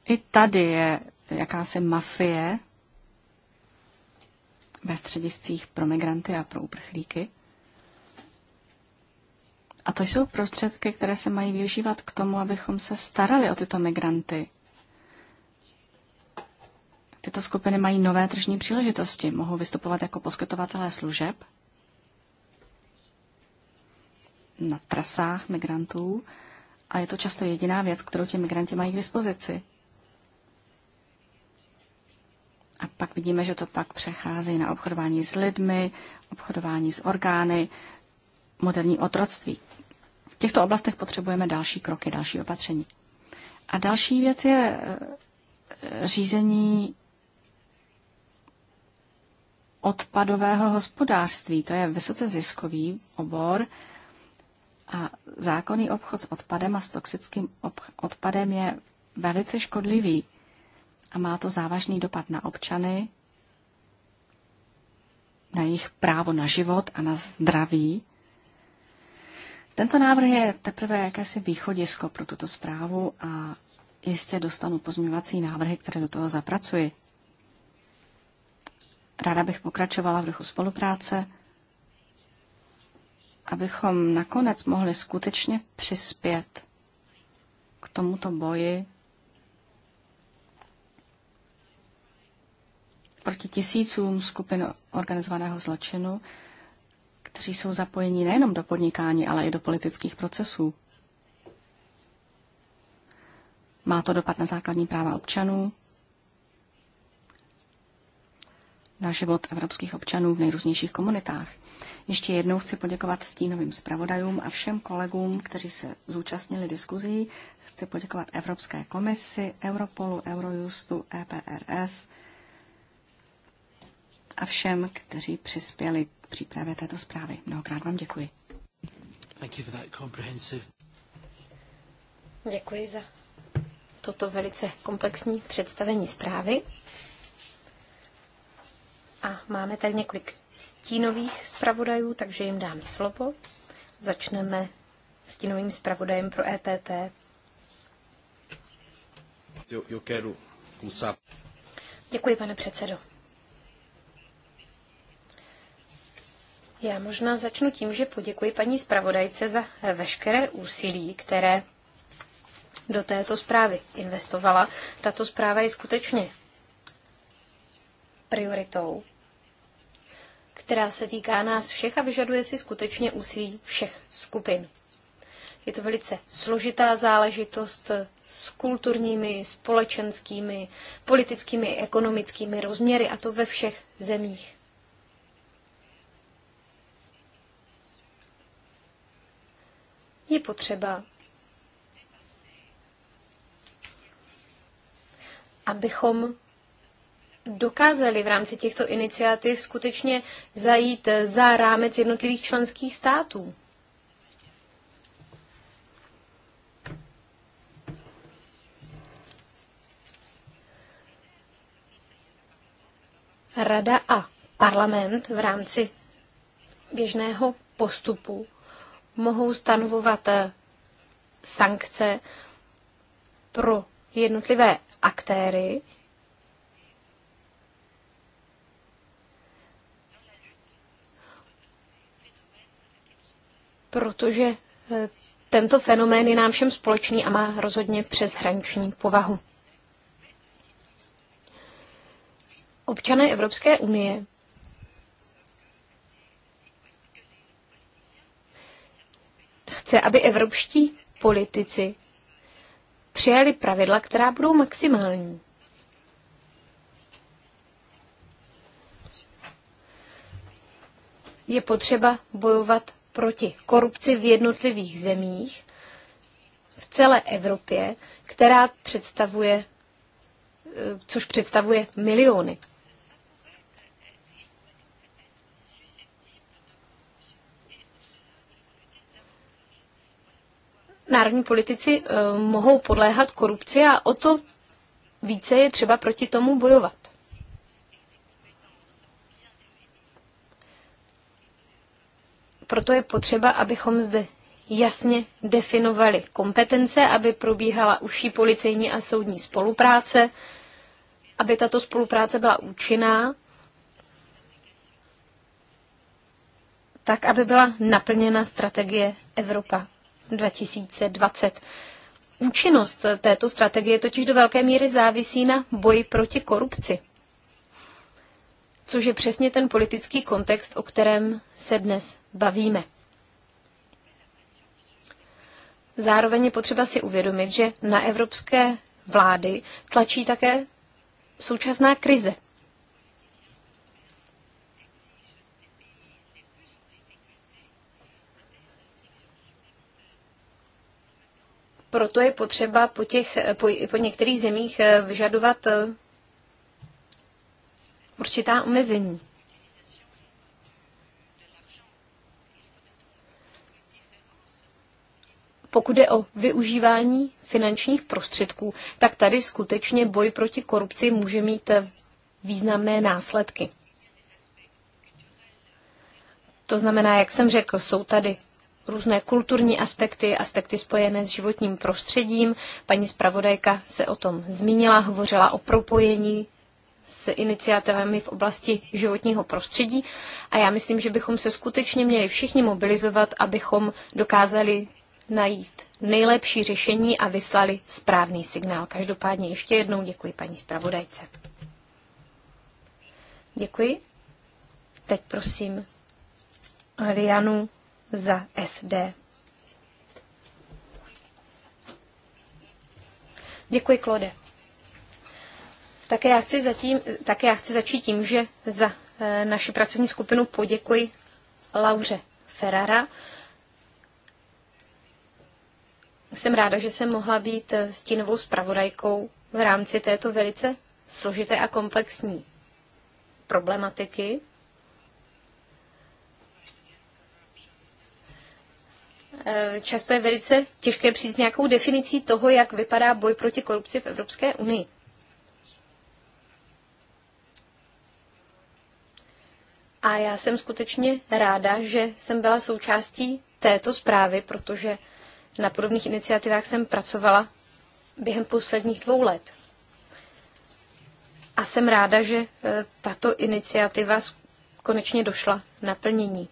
I tady je jakási mafie ve střediscích pro migranty a pro uprchlíky. A to jsou prostředky, které se mají využívat k tomu, abychom se starali o tyto migranty. Tyto skupiny mají nové tržní příležitosti, mohou vystupovat jako poskytovatelé služeb na trasách migrantů a je to často jediná věc, kterou ti migranti mají k dispozici. A pak vidíme, že to pak přechází na obchodování s lidmi, obchodování s orgány, moderní otroctví. V těchto oblastech potřebujeme další kroky, další opatření. A další věc je eh, řízení odpadového hospodářství. To je vysoce ziskový obor a zákonný obchod s odpadem a s toxickým odpadem je velice škodlivý a má to závažný dopad na občany, na jejich právo na život a na zdraví. Tento návrh je teprve jakési východisko pro tuto zprávu a jistě dostanu pozměňovací návrhy, které do toho zapracuji. Ráda bych pokračovala v duchu spolupráce abychom nakonec mohli skutečně přispět k tomuto boji proti tisícům skupin organizovaného zločinu, kteří jsou zapojeni nejenom do podnikání, ale i do politických procesů. Má to dopad na základní práva občanů, na život evropských občanů v nejrůznějších komunitách. Ještě jednou chci poděkovat stínovým zpravodajům a všem kolegům, kteří se zúčastnili diskuzí. Chci poděkovat Evropské komisi, Europolu, Eurojustu, EPRS a všem, kteří přispěli k přípravě této zprávy. Mnohokrát vám děkuji. Děkuji za toto velice komplexní představení zprávy. A máme tady několik stínových zpravodajů, takže jim dám slovo. Začneme stínovým zpravodajem pro EPP. Děkuji, pane předsedo. Já možná začnu tím, že poděkuji paní zpravodajce za veškeré úsilí, které do této zprávy investovala. Tato zpráva je skutečně prioritou která se týká nás všech a vyžaduje si skutečně úsilí všech skupin. Je to velice složitá záležitost s kulturními, společenskými, politickými, ekonomickými rozměry a to ve všech zemích. Je potřeba, abychom dokázali v rámci těchto iniciativ skutečně zajít za rámec jednotlivých členských států. Rada a parlament v rámci běžného postupu mohou stanovovat eh, sankce pro jednotlivé aktéry, protože eh, tento fenomén je nám všem společný a má rozhodně přeshraniční povahu. Občané Evropské unie chce, aby evropští politici přijali pravidla, která budou maximální. Je potřeba bojovat proti korupci v jednotlivých zemích v celé Evropě, která představuje, eh, což představuje miliony. Národní politici eh, mohou podléhat korupci a o to více je třeba proti tomu bojovat. proto je potřeba, abychom zde jasně definovali kompetence, aby probíhala užší policejní a soudní spolupráce, aby tato spolupráce byla účinná, tak, aby byla naplněna strategie Evropa 2020. Účinnost této strategie totiž do velké míry závisí na boji proti korupci, což je přesně ten politický kontext, o kterém se dnes bavíme. Zároveň je potřeba si uvědomit, že na evropské vlády tlačí také současná krize. Proto je potřeba po, těch, po, po některých zemích eh, vyžadovat eh, určitá omezení. Pokud je o využívání finančních prostředků, tak tady skutečně boj proti korupci může mít eh, významné následky. To znamená, jak jsem řekl, jsou tady různé kulturní aspekty, aspekty spojené s životním prostředím. Paní zpravodajka se o tom zmínila, hovořila o propojení s iniciativami v oblasti životního prostředí a já myslím, že bychom se skutečně měli všichni mobilizovat, abychom dokázali najít nejlepší řešení a vyslali správný signál. Každopádně ještě jednou děkuji paní zpravodajce. Děkuji. Teď prosím Lianu za SD. Děkuji, Klode. Také já, chci zatím, také já chci začít tím, že za eh, naši pracovní skupinu poděkuji Lauře Ferrara, jsem ráda, že jsem mohla být stínovou zpravodajkou v rámci této velice složité a komplexní problematiky. Eh, často je velice těžké přijít s nějakou definicí toho, jak vypadá boj proti korupci v Evropské unii. A já jsem skutečně ráda, že jsem byla součástí této zprávy, protože na podobných iniciativách jsem pracovala během posledních dvou let. A jsem ráda, že eh, tato iniciativa konečně došla na plnění.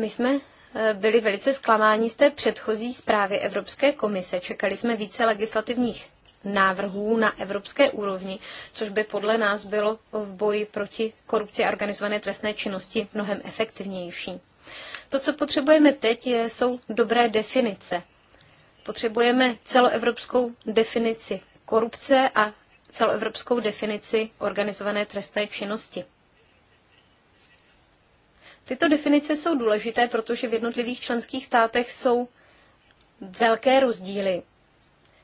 My jsme eh, byli velice zklamáni z té předchozí zprávy Evropské komise. Čekali jsme více legislativních návrhů na evropské úrovni, což by podle nás bylo v boji proti korupci a organizované trestné činnosti mnohem efektivnější. To, co potřebujeme teď, jsou dobré definice. Potřebujeme celoevropskou definici korupce a celoevropskou definici organizované trestné činnosti. Tyto definice jsou důležité, protože v jednotlivých členských státech jsou velké rozdíly.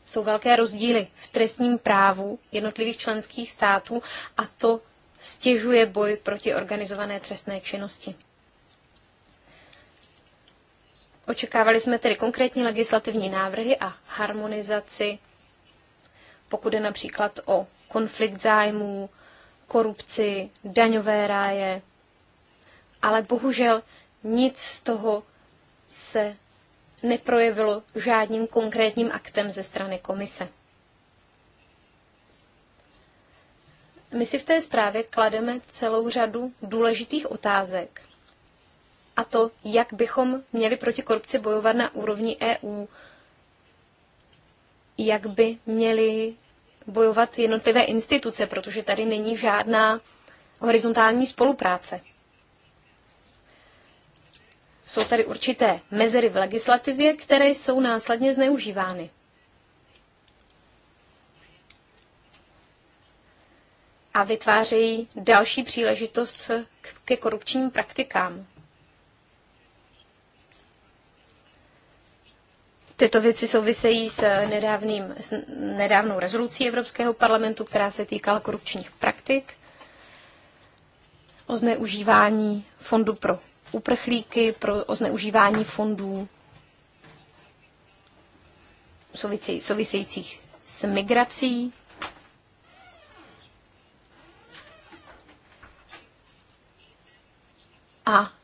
Jsou velké rozdíly v trestním právu jednotlivých členských států a to stěžuje boj proti organizované trestné činnosti. Očekávali jsme tedy konkrétní legislativní návrhy a harmonizaci, pokud je například o konflikt zájmů, korupci, daňové ráje, ale bohužel nic z toho se neprojevilo žádným konkrétním aktem ze strany komise. My si v té zprávě klademe celou řadu důležitých otázek, a to, jak bychom měli proti korupci bojovat na úrovni EU, jak by měly bojovat jednotlivé instituce, protože tady není žádná horizontální spolupráce. Jsou tady určité mezery v legislativě, které jsou následně zneužívány. A vytvářejí další příležitost ke korupčním praktikám. Tyto věci souvisejí s, nedávným, s nedávnou rezolucí Evropského parlamentu, která se týkala korupčních praktik o zneužívání fondu pro uprchlíky, pro, o zneužívání fondů souvisejících s migrací. A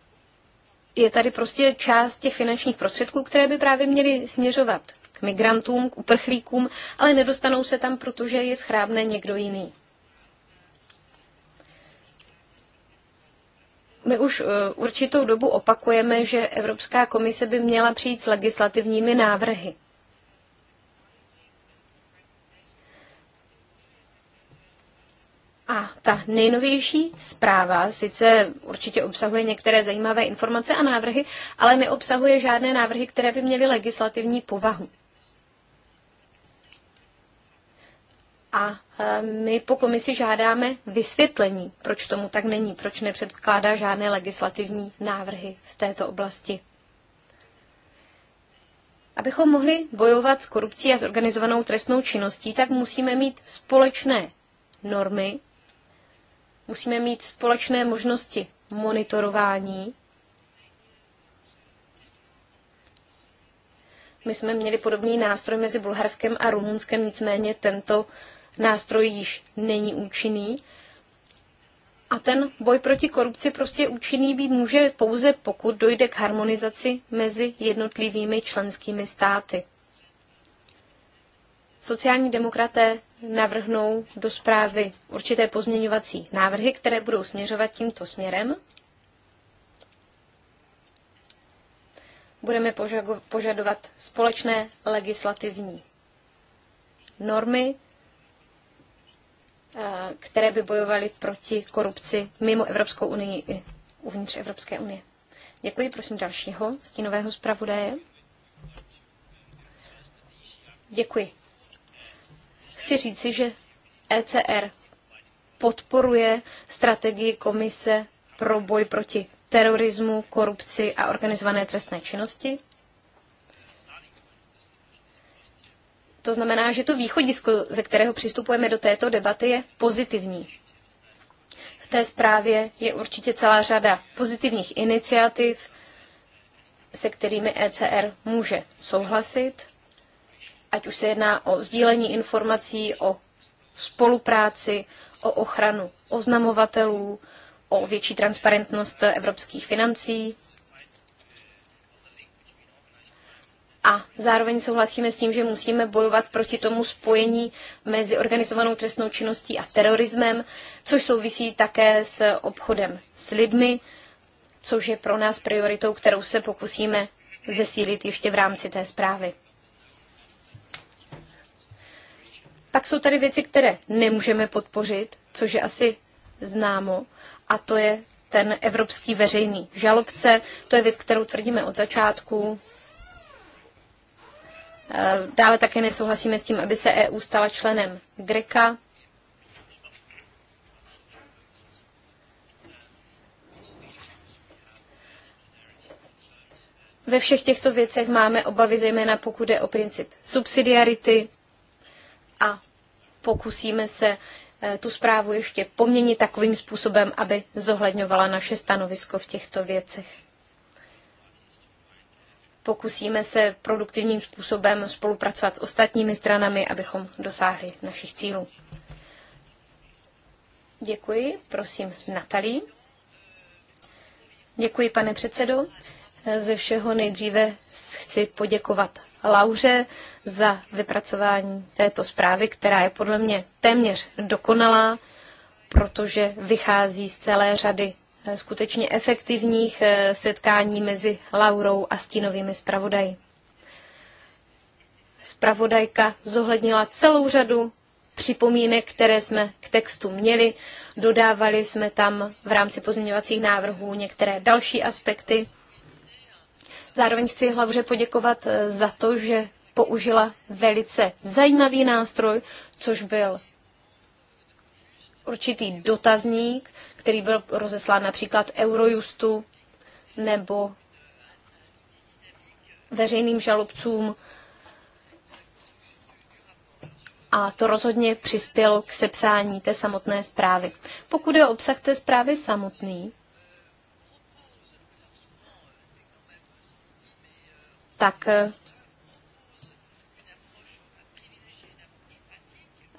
je tady prostě část těch finančních prostředků, které by právě měly směřovat k migrantům, k uprchlíkům, ale nedostanou se tam, protože je schrábne někdo jiný. My už eh, určitou dobu opakujeme, že Evropská komise by měla přijít s legislativními návrhy. A ta nejnovější zpráva sice určitě obsahuje některé zajímavé informace a návrhy, ale neobsahuje žádné návrhy, které by měly legislativní povahu. A e, my po komisi žádáme vysvětlení, proč tomu tak není, proč nepředkládá žádné legislativní návrhy v této oblasti. Abychom mohli bojovat s korupcí a s organizovanou trestnou činností, tak musíme mít společné normy, Musíme mít společné možnosti monitorování. My jsme měli podobný nástroj mezi Bulharskem a Rumunskem, nicméně tento nástroj již není účinný. A ten boj proti korupci prostě účinný být může pouze, pokud dojde k harmonizaci mezi jednotlivými členskými státy. Sociální demokraté navrhnou do zprávy určité pozměňovací návrhy, které budou směřovat tímto směrem. Budeme požadovat společné legislativní normy, eh, které by bojovaly proti korupci mimo Evropskou unii i uvnitř Evropské unie. Děkuji, prosím dalšího stínového zpravodaje. Děkuji chci říci, že ECR podporuje strategii komise pro boj proti terorismu, korupci a organizované trestné činnosti. To znamená, že to východisko, ze kterého přistupujeme do této debaty, je pozitivní. V té zprávě je určitě celá řada pozitivních iniciativ, se kterými ECR může souhlasit ať už se jedná o sdílení informací, o spolupráci, o ochranu oznamovatelů, o větší transparentnost evropských financí. A zároveň souhlasíme s tím, že musíme bojovat proti tomu spojení mezi organizovanou trestnou činností a terorismem, což souvisí také s obchodem s lidmi, což je pro nás prioritou, kterou se pokusíme zesílit ještě v rámci té zprávy. Pak jsou tady věci, které nemůžeme podpořit, což je asi známo, a to je ten evropský veřejný žalobce. To je věc, kterou tvrdíme od začátku. Eh, dále také nesouhlasíme s tím, aby se EU stala členem Greka. Ve všech těchto věcech máme obavy, zejména pokud je o princip subsidiarity a pokusíme se eh, tu zprávu ještě poměnit takovým způsobem, aby zohledňovala naše stanovisko v těchto věcech. Pokusíme se produktivním způsobem spolupracovat s ostatními stranami, abychom dosáhli našich cílů. Děkuji. Prosím, Natalí. Děkuji, pane předsedo. Ze všeho nejdříve chci poděkovat Lauře za vypracování této zprávy, která je podle mě téměř dokonalá, protože vychází z celé řady eh, skutečně efektivních eh, setkání mezi Laurou a stínovými zpravodaji. Spravodajka zohlednila celou řadu připomínek, které jsme k textu měli. Dodávali jsme tam v rámci pozměňovacích návrhů některé další aspekty. Zároveň chci Hlavře poděkovat eh, za to, že použila velice zajímavý nástroj, což byl určitý dotazník, který byl rozeslán například Eurojustu nebo veřejným žalobcům. A to rozhodně přispělo k sepsání té samotné zprávy. Pokud je obsah té zprávy samotný, tak eh,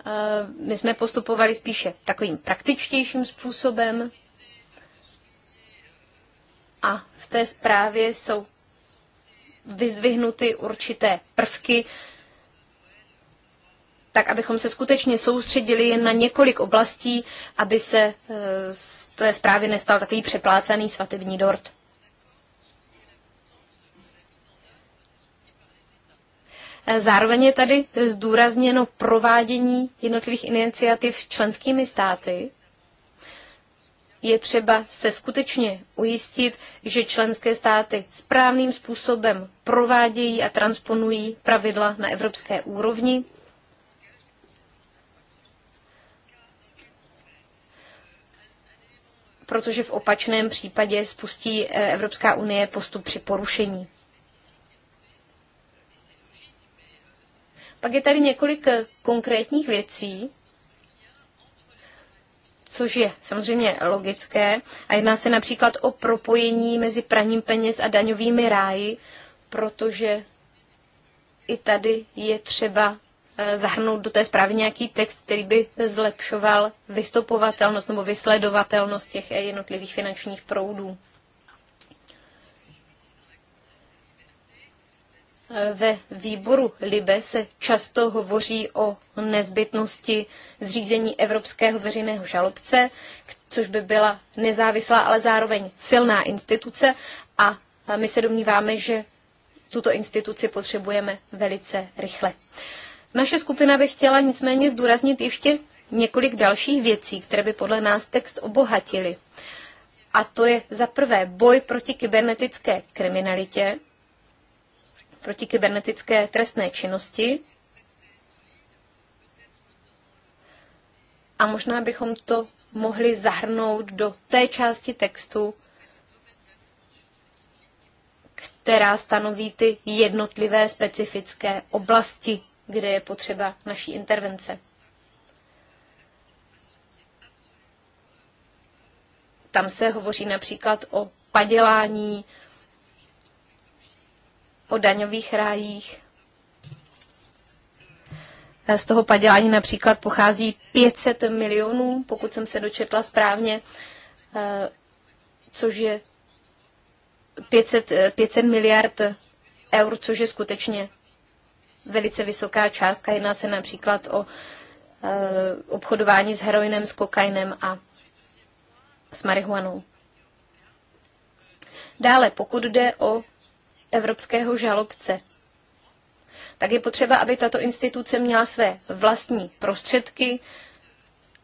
eh, my jsme postupovali spíše takovým praktičtějším způsobem. A v té zprávě jsou vyzdvihnuty určité prvky, tak abychom se skutečně soustředili na několik oblastí, aby se eh, z té zprávy nestal takový přeplácaný svatební dort. Zároveň je tady zdůrazněno provádění jednotlivých iniciativ členskými státy. Je třeba se skutečně ujistit, že členské státy správným způsobem provádějí a transponují pravidla na evropské úrovni. protože v opačném případě spustí eh, Evropská unie postup při porušení Pak je tady několik eh, konkrétních věcí, což je samozřejmě logické. A jedná se například o propojení mezi praním peněz a daňovými ráji, protože i tady je třeba eh, zahrnout do té zprávy nějaký text, který by zlepšoval vystupovatelnost nebo vysledovatelnost těch eh, jednotlivých finančních proudů. Ve výboru LIBE se často hovoří o nezbytnosti zřízení evropského veřejného žalobce, což by byla nezávislá, ale zároveň silná instituce a my se domníváme, že tuto instituci potřebujeme velice rychle. Naše skupina by chtěla nicméně zdůraznit ještě několik dalších věcí, které by podle nás text obohatily. A to je za prvé boj proti kybernetické kriminalitě, proti kybernetické trestné činnosti. A možná bychom to mohli zahrnout do té části textu, která stanoví ty jednotlivé specifické oblasti, kde je potřeba naší intervence. Tam se hovoří například o padělání, o daňových rájích. Z toho padělání například pochází 500 milionů, pokud jsem se dočetla správně, eh, což je 500, 500 eh, miliard eur, což je skutečně velice vysoká částka. Jedná se například o eh, obchodování s heroinem, s kokainem a s marihuanou. Dále, pokud jde o evropského žalobce. Tak je potřeba, aby tato instituce měla své vlastní prostředky,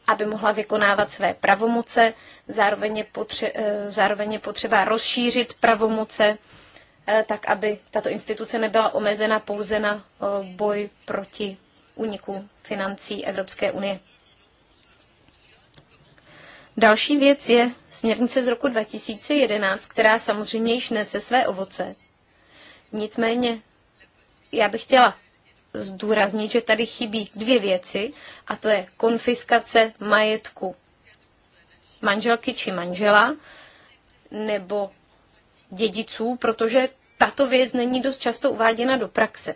aby mohla vykonávat své pravomoce, zároveň je, potře- eh, zároveň je potřeba rozšířit pravomoce, eh, tak aby tato instituce nebyla omezena pouze na eh, boj proti uniku financí Evropské unie. Další věc je směrnice z roku 2011, která samozřejmě již nese své ovoce. Nicméně já bych chtěla zdůraznit, že tady chybí dvě věci, a to je konfiskace majetku manželky či manžela nebo dědiců, protože tato věc není dost často uváděna do praxe.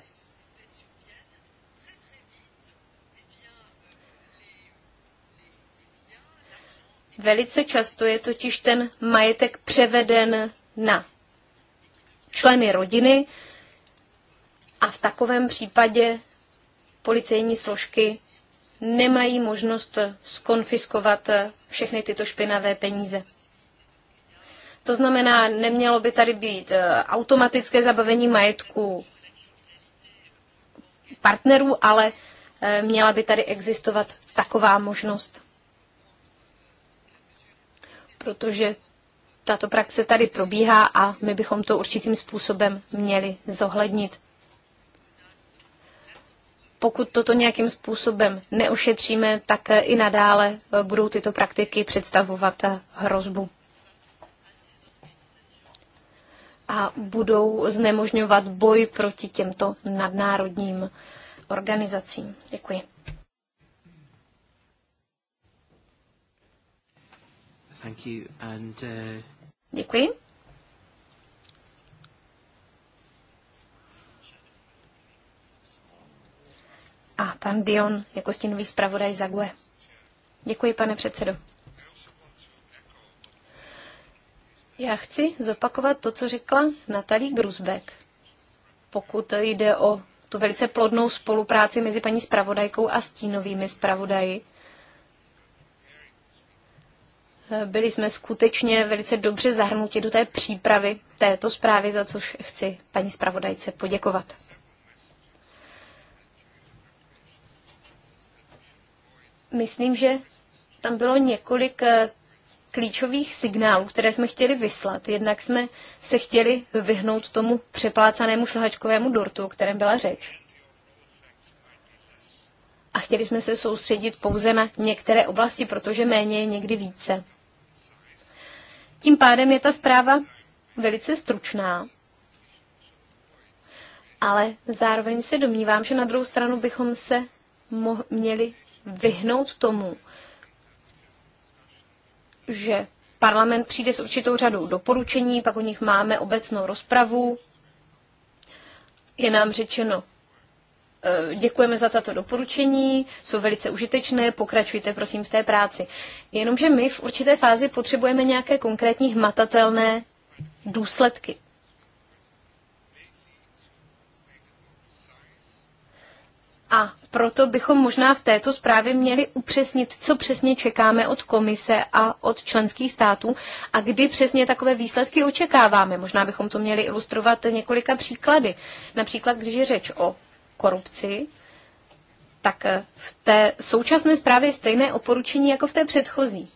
Velice často je totiž ten majetek převeden na členy rodiny a v takovém případě policejní složky nemají možnost skonfiskovat všechny tyto špinavé peníze. To znamená, nemělo by tady být eh, automatické zabavení majetku partnerů, ale eh, měla by tady existovat taková možnost. Protože tato praxe tady probíhá a my bychom to určitým způsobem měli zohlednit. Pokud toto nějakým způsobem neošetříme, tak i nadále eh, budou tyto praktiky představovat eh, hrozbu. A budou znemožňovat boj proti těmto nadnárodním organizacím. Děkuji. Thank you. And, uh... Děkuji. A pan Dion jako stínový zpravodaj Zague. Děkuji, pane předsedo. Já chci zopakovat to, co řekla Natalie Grusbeck. Pokud jde o tu velice plodnou spolupráci mezi paní spravodajkou a stínovými zpravodaji byli jsme skutečně velice dobře zahrnuti do té přípravy této zprávy, za což chci paní zpravodajce poděkovat. Myslím, že tam bylo několik eh, klíčových signálů, které jsme chtěli vyslat. Jednak jsme se chtěli vyhnout tomu přeplácanému šlehačkovému dortu, o kterém byla řeč. A chtěli jsme se soustředit pouze na některé oblasti, protože méně je někdy více. Tím pádem je ta zpráva velice stručná, ale zároveň se domnívám, že na druhou stranu bychom se měli vyhnout tomu, že parlament přijde s určitou řadou doporučení, pak o nich máme obecnou rozpravu, je nám řečeno, Eh, děkujeme za tato doporučení, jsou velice užitečné, pokračujte prosím v té práci. Jenomže my v určité fázi potřebujeme nějaké konkrétní hmatatelné důsledky. A proto bychom možná v této zprávě měli upřesnit, co přesně čekáme od komise a od členských států a kdy přesně takové výsledky očekáváme. Možná bychom to měli ilustrovat několika příklady. Například, když je řeč o korupci, tak v té současné zprávě je stejné oporučení jako v té předchozí.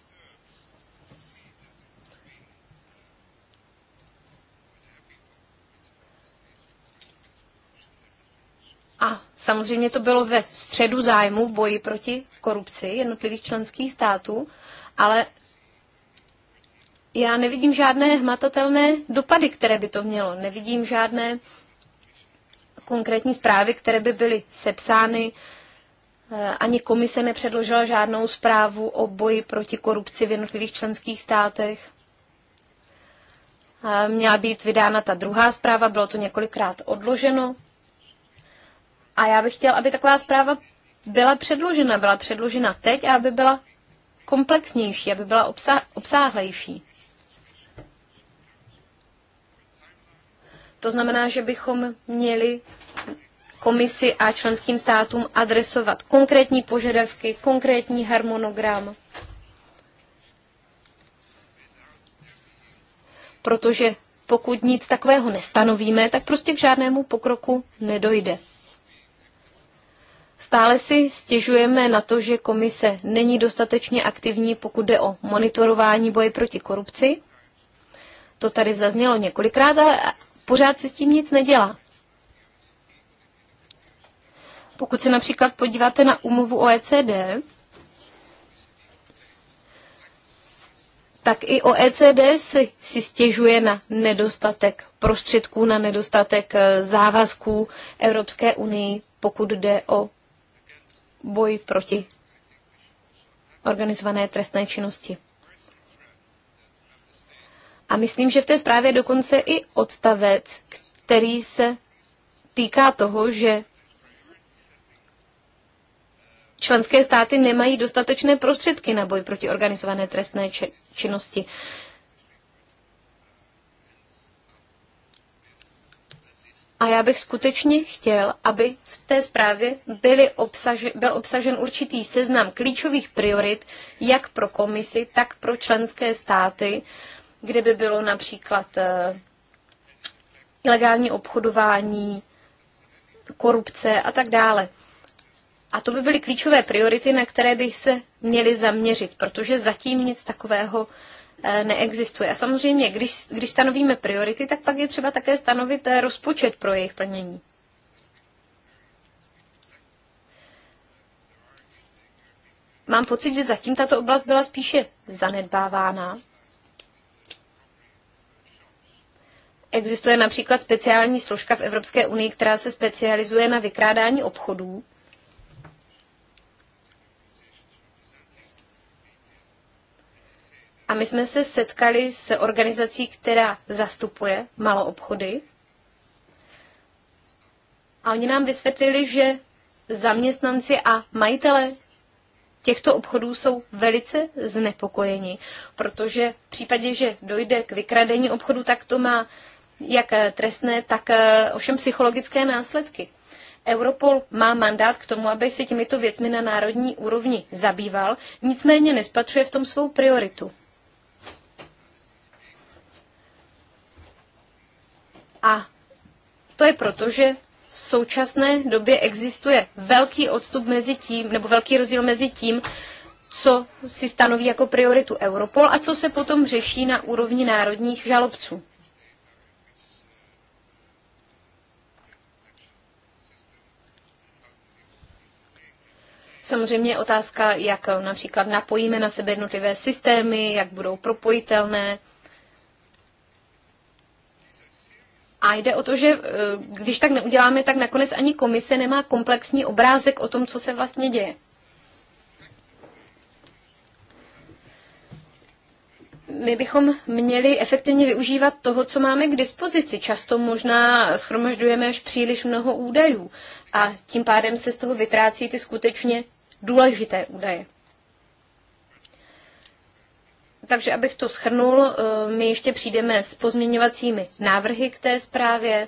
A samozřejmě to bylo ve středu zájmu v boji proti korupci jednotlivých členských států, ale já nevidím žádné hmatatelné dopady, které by to mělo. Nevidím žádné konkrétní zprávy, které by byly sepsány. E, ani komise nepředložila žádnou zprávu o boji proti korupci v jednotlivých členských státech. E, měla být vydána ta druhá zpráva, bylo to několikrát odloženo. A já bych chtěl, aby taková zpráva byla předložena, byla předložena teď a aby byla komplexnější, aby byla obsáhlejší. To znamená, že bychom měli komisi a členským státům adresovat konkrétní požadavky, konkrétní harmonogram. Protože pokud nic takového nestanovíme, tak prostě k žádnému pokroku nedojde. Stále si stěžujeme na to, že komise není dostatečně aktivní, pokud jde o monitorování boje proti korupci. To tady zaznělo několikrát, pořád se s tím nic nedělá. Pokud se například podíváte na umluvu OECD, tak i OECD si, si stěžuje na nedostatek prostředků, na nedostatek eh, závazků Evropské unii, pokud jde o boj proti organizované trestné činnosti. A myslím, že v té zprávě je dokonce i odstavec, který se týká toho, že členské státy nemají dostatečné prostředky na boj proti organizované trestné činnosti. A já bych skutečně chtěl, aby v té zprávě byly obsaže, byl obsažen určitý seznam klíčových priorit, jak pro komisi, tak pro členské státy, uh, kde by bylo například eh, ilegální obchodování, korupce a tak dále. A to by byly klíčové priority, na které bych se měli zaměřit, protože zatím nic takového eh, neexistuje. A samozřejmě, když, když stanovíme priority, tak pak je třeba také stanovit eh, rozpočet pro jejich plnění. Mám pocit, že zatím tato oblast byla spíše zanedbávána Existuje například speciální složka v Evropské unii, která se specializuje na vykrádání obchodů. A my jsme se setkali se organizací, která zastupuje maloobchody, obchody. A oni nám vysvětlili, že zaměstnanci a majitele těchto obchodů jsou velice znepokojeni, protože v případě, že dojde k vykradení obchodu, tak to má jak eh, trestné, tak eh, ovšem psychologické následky. Europol má mandát k tomu, aby se těmito věcmi na národní úrovni zabýval, nicméně nespatřuje v tom svou prioritu. A to je proto, že v současné době existuje velký odstup mezi tím, nebo velký rozdíl mezi tím, co si stanoví jako prioritu Europol a co se potom řeší na úrovni národních žalobců. Samozřejmě je otázka, jak například napojíme na sebe jednotlivé systémy, jak budou propojitelné. A jde o to, že eh, když tak neuděláme, tak nakonec ani komise nemá komplexní obrázek o tom, co se vlastně děje. my bychom měli efektivně využívat toho, co máme k dispozici. Často možná schromažďujeme až příliš mnoho údajů a tím pádem se z toho vytrácí ty skutečně důležité údaje. Takže abych to schrnul, eh, my ještě přijdeme s pozměňovacími návrhy k té zprávě.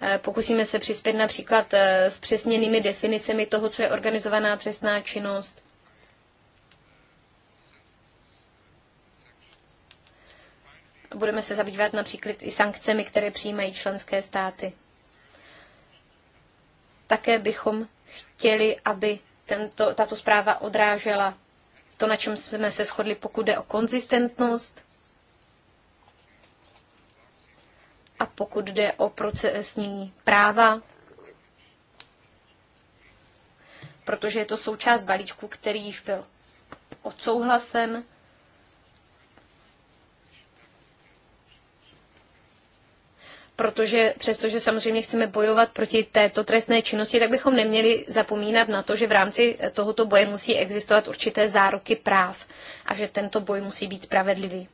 Eh, pokusíme se přispět například eh, s přesněnými definicemi toho, co je organizovaná trestná činnost. Budeme se zabývat například i sankcemi, které přijímají členské státy. Také bychom chtěli, aby tento, tato zpráva odrážela to, na čem jsme se shodli, pokud jde o konzistentnost a pokud jde o procesní práva, protože je to součást balíčku, který již byl odsouhlasen protože přestože samozřejmě chceme bojovat proti této trestné činnosti, tak bychom neměli zapomínat na to, že v rámci tohoto boje musí existovat určité záruky práv a že tento boj musí být spravedlivý.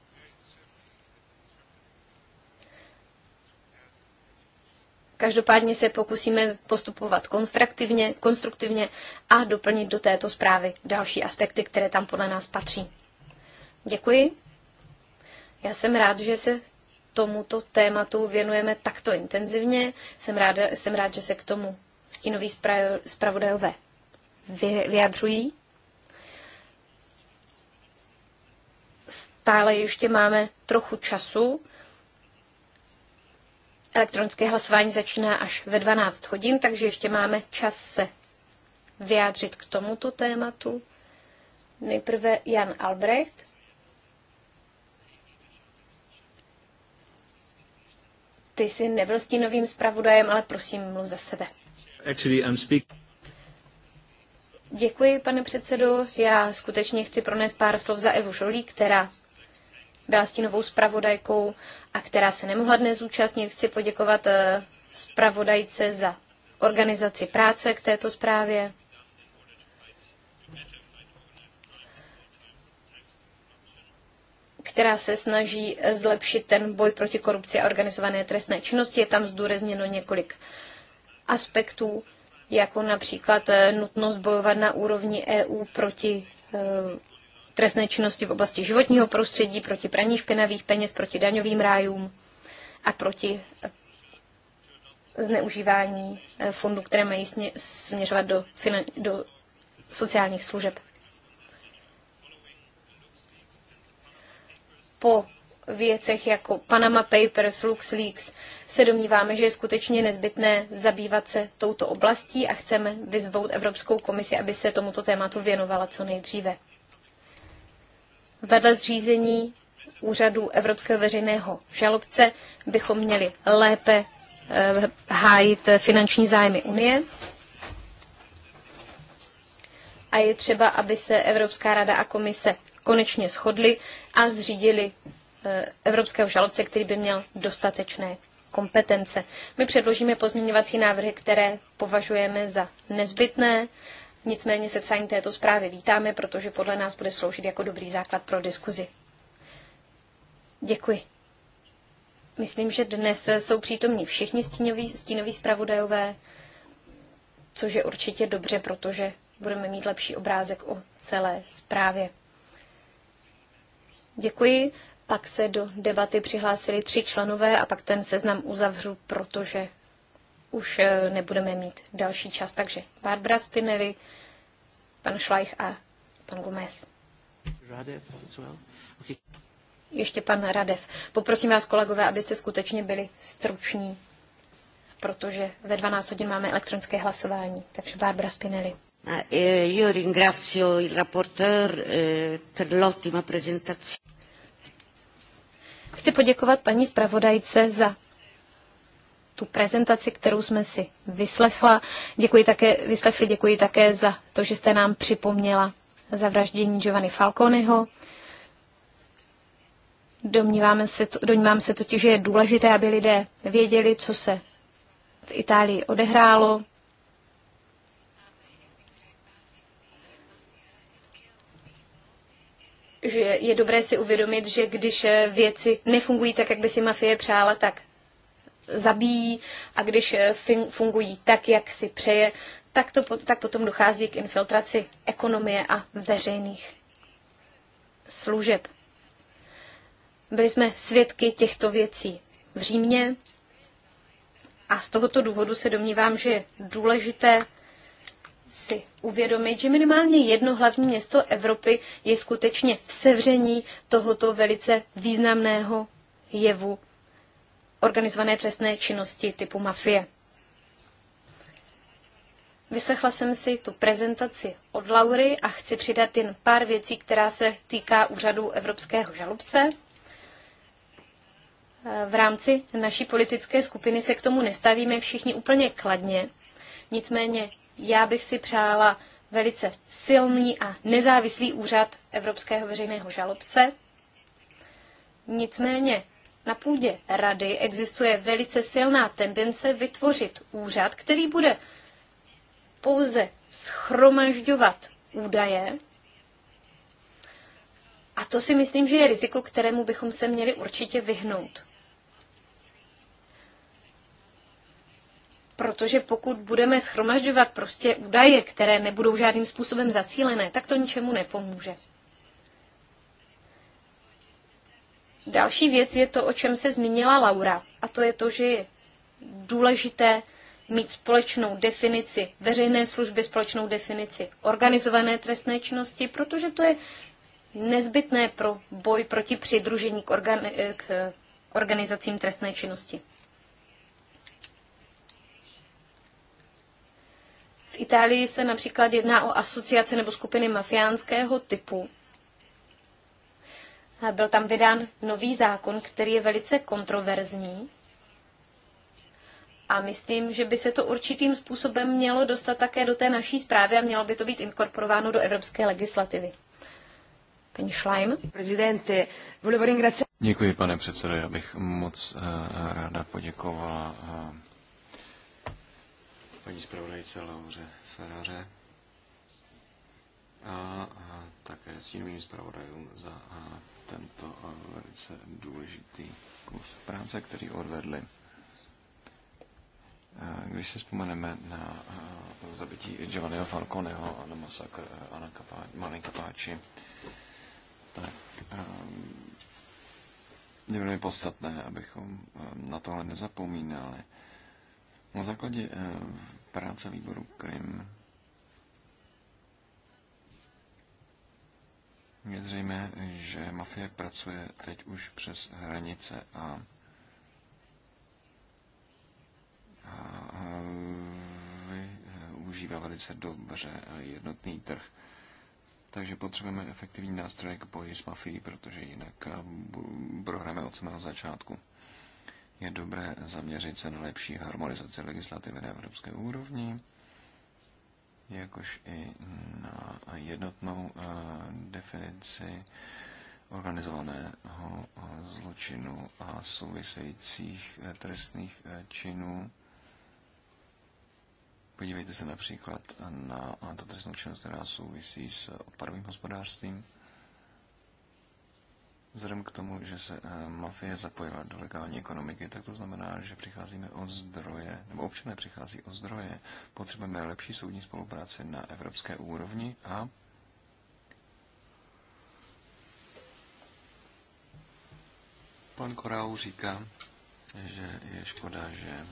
Každopádně se pokusíme postupovat konstruktivně, konstruktivně a doplnit do této zprávy další aspekty, které tam podle nás patří. Děkuji. Já jsem rád, že se tomuto tématu věnujeme takto intenzivně. Jsem, rád, jsem rád, že se k tomu stínoví zpravodajové vyjadřují. Stále ještě máme trochu času. Elektronické hlasování začíná až ve 12 hodin, takže ještě máme čas se vyjádřit k tomuto tématu. Nejprve Jan Albrecht ty jsi nebyl stínovým zpravodajem, ale prosím, mluv za sebe. Děkuji, pane předsedu. Já skutečně chci pronést pár slov za Evu Žolí, která byla stínovou zpravodajkou a která se nemohla dnes zúčastnit. Chci poděkovat eh, zpravodajce za organizaci práce k této zprávě. která se snaží zlepšit ten boj proti korupci a organizované trestné činnosti. Je tam zdůrazněno několik aspektů, jako například eh, nutnost bojovat na úrovni EU proti eh, trestné činnosti v oblasti životního prostředí, proti praní špinavých peněz, proti daňovým rájům a proti eh, zneužívání fondů, které mají směřovat do, finan- do sociálních služeb. po věcech jako Panama Papers, LuxLeaks se domníváme, že je skutečně nezbytné zabývat se touto oblastí a chceme vyzvout Evropskou komisi, aby se tomuto tématu věnovala co nejdříve. Vedle zřízení úřadu Evropského veřejného žalobce bychom měli lépe eh, hájit finanční zájmy Unie. A je třeba, aby se Evropská rada a komise konečně shodli a zřídili eh, evropského žalobce, který by měl dostatečné kompetence. My předložíme pozměňovací návrhy, které považujeme za nezbytné, nicméně se psání této zprávy vítáme, protože podle nás bude sloužit jako dobrý základ pro diskuzi. Děkuji. Myslím, že dnes jsou přítomní všichni stínoví, stínoví zpravodajové, což je určitě dobře, protože budeme mít lepší obrázek o celé zprávě. Děkuji. Pak se do debaty přihlásili tři členové a pak ten seznam uzavřu, protože už eh, nebudeme mít další čas. Takže Barbara Spinelli, pan Schleich a pan Gomez. Ještě pan Radev. Poprosím vás, kolegové, abyste skutečně byli struční, protože ve 12 hodin máme elektronické hlasování. Takže Barbara Spinelli. Eh, io ringrazio il rapporteur eh, per l'ottima presentazione. Chci poděkovat paní zpravodajce za tu prezentaci, kterou jsme si vyslechla. Děkuji také, vyslechli, děkuji také za to, že jste nám připomněla zavraždění Giovanni Falconeho. Domníváme se, domnívám se totiž, že je důležité, aby lidé věděli, co se v Itálii odehrálo, že je dobré si uvědomit, že když věci nefungují tak, jak by si mafie přála, tak zabíjí a když fungují tak, jak si přeje, tak, to, tak potom dochází k infiltraci ekonomie a veřejných služeb. Byli jsme svědky těchto věcí v Římě a z tohoto důvodu se domnívám, že je důležité si uvědomit, že minimálně jedno hlavní město Evropy je skutečně sevření tohoto velice významného jevu organizované trestné činnosti typu mafie. Vyslechla jsem si tu prezentaci od Laury a chci přidat jen pár věcí, která se týká úřadu Evropského žalobce. V rámci naší politické skupiny se k tomu nestavíme všichni úplně kladně. Nicméně já bych si přála velice silný a nezávislý úřad Evropského veřejného žalobce. Nicméně na půdě rady existuje velice silná tendence vytvořit úřad, který bude pouze schromažďovat údaje. A to si myslím, že je riziko, kterému bychom se měli určitě vyhnout. protože pokud budeme schromažďovat prostě údaje, které nebudou žádným způsobem zacílené, tak to ničemu nepomůže. Další věc je to, o čem se zmínila Laura, a to je to, že je důležité mít společnou definici veřejné služby, společnou definici organizované trestné činnosti, protože to je nezbytné pro boj proti přidružení k, organi- k organizacím trestné činnosti. Itálii se například jedná o asociace nebo skupiny mafiánského typu. Byl tam vydán nový zákon, který je velice kontroverzní. A myslím, že by se to určitým způsobem mělo dostat také do té naší zprávy a mělo by to být inkorporováno do evropské legislativy. Pani Schleim. Děkuji, pane předsedo. Já bych moc eh, ráda poděkovala eh, paní zpravodajce Laure Ferraře a, a také jiným zpravodajům za a, tento a, velice důležitý kus práce, který odvedli. Když se vzpomeneme na zabití Giovanniho Falconeho a na masakr Kapá, Malin Kapáči, tak ehm, je velmi podstatné, abychom ehm, na tohle nezapomínali. Na základě ehm, práce výboru Krim. je zřejmé, že mafie pracuje teď už přes hranice a, a využívá e, velice dobře jednotný trh. Takže potřebujeme efektivní nástroj k boji s mafií, protože jinak e, prohráme od samého začátku je dobré zaměřit se na lepší harmonizaci legislativy na evropské úrovni, jakož i na jednotnou eh, definici organizovaného eh, zločinu a souvisejících eh, trestných činů. Podívejte se například na to trestnou činnost, která souvisí s odpadovým hospodářstvím. Vzhledem k tomu, že se eh, mafie zapojila do legální ekonomiky, tak to znamená, že přicházíme o zdroje, nebo občané přichází o zdroje. Potřebujeme lepší soudní spolupráci na evropské úrovni a pan Korau říká, že je škoda, že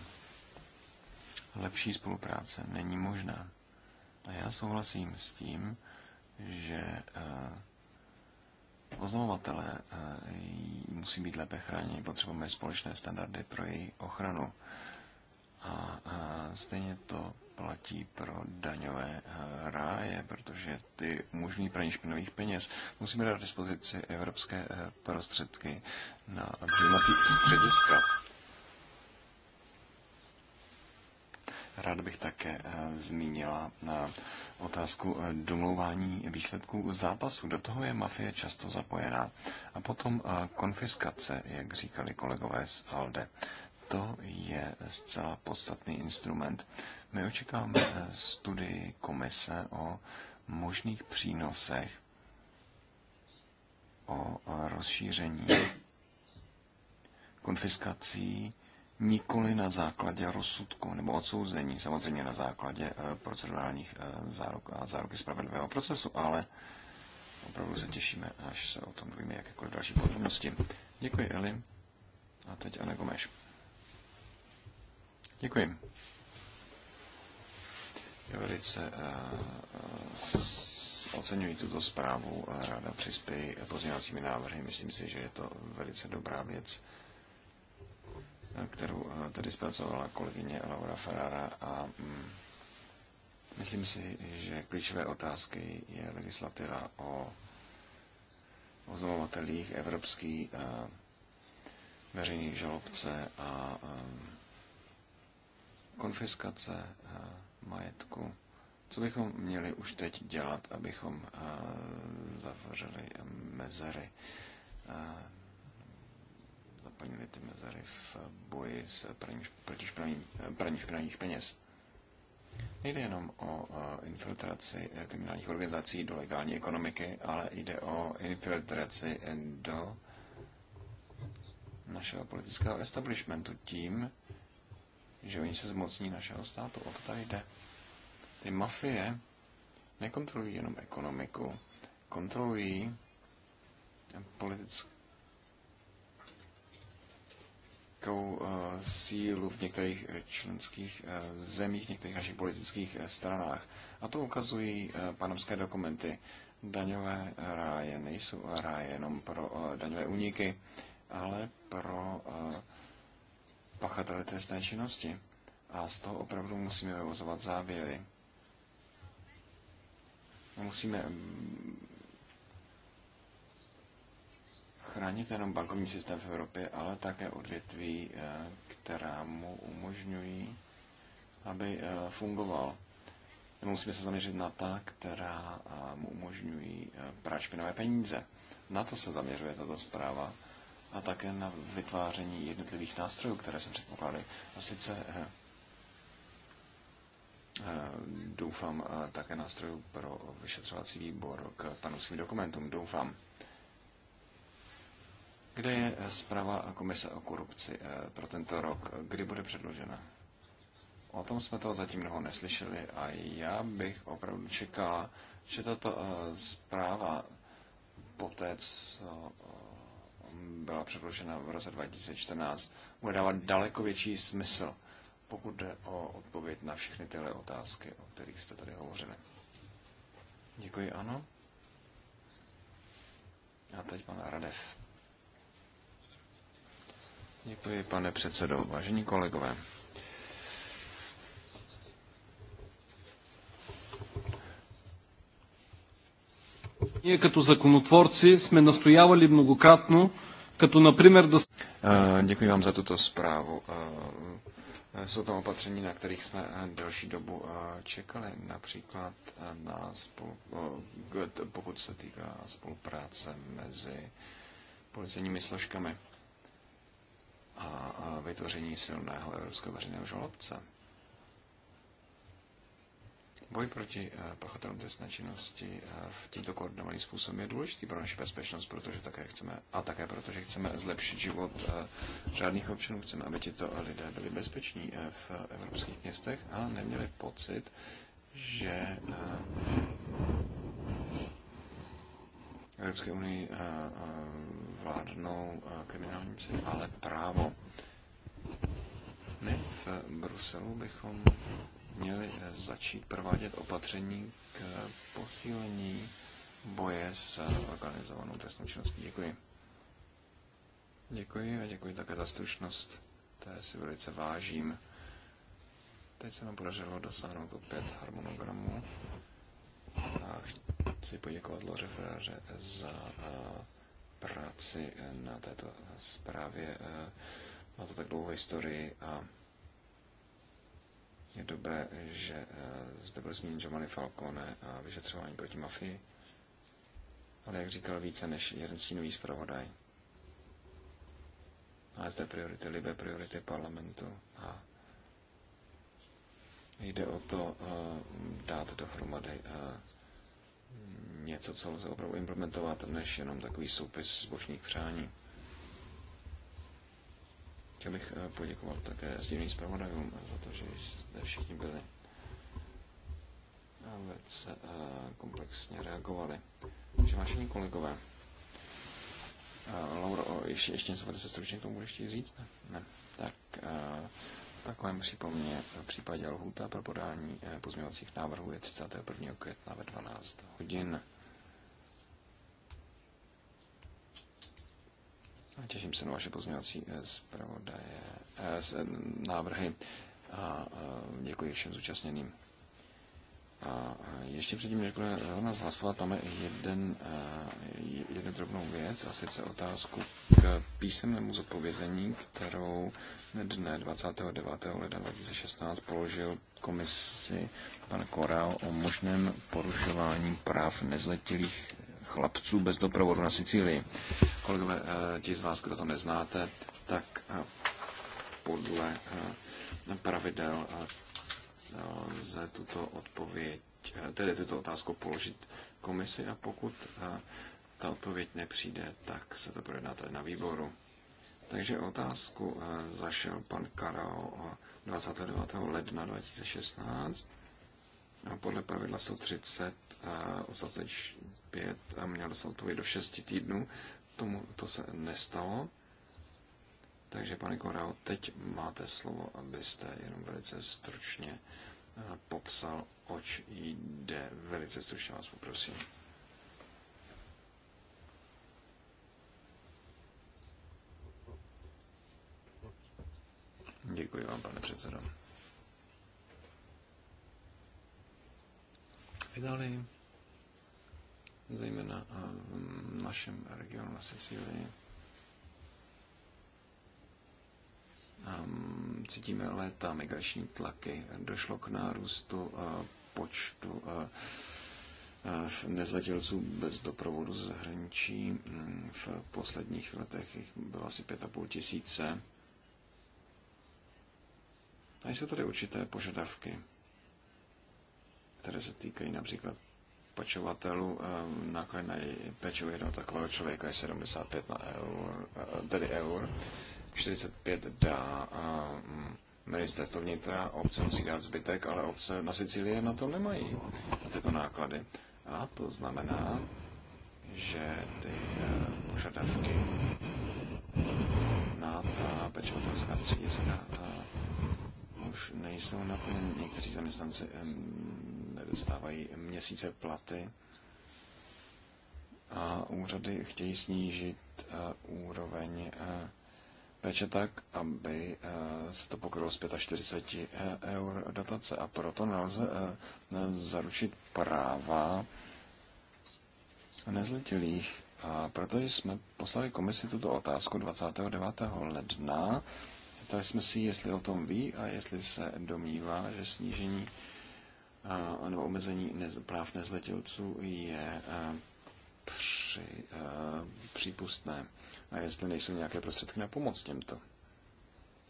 lepší spolupráce není možná. A já souhlasím s tím, že eh, Oznamovatelé eh, musí být lépe chráněni, potřebujeme společné standardy pro její ochranu. A, stejně to platí pro daňové eh, ráje, protože ty možný praní špinových peněz. Musíme dát dispozici evropské eh, prostředky na přijímací střediska Rád bych také eh, zmínila eh, otázku eh, domlouvání výsledků zápasu. Do toho je mafie často zapojená. A potom konfiskace, jak říkali kolegové z ALDE. To je zcela podstatný instrument. My očekáváme studii komise o možných přínosech o rozšíření konfiskací nikoli na základě rozsudku nebo odsouzení, samozřejmě na základě eh, procedurálních eh, záruk a záruky spravedlivého procesu, ale opravdu se těšíme, až se o tom dovíme jakékoliv další podrobnosti. Děkuji, Eli. A teď Ana Gomeš. Děkuji. Já velice eh, oceňuji tuto zprávu a ráda přispěji pozměňovacími návrhy. Myslím si, že je to velice dobrá věc kterou eh, tady zpracovala kolegyně Laura Ferrara a mm, myslím si, že klíčové otázky je legislativa o oznamovatelích, evropský eh, veřejný žalobce a eh, konfiskace majetku. Co bychom měli už teď dělat, abychom zavřeli mezery splnili ty mezery v eh, boji s praní eh, špinavých peněz. Nejde jenom o eh, infiltraci kriminálních organizací do legální ekonomiky, ale jde o infiltraci do našeho politického establishmentu tím, že oni se zmocní našeho státu. O to tady jde. Ty mafie nekontrolují jenom ekonomiku, kontrolují politické politickou eh, sílu v některých eh, členských eh, zemích, v některých našich politických stranách. A to ukazují panamské dokumenty. Daňové ráje nejsou ráje jenom pro daňové úniky, ale pro pachatele trestné činnosti. A z toho opravdu musíme vyvozovat závěry. Musíme chránit jenom bankovní systém v Evropě, ale také odvětví, eh, která mu umožňují, aby eh, fungoval. Musíme se zaměřit na ta, která eh, mu umožňují prát špinavé peníze. Na to se zaměřuje tato zpráva a také na vytváření jednotlivých nástrojů, které se předpokládají. A sice doufám také nástrojů pro vyšetřovací výbor k panovským dokumentům. Doufám, kde je zpráva Komise o korupci eh, pro tento rok? Kdy bude předložena? O tom jsme toho zatím mnoho neslyšeli a já bych opravdu čekala, že tato eh, zpráva po té, co eh, byla předložena v roce 2014, bude dávat daleko větší smysl, pokud jde o odpověď na všechny tyhle otázky, o kterých jste tady hovořili. Děkuji, ano. A teď pan Radev. Děkuji, pane předsedo. Vážení kolegové. My, jako законотворци jsme nastojávali mnohokrátno, jako například... да... Děkuji vám za tuto zprávu. Jsou tam opatření, na kterých jsme e, delší dobu e, čekali, například e, na spolu, pokud se týká spolupráce mezi policejními složkami a vytvoření silného evropského veřejného žalobce. Boj proti eh, pachatelům trestné činnosti eh, v tímto koordinovaným způsobem je důležitý pro naši bezpečnost, protože také chceme, a také protože chceme zlepšit život eh, řádných občanů, chceme, aby tito lidé byli bezpeční v evropských městech a neměli pocit, že Evropské unii eh, eh, vládnou eh, kriminálníci, ale právo. My v Bruselu bychom měli začít provádět opatření k posílení boje s organizovanou trestnou činností. Děkuji. Děkuji a děkuji také za stručnost. Té si velice vážím. Teď se nám podařilo dosáhnout opět harmonogramu a chci poděkovat Loře za eh, práci eh, na této eh, zprávě. Má to tak dlouhou historii a je dobré, že zde byl zmíněn Giovanni Falcone a vyšetřování proti mafii. Ale jak říkal, více než jeden stínový zpravodaj. Má zde priority Libe, priority parlamentu a Jde o to eh, dát dohromady eh, něco, co lze opravdu implementovat, než jenom takový soupis zbožných přání. Chtěl bych eh, poděkovat také sdílným zpravodajům za to, že jste všichni byli a velice komplexně reagovali. Takže vážení kolegové, Lauro, ještě, ještě něco velice stručně k tomu budeš chtít říct? Ne. ne. Tak takovém případě, v případě lhůta pro podání eh, pozměňovacích návrhů je 31. května ve 12 hodin. A těším se na vaše pozměňovací eh, zpravodaje, eh, návrhy a děkuji všem zúčastněným. A ještě předtím, než bude o nás hlasovat, máme jeden, jednu drobnou věc, a sice otázku k písemnému zodpovězení, kterou dne 29. leda 2016 položil komisi pan Korál o možném porušování práv nezletilých chlapců bez doprovodu na Sicílii. Kolegové, e, ti z vás, kdo to neznáte, tak e, podle e, pravidel lze tuto odpověď, tedy tuto otázku položit komisi a pokud eh, ta odpověď nepřijde, tak se to projedná tady na výboru. Takže otázku eh, zašel pan Karao 29. Eh, ledna 2016 a podle pravidla 130 odstavec 5 měl dostat odpověď do 6 týdnů. Tomu to se nestalo. Takže, pane Korau, teď máte slovo, abyste jenom velice stručně eh, popsal, oč jde. Velice stručně vás poprosím. Děkuji vám, pane předsedo. Vydali zejména eh, v našem regionu na Sicílii, Ehm, cítíme léta migrační tlaky. Došlo k nárůstu eh, počtu eh, eh, nezletilců bez doprovodu z zahraničí. Mm, v posledních letech jich bylo asi 5,5 tisíce. A jsou tady určité požadavky, které se týkají například pečovatelů. Ehm, Náklad na péči jednoho takového člověka je 75 na eur, tedy eur. 45 dá mm, ministerstvo vnitra, obce musí dát zbytek, ale obce na Sicílii na to nemají, na tyto náklady. A to znamená, že ty e, požadavky na ta pečovatelská střediska e, už nejsou naplněny. Někteří zaměstnanci e, nedostávají měsíce platy a úřady chtějí snížit úroveň péče tak, aby eh, se to pokrylo z 45 eh, eur dotace a proto nelze eh, zaručit práva nezletilých. A protože jsme poslali komisi tuto otázku 29. ledna, ptali jsme si, jestli o tom ví a jestli se domnívá, že snížení a, nebo omezení práv nezletilců je při, eh, přípustné a jestli nejsou nějaké prostředky na pomoc těmto.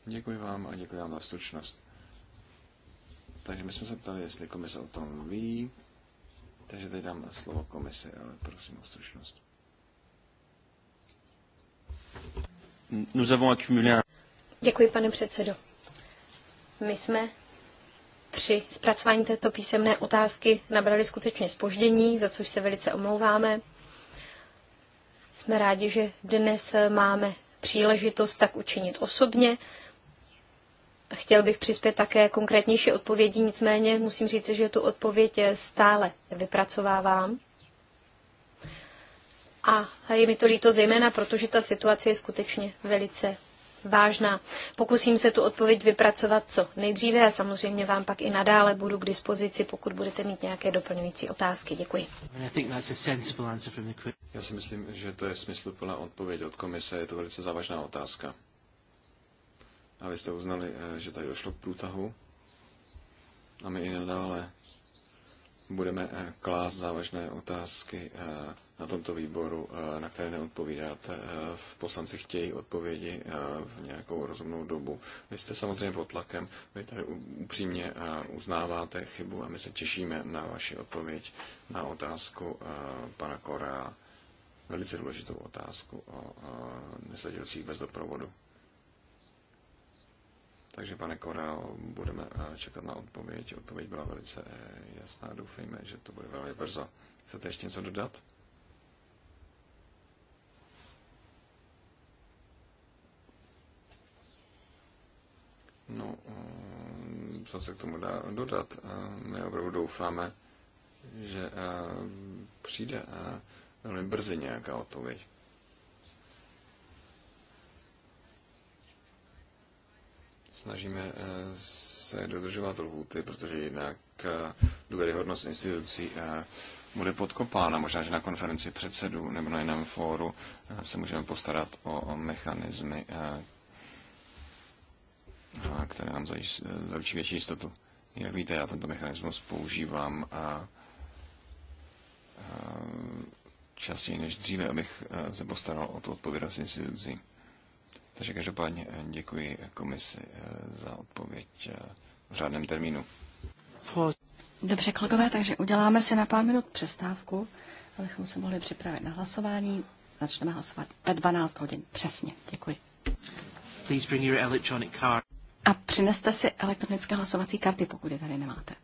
Děkuji vám a děkuji vám za stručnost. Takže my jsme se ptali, jestli komise o tom ví, takže teď dám slovo komise, ale prosím o stručnost. Děkuji, pane předsedo. My jsme při zpracování této písemné otázky nabrali skutečně spoždění, za což se velice omlouváme. Jsme rádi, že dnes eh, máme příležitost tak učinit osobně. Chtěl bych přispět také konkrétnější odpovědi, nicméně musím říct, že tu odpověď eh, stále vypracovávám. A je mi to líto zejména, protože ta situace je skutečně velice vážná. Pokusím se tu odpověď vypracovat co nejdříve a samozřejmě vám pak i nadále budu k dispozici, pokud budete mít nějaké doplňující otázky. Děkuji. Já si myslím, že to je smysluplná odpověď od komise. Je to velice závažná otázka. A vy jste uznali, eh, že tady došlo k průtahu. A my i nadále budeme eh, klást závažné otázky eh, na tomto výboru, eh, na které neodpovídáte. Poslanci chtějí odpovědi v nějakou rozumnou dobu. Vy jste samozřejmě pod tlakem, vy tady upřímně uznáváte chybu a my se těšíme na vaši odpověď na otázku pana Kora, velice důležitou otázku o nesledělcích bez doprovodu. Takže, pane Korao, budeme eh, čekat na odpověď. Odpověď byla velice eh, jasná. Doufejme, že to bude velmi brzo. Chcete ještě něco dodat? No, eh, co se k tomu dá dodat? My opravdu doufáme, že přijde velmi brzy nějaká odpověď. snažíme eh, se dodržovat lhůty, protože jinak eh, důvěryhodnost institucí eh, bude podkopána. Možná, že na konferenci předsedů nebo na jiném fóru se můžeme postarat o mechanizmy, které nám zaručí větší jistotu. Jak víte, já tento mechanismus používám a častěji než dříve, abych se postaral o tu odpovědnost institucí. Takže každopádně eh, děkuji komisi eh, za odpověď eh, v řádném termínu. Dobře, kolegové, takže uděláme si na pár minut přestávku, abychom se mohli připravit na hlasování. Začneme hlasovat ve 12 hodin. Přesně, děkuji. Please bring your electronic card. A přineste si elektronické hlasovací karty, pokud je tady nemáte.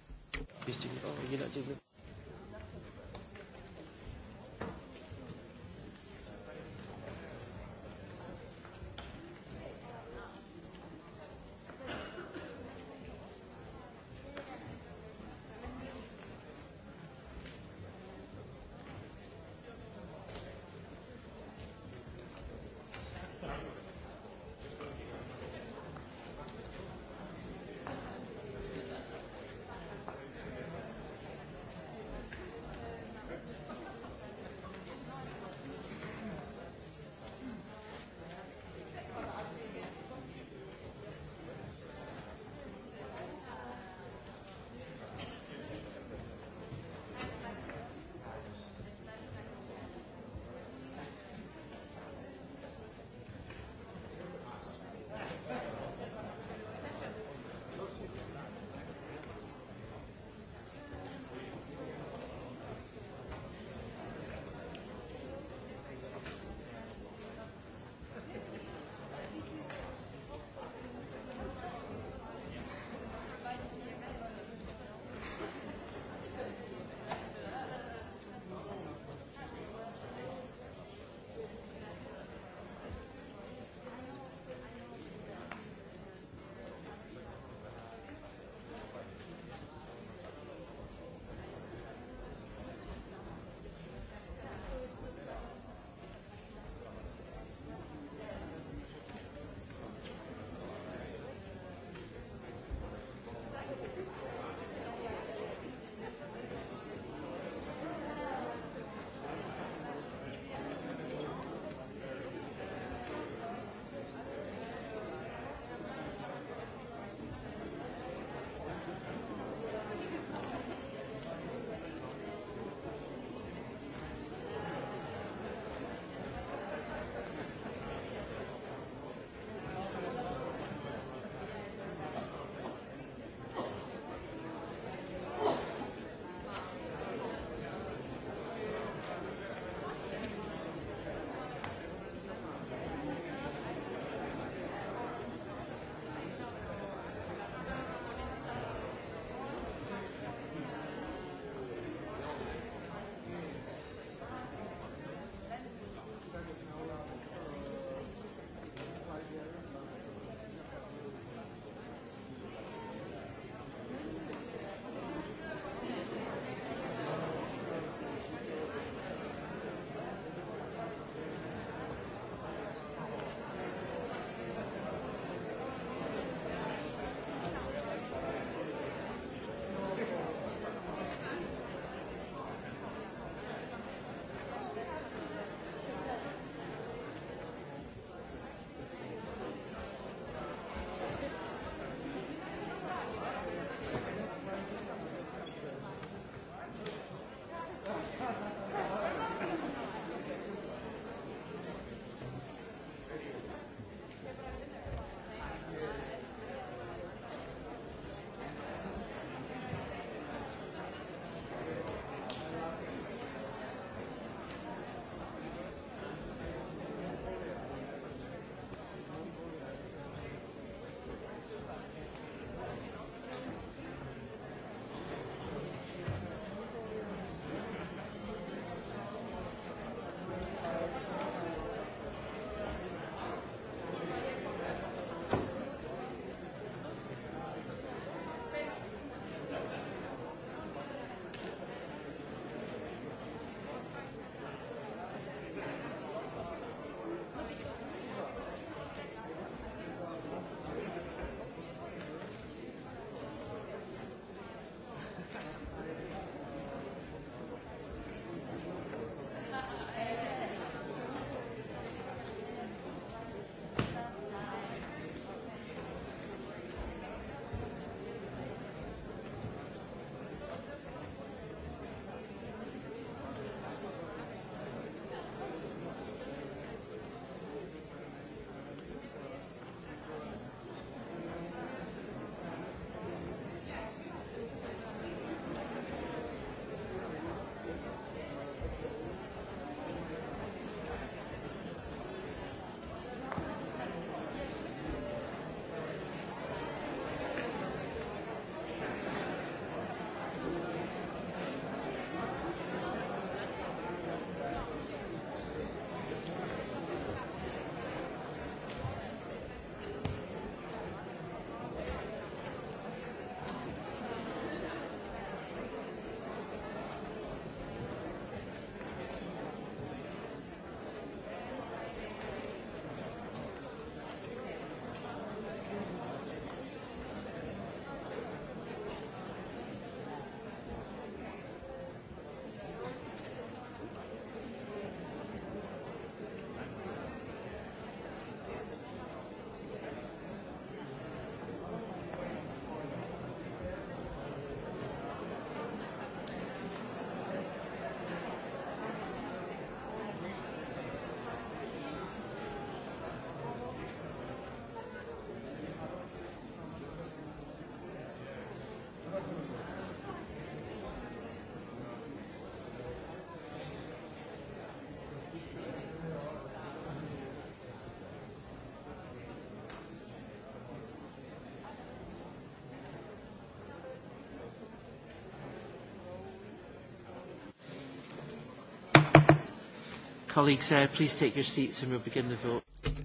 Uh,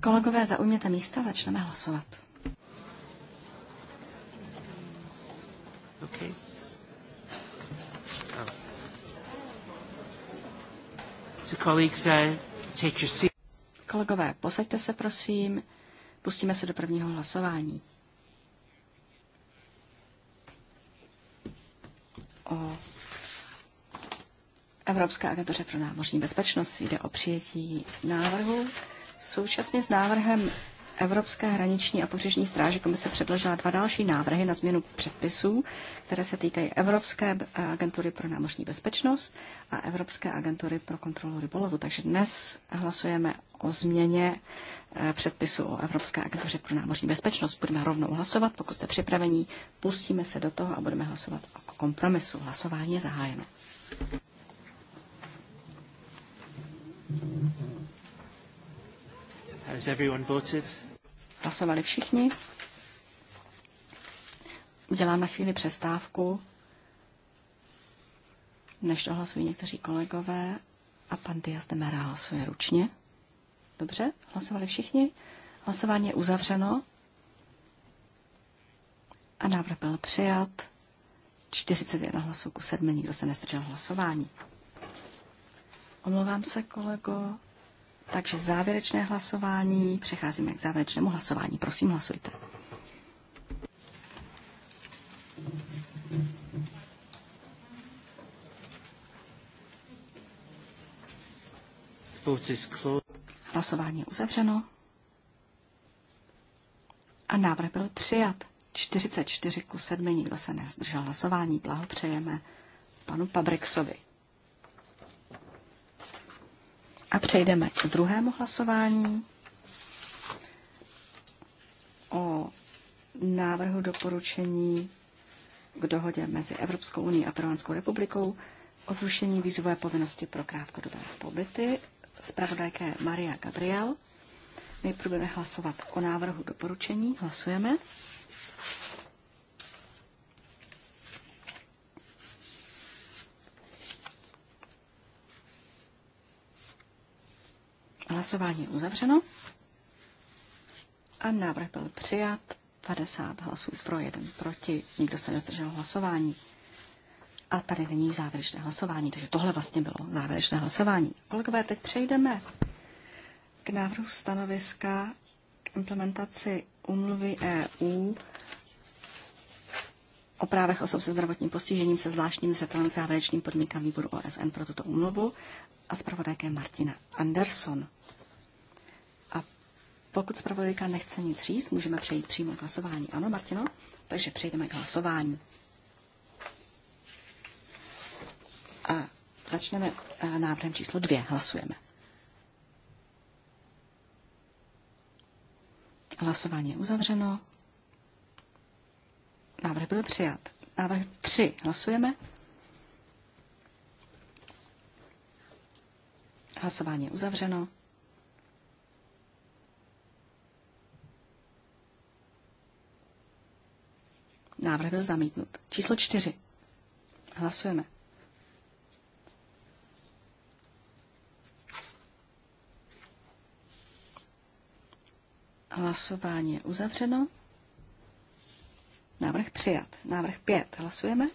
Kolegové, zaujměte místa, začneme hlasovat. Okay. Oh. So colleagues, uh, take your seat. Kolegové, posaďte se prosím, pustíme se do prvního hlasování. Evropské agentuře pro námořní bezpečnost. Jde o přijetí návrhu. Současně s návrhem Evropské hraniční a pobřežní stráže komise předložila dva další návrhy na změnu předpisů, které se týkají Evropské agentury pro námořní bezpečnost a Evropské agentury pro kontrolu rybolovu. Takže dnes hlasujeme o změně eh, předpisu o Evropské agentuře pro námořní bezpečnost. Budeme rovnou hlasovat, pokud jste připravení, pustíme se do toho a budeme hlasovat o kompromisu. Hlasování je zahájeno. everyone voted? Hlasovali všichni. Udělám na chvíli přestávku, než to hlasují někteří kolegové a pan Dias de Mera hlasuje ručně. Dobře, hlasovali všichni. Hlasování je uzavřeno a návrh byl přijat. 41 hlasů ku 7, nikdo se nestržel hlasování. Omlouvám se, kolego, takže závěrečné hlasování. Přecházíme k závěrečnému hlasování. Prosím, hlasujte. Hlasování je uzavřeno. A návrh byl přijat. 44 ku 7, nikdo se nezdržel hlasování. Blahopřejeme panu Pabrexovi. A přejdeme k druhému hlasování o návrhu doporučení k dohodě mezi Evropskou unii a Peruánskou republikou o zrušení vízové povinnosti pro krátkodobé pobyty. Spravodajka je Maria Gabriel. Nejprve budeme hlasovat o návrhu doporučení. Hlasujeme. Hlasování je uzavřeno. A návrh byl přijat. 50 hlasů pro, jeden proti. Nikdo se nezdržel hlasování. A tady není závěrečné hlasování, takže tohle vlastně bylo závěrečné hlasování. Kolegové, teď přejdeme k návrhu stanoviska k implementaci umluvy EU o právech osob se zdravotním postižením se zvláštním zřetelem k závěrečným podmínkám výboru OSN pro tuto umluvu a zpravodajka Martina Anderson. Pokud zpravodajka nechce nic říct, můžeme přejít přímo k hlasování. Ano, Martino? Takže přejdeme k hlasování. A začneme eh, návrhem číslo dvě. Hlasujeme. Hlasování je uzavřeno. Návrh byl přijat. Návrh tři. Hlasujeme. Hlasování je uzavřeno. Návrh byl zamítnut. Číslo čtyři. Hlasujeme. Hlasování je uzavřeno. Návrh přijat. Návrh pět. Hlasujeme.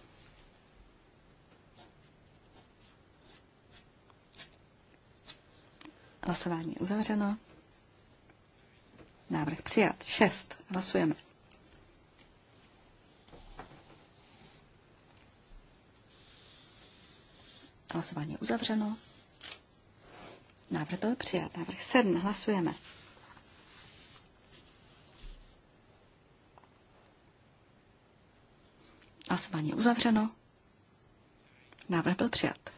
Hlasování je uzavřeno. Návrh přijat. Šest. Hlasujeme. Hlasování uzavřeno. Návrh byl přijat. Návrh 7. Hlasujeme. Hlasování uzavřeno. Návrh byl přijat.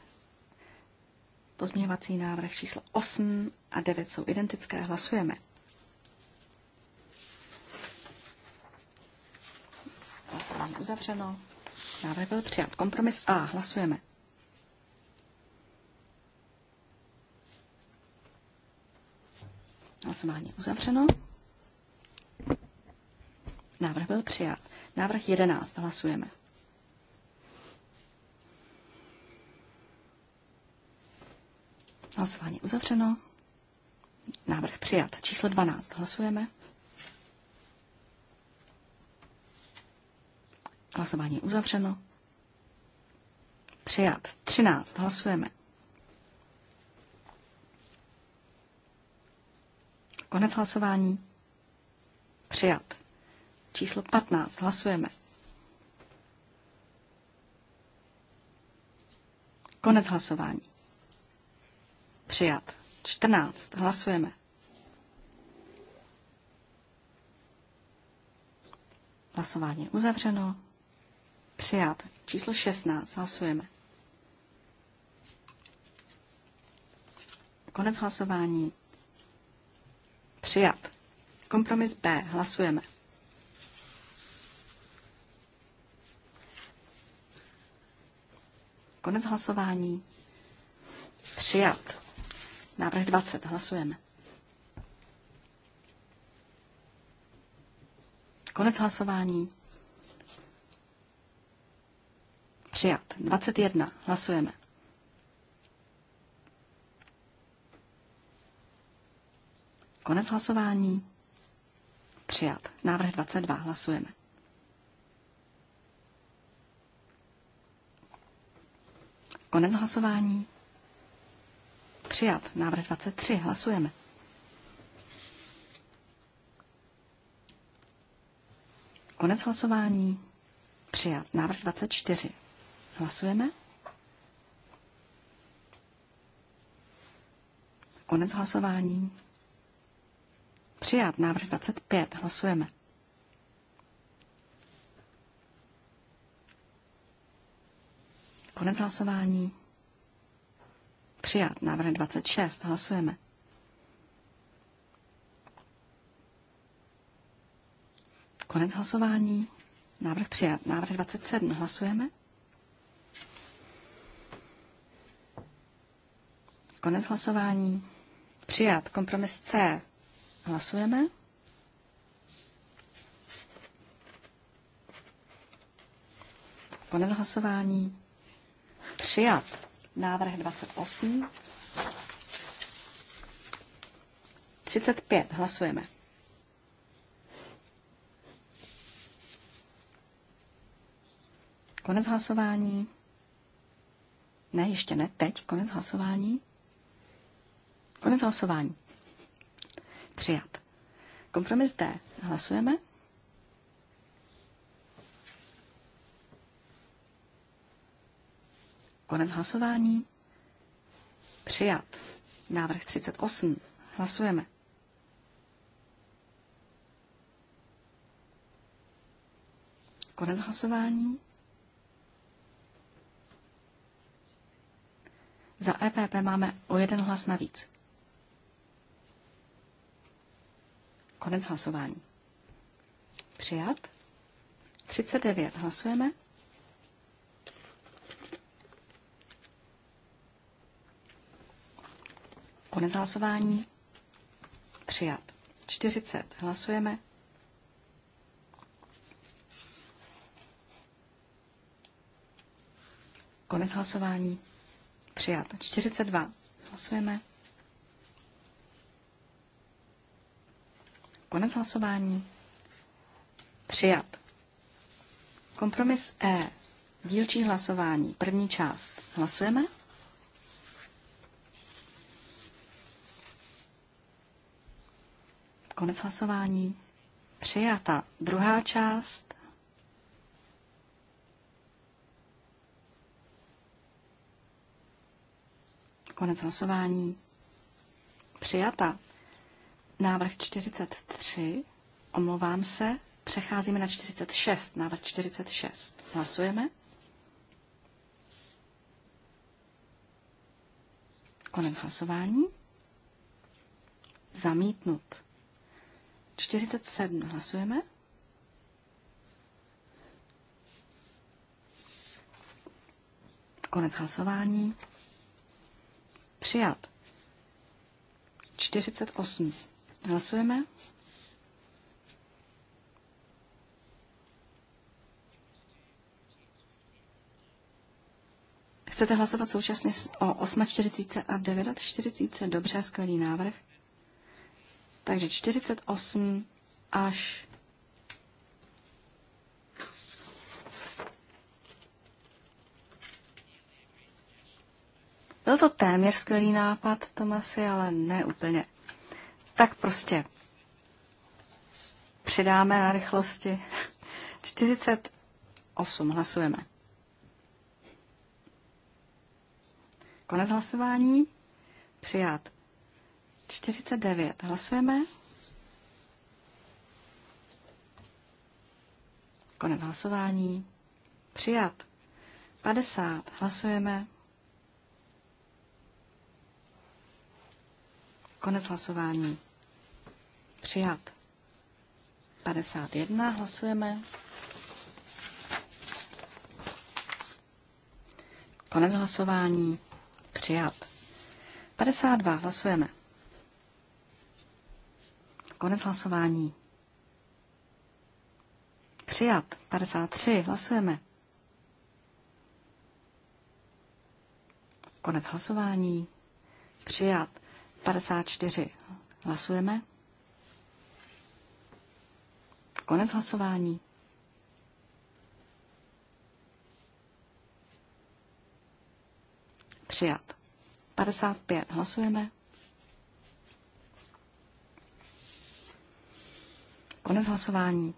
Pozměňovací návrh číslo 8 a 9 jsou identické. Hlasujeme. Hlasování uzavřeno. Návrh byl přijat. Kompromis A. Hlasujeme. Hlasování uzavřeno. Návrh byl přijat. Návrh 11. Hlasujeme. Hlasování uzavřeno. Návrh přijat. Číslo 12. Hlasujeme. Hlasování uzavřeno. Přijat. 13. Hlasujeme. Konec hlasování. Přijat. Číslo 15. Hlasujeme. Konec hlasování. Přijat. 14. Hlasujeme. Hlasování je uzavřeno. Přijat. Číslo 16. Hlasujeme. Konec hlasování. Přijat. Kompromis B. Hlasujeme. Konec hlasování. Přijat. Návrh 20. Hlasujeme. Konec hlasování. Přijat. 21. Hlasujeme. Konec hlasování. Přijat. Návrh 22. Hlasujeme. Konec hlasování. Přijat. Návrh 23. Hlasujeme. Konec hlasování. Přijat. Návrh 24. Hlasujeme. Konec hlasování. Přijat návrh 25. Hlasujeme. Konec hlasování. Přijat návrh 26. Hlasujeme. Konec hlasování. Návrh přijat. Návrh 27. Hlasujeme. Konec hlasování. Přijat. Kompromis C. Hlasujeme. Konec hlasování. Přijat. Návrh 28. 35. Hlasujeme. Konec hlasování. Ne, ještě ne, teď, konec hlasování. Konec hlasování. Přijat. Kompromis D. Hlasujeme. Konec hlasování. Přijat. Návrh 38. Hlasujeme. Konec hlasování. Za EPP máme o jeden hlas navíc. Konec hlasování. Přijat. 39. Hlasujeme. Konec hlasování. Přijat. 40. Hlasujeme. Konec hlasování. Přijat. 42. Hlasujeme. Konec hlasování. Přijat. Kompromis E. Dílčí hlasování. První část. Hlasujeme. Konec hlasování. Přijata. Druhá část. Konec hlasování. Přijata. Návrh 43. Omlouvám se. Přecházíme na 46. Návrh 46. Hlasujeme. Konec hlasování. Zamítnut. 47. Hlasujeme. Konec hlasování. Přijat. 48. Hlasujeme. Chcete hlasovat současně o 8.40 a 9.40? Dobře, skvělý návrh. Takže 48 až Byl to téměř skvělý nápad, Tomasi, ale ne úplně tak prostě přidáme na rychlosti. 48 hlasujeme. Konec hlasování. Přijat. 49 hlasujeme. Konec hlasování. Přijat. 50 hlasujeme. Konec hlasování. Přijat. 51 hlasujeme. Konec hlasování. Přijat. 52 hlasujeme. Konec hlasování. Přijat. 53 hlasujeme. Konec hlasování. Přijat. 54 hlasujeme. Konec hlasování. Přijat. 55. Hlasujeme. Konec hlasování.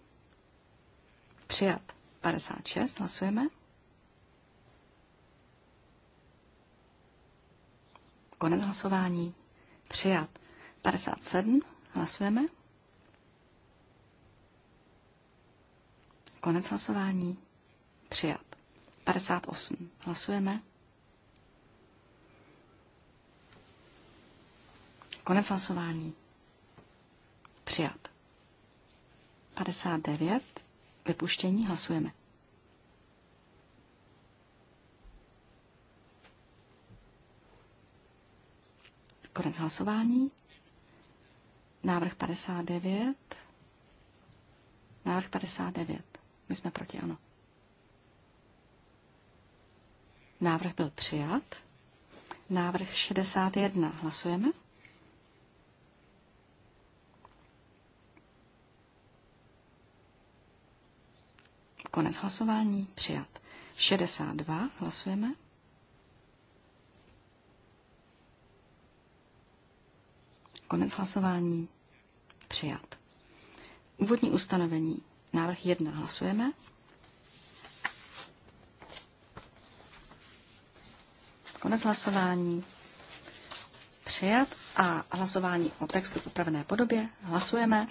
Přijat. 56. Hlasujeme. Konec hlasování. Přijat. 57. Hlasujeme. Konec hlasování. Přijat. 58. Hlasujeme. Konec hlasování. Přijat. 59. Vypuštění. Hlasujeme. Konec hlasování. Návrh 59. Návrh 59. My jsme proti, ano. Návrh byl přijat. Návrh 61. Hlasujeme. Konec hlasování. Přijat. 62. Hlasujeme. Konec hlasování. Přijat. Úvodní ustanovení. Návrh 1 hlasujeme. Konec hlasování. Přijat a hlasování o textu v upravené podobě. Hlasujeme.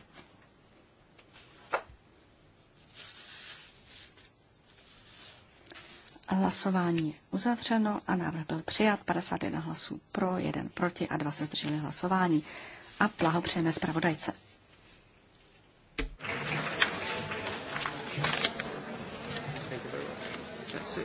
Hlasování je uzavřeno a návrh byl přijat. 51 hlasů pro, 1 proti a 2 se zdrželi hlasování. A blahopřejeme zpravodajce.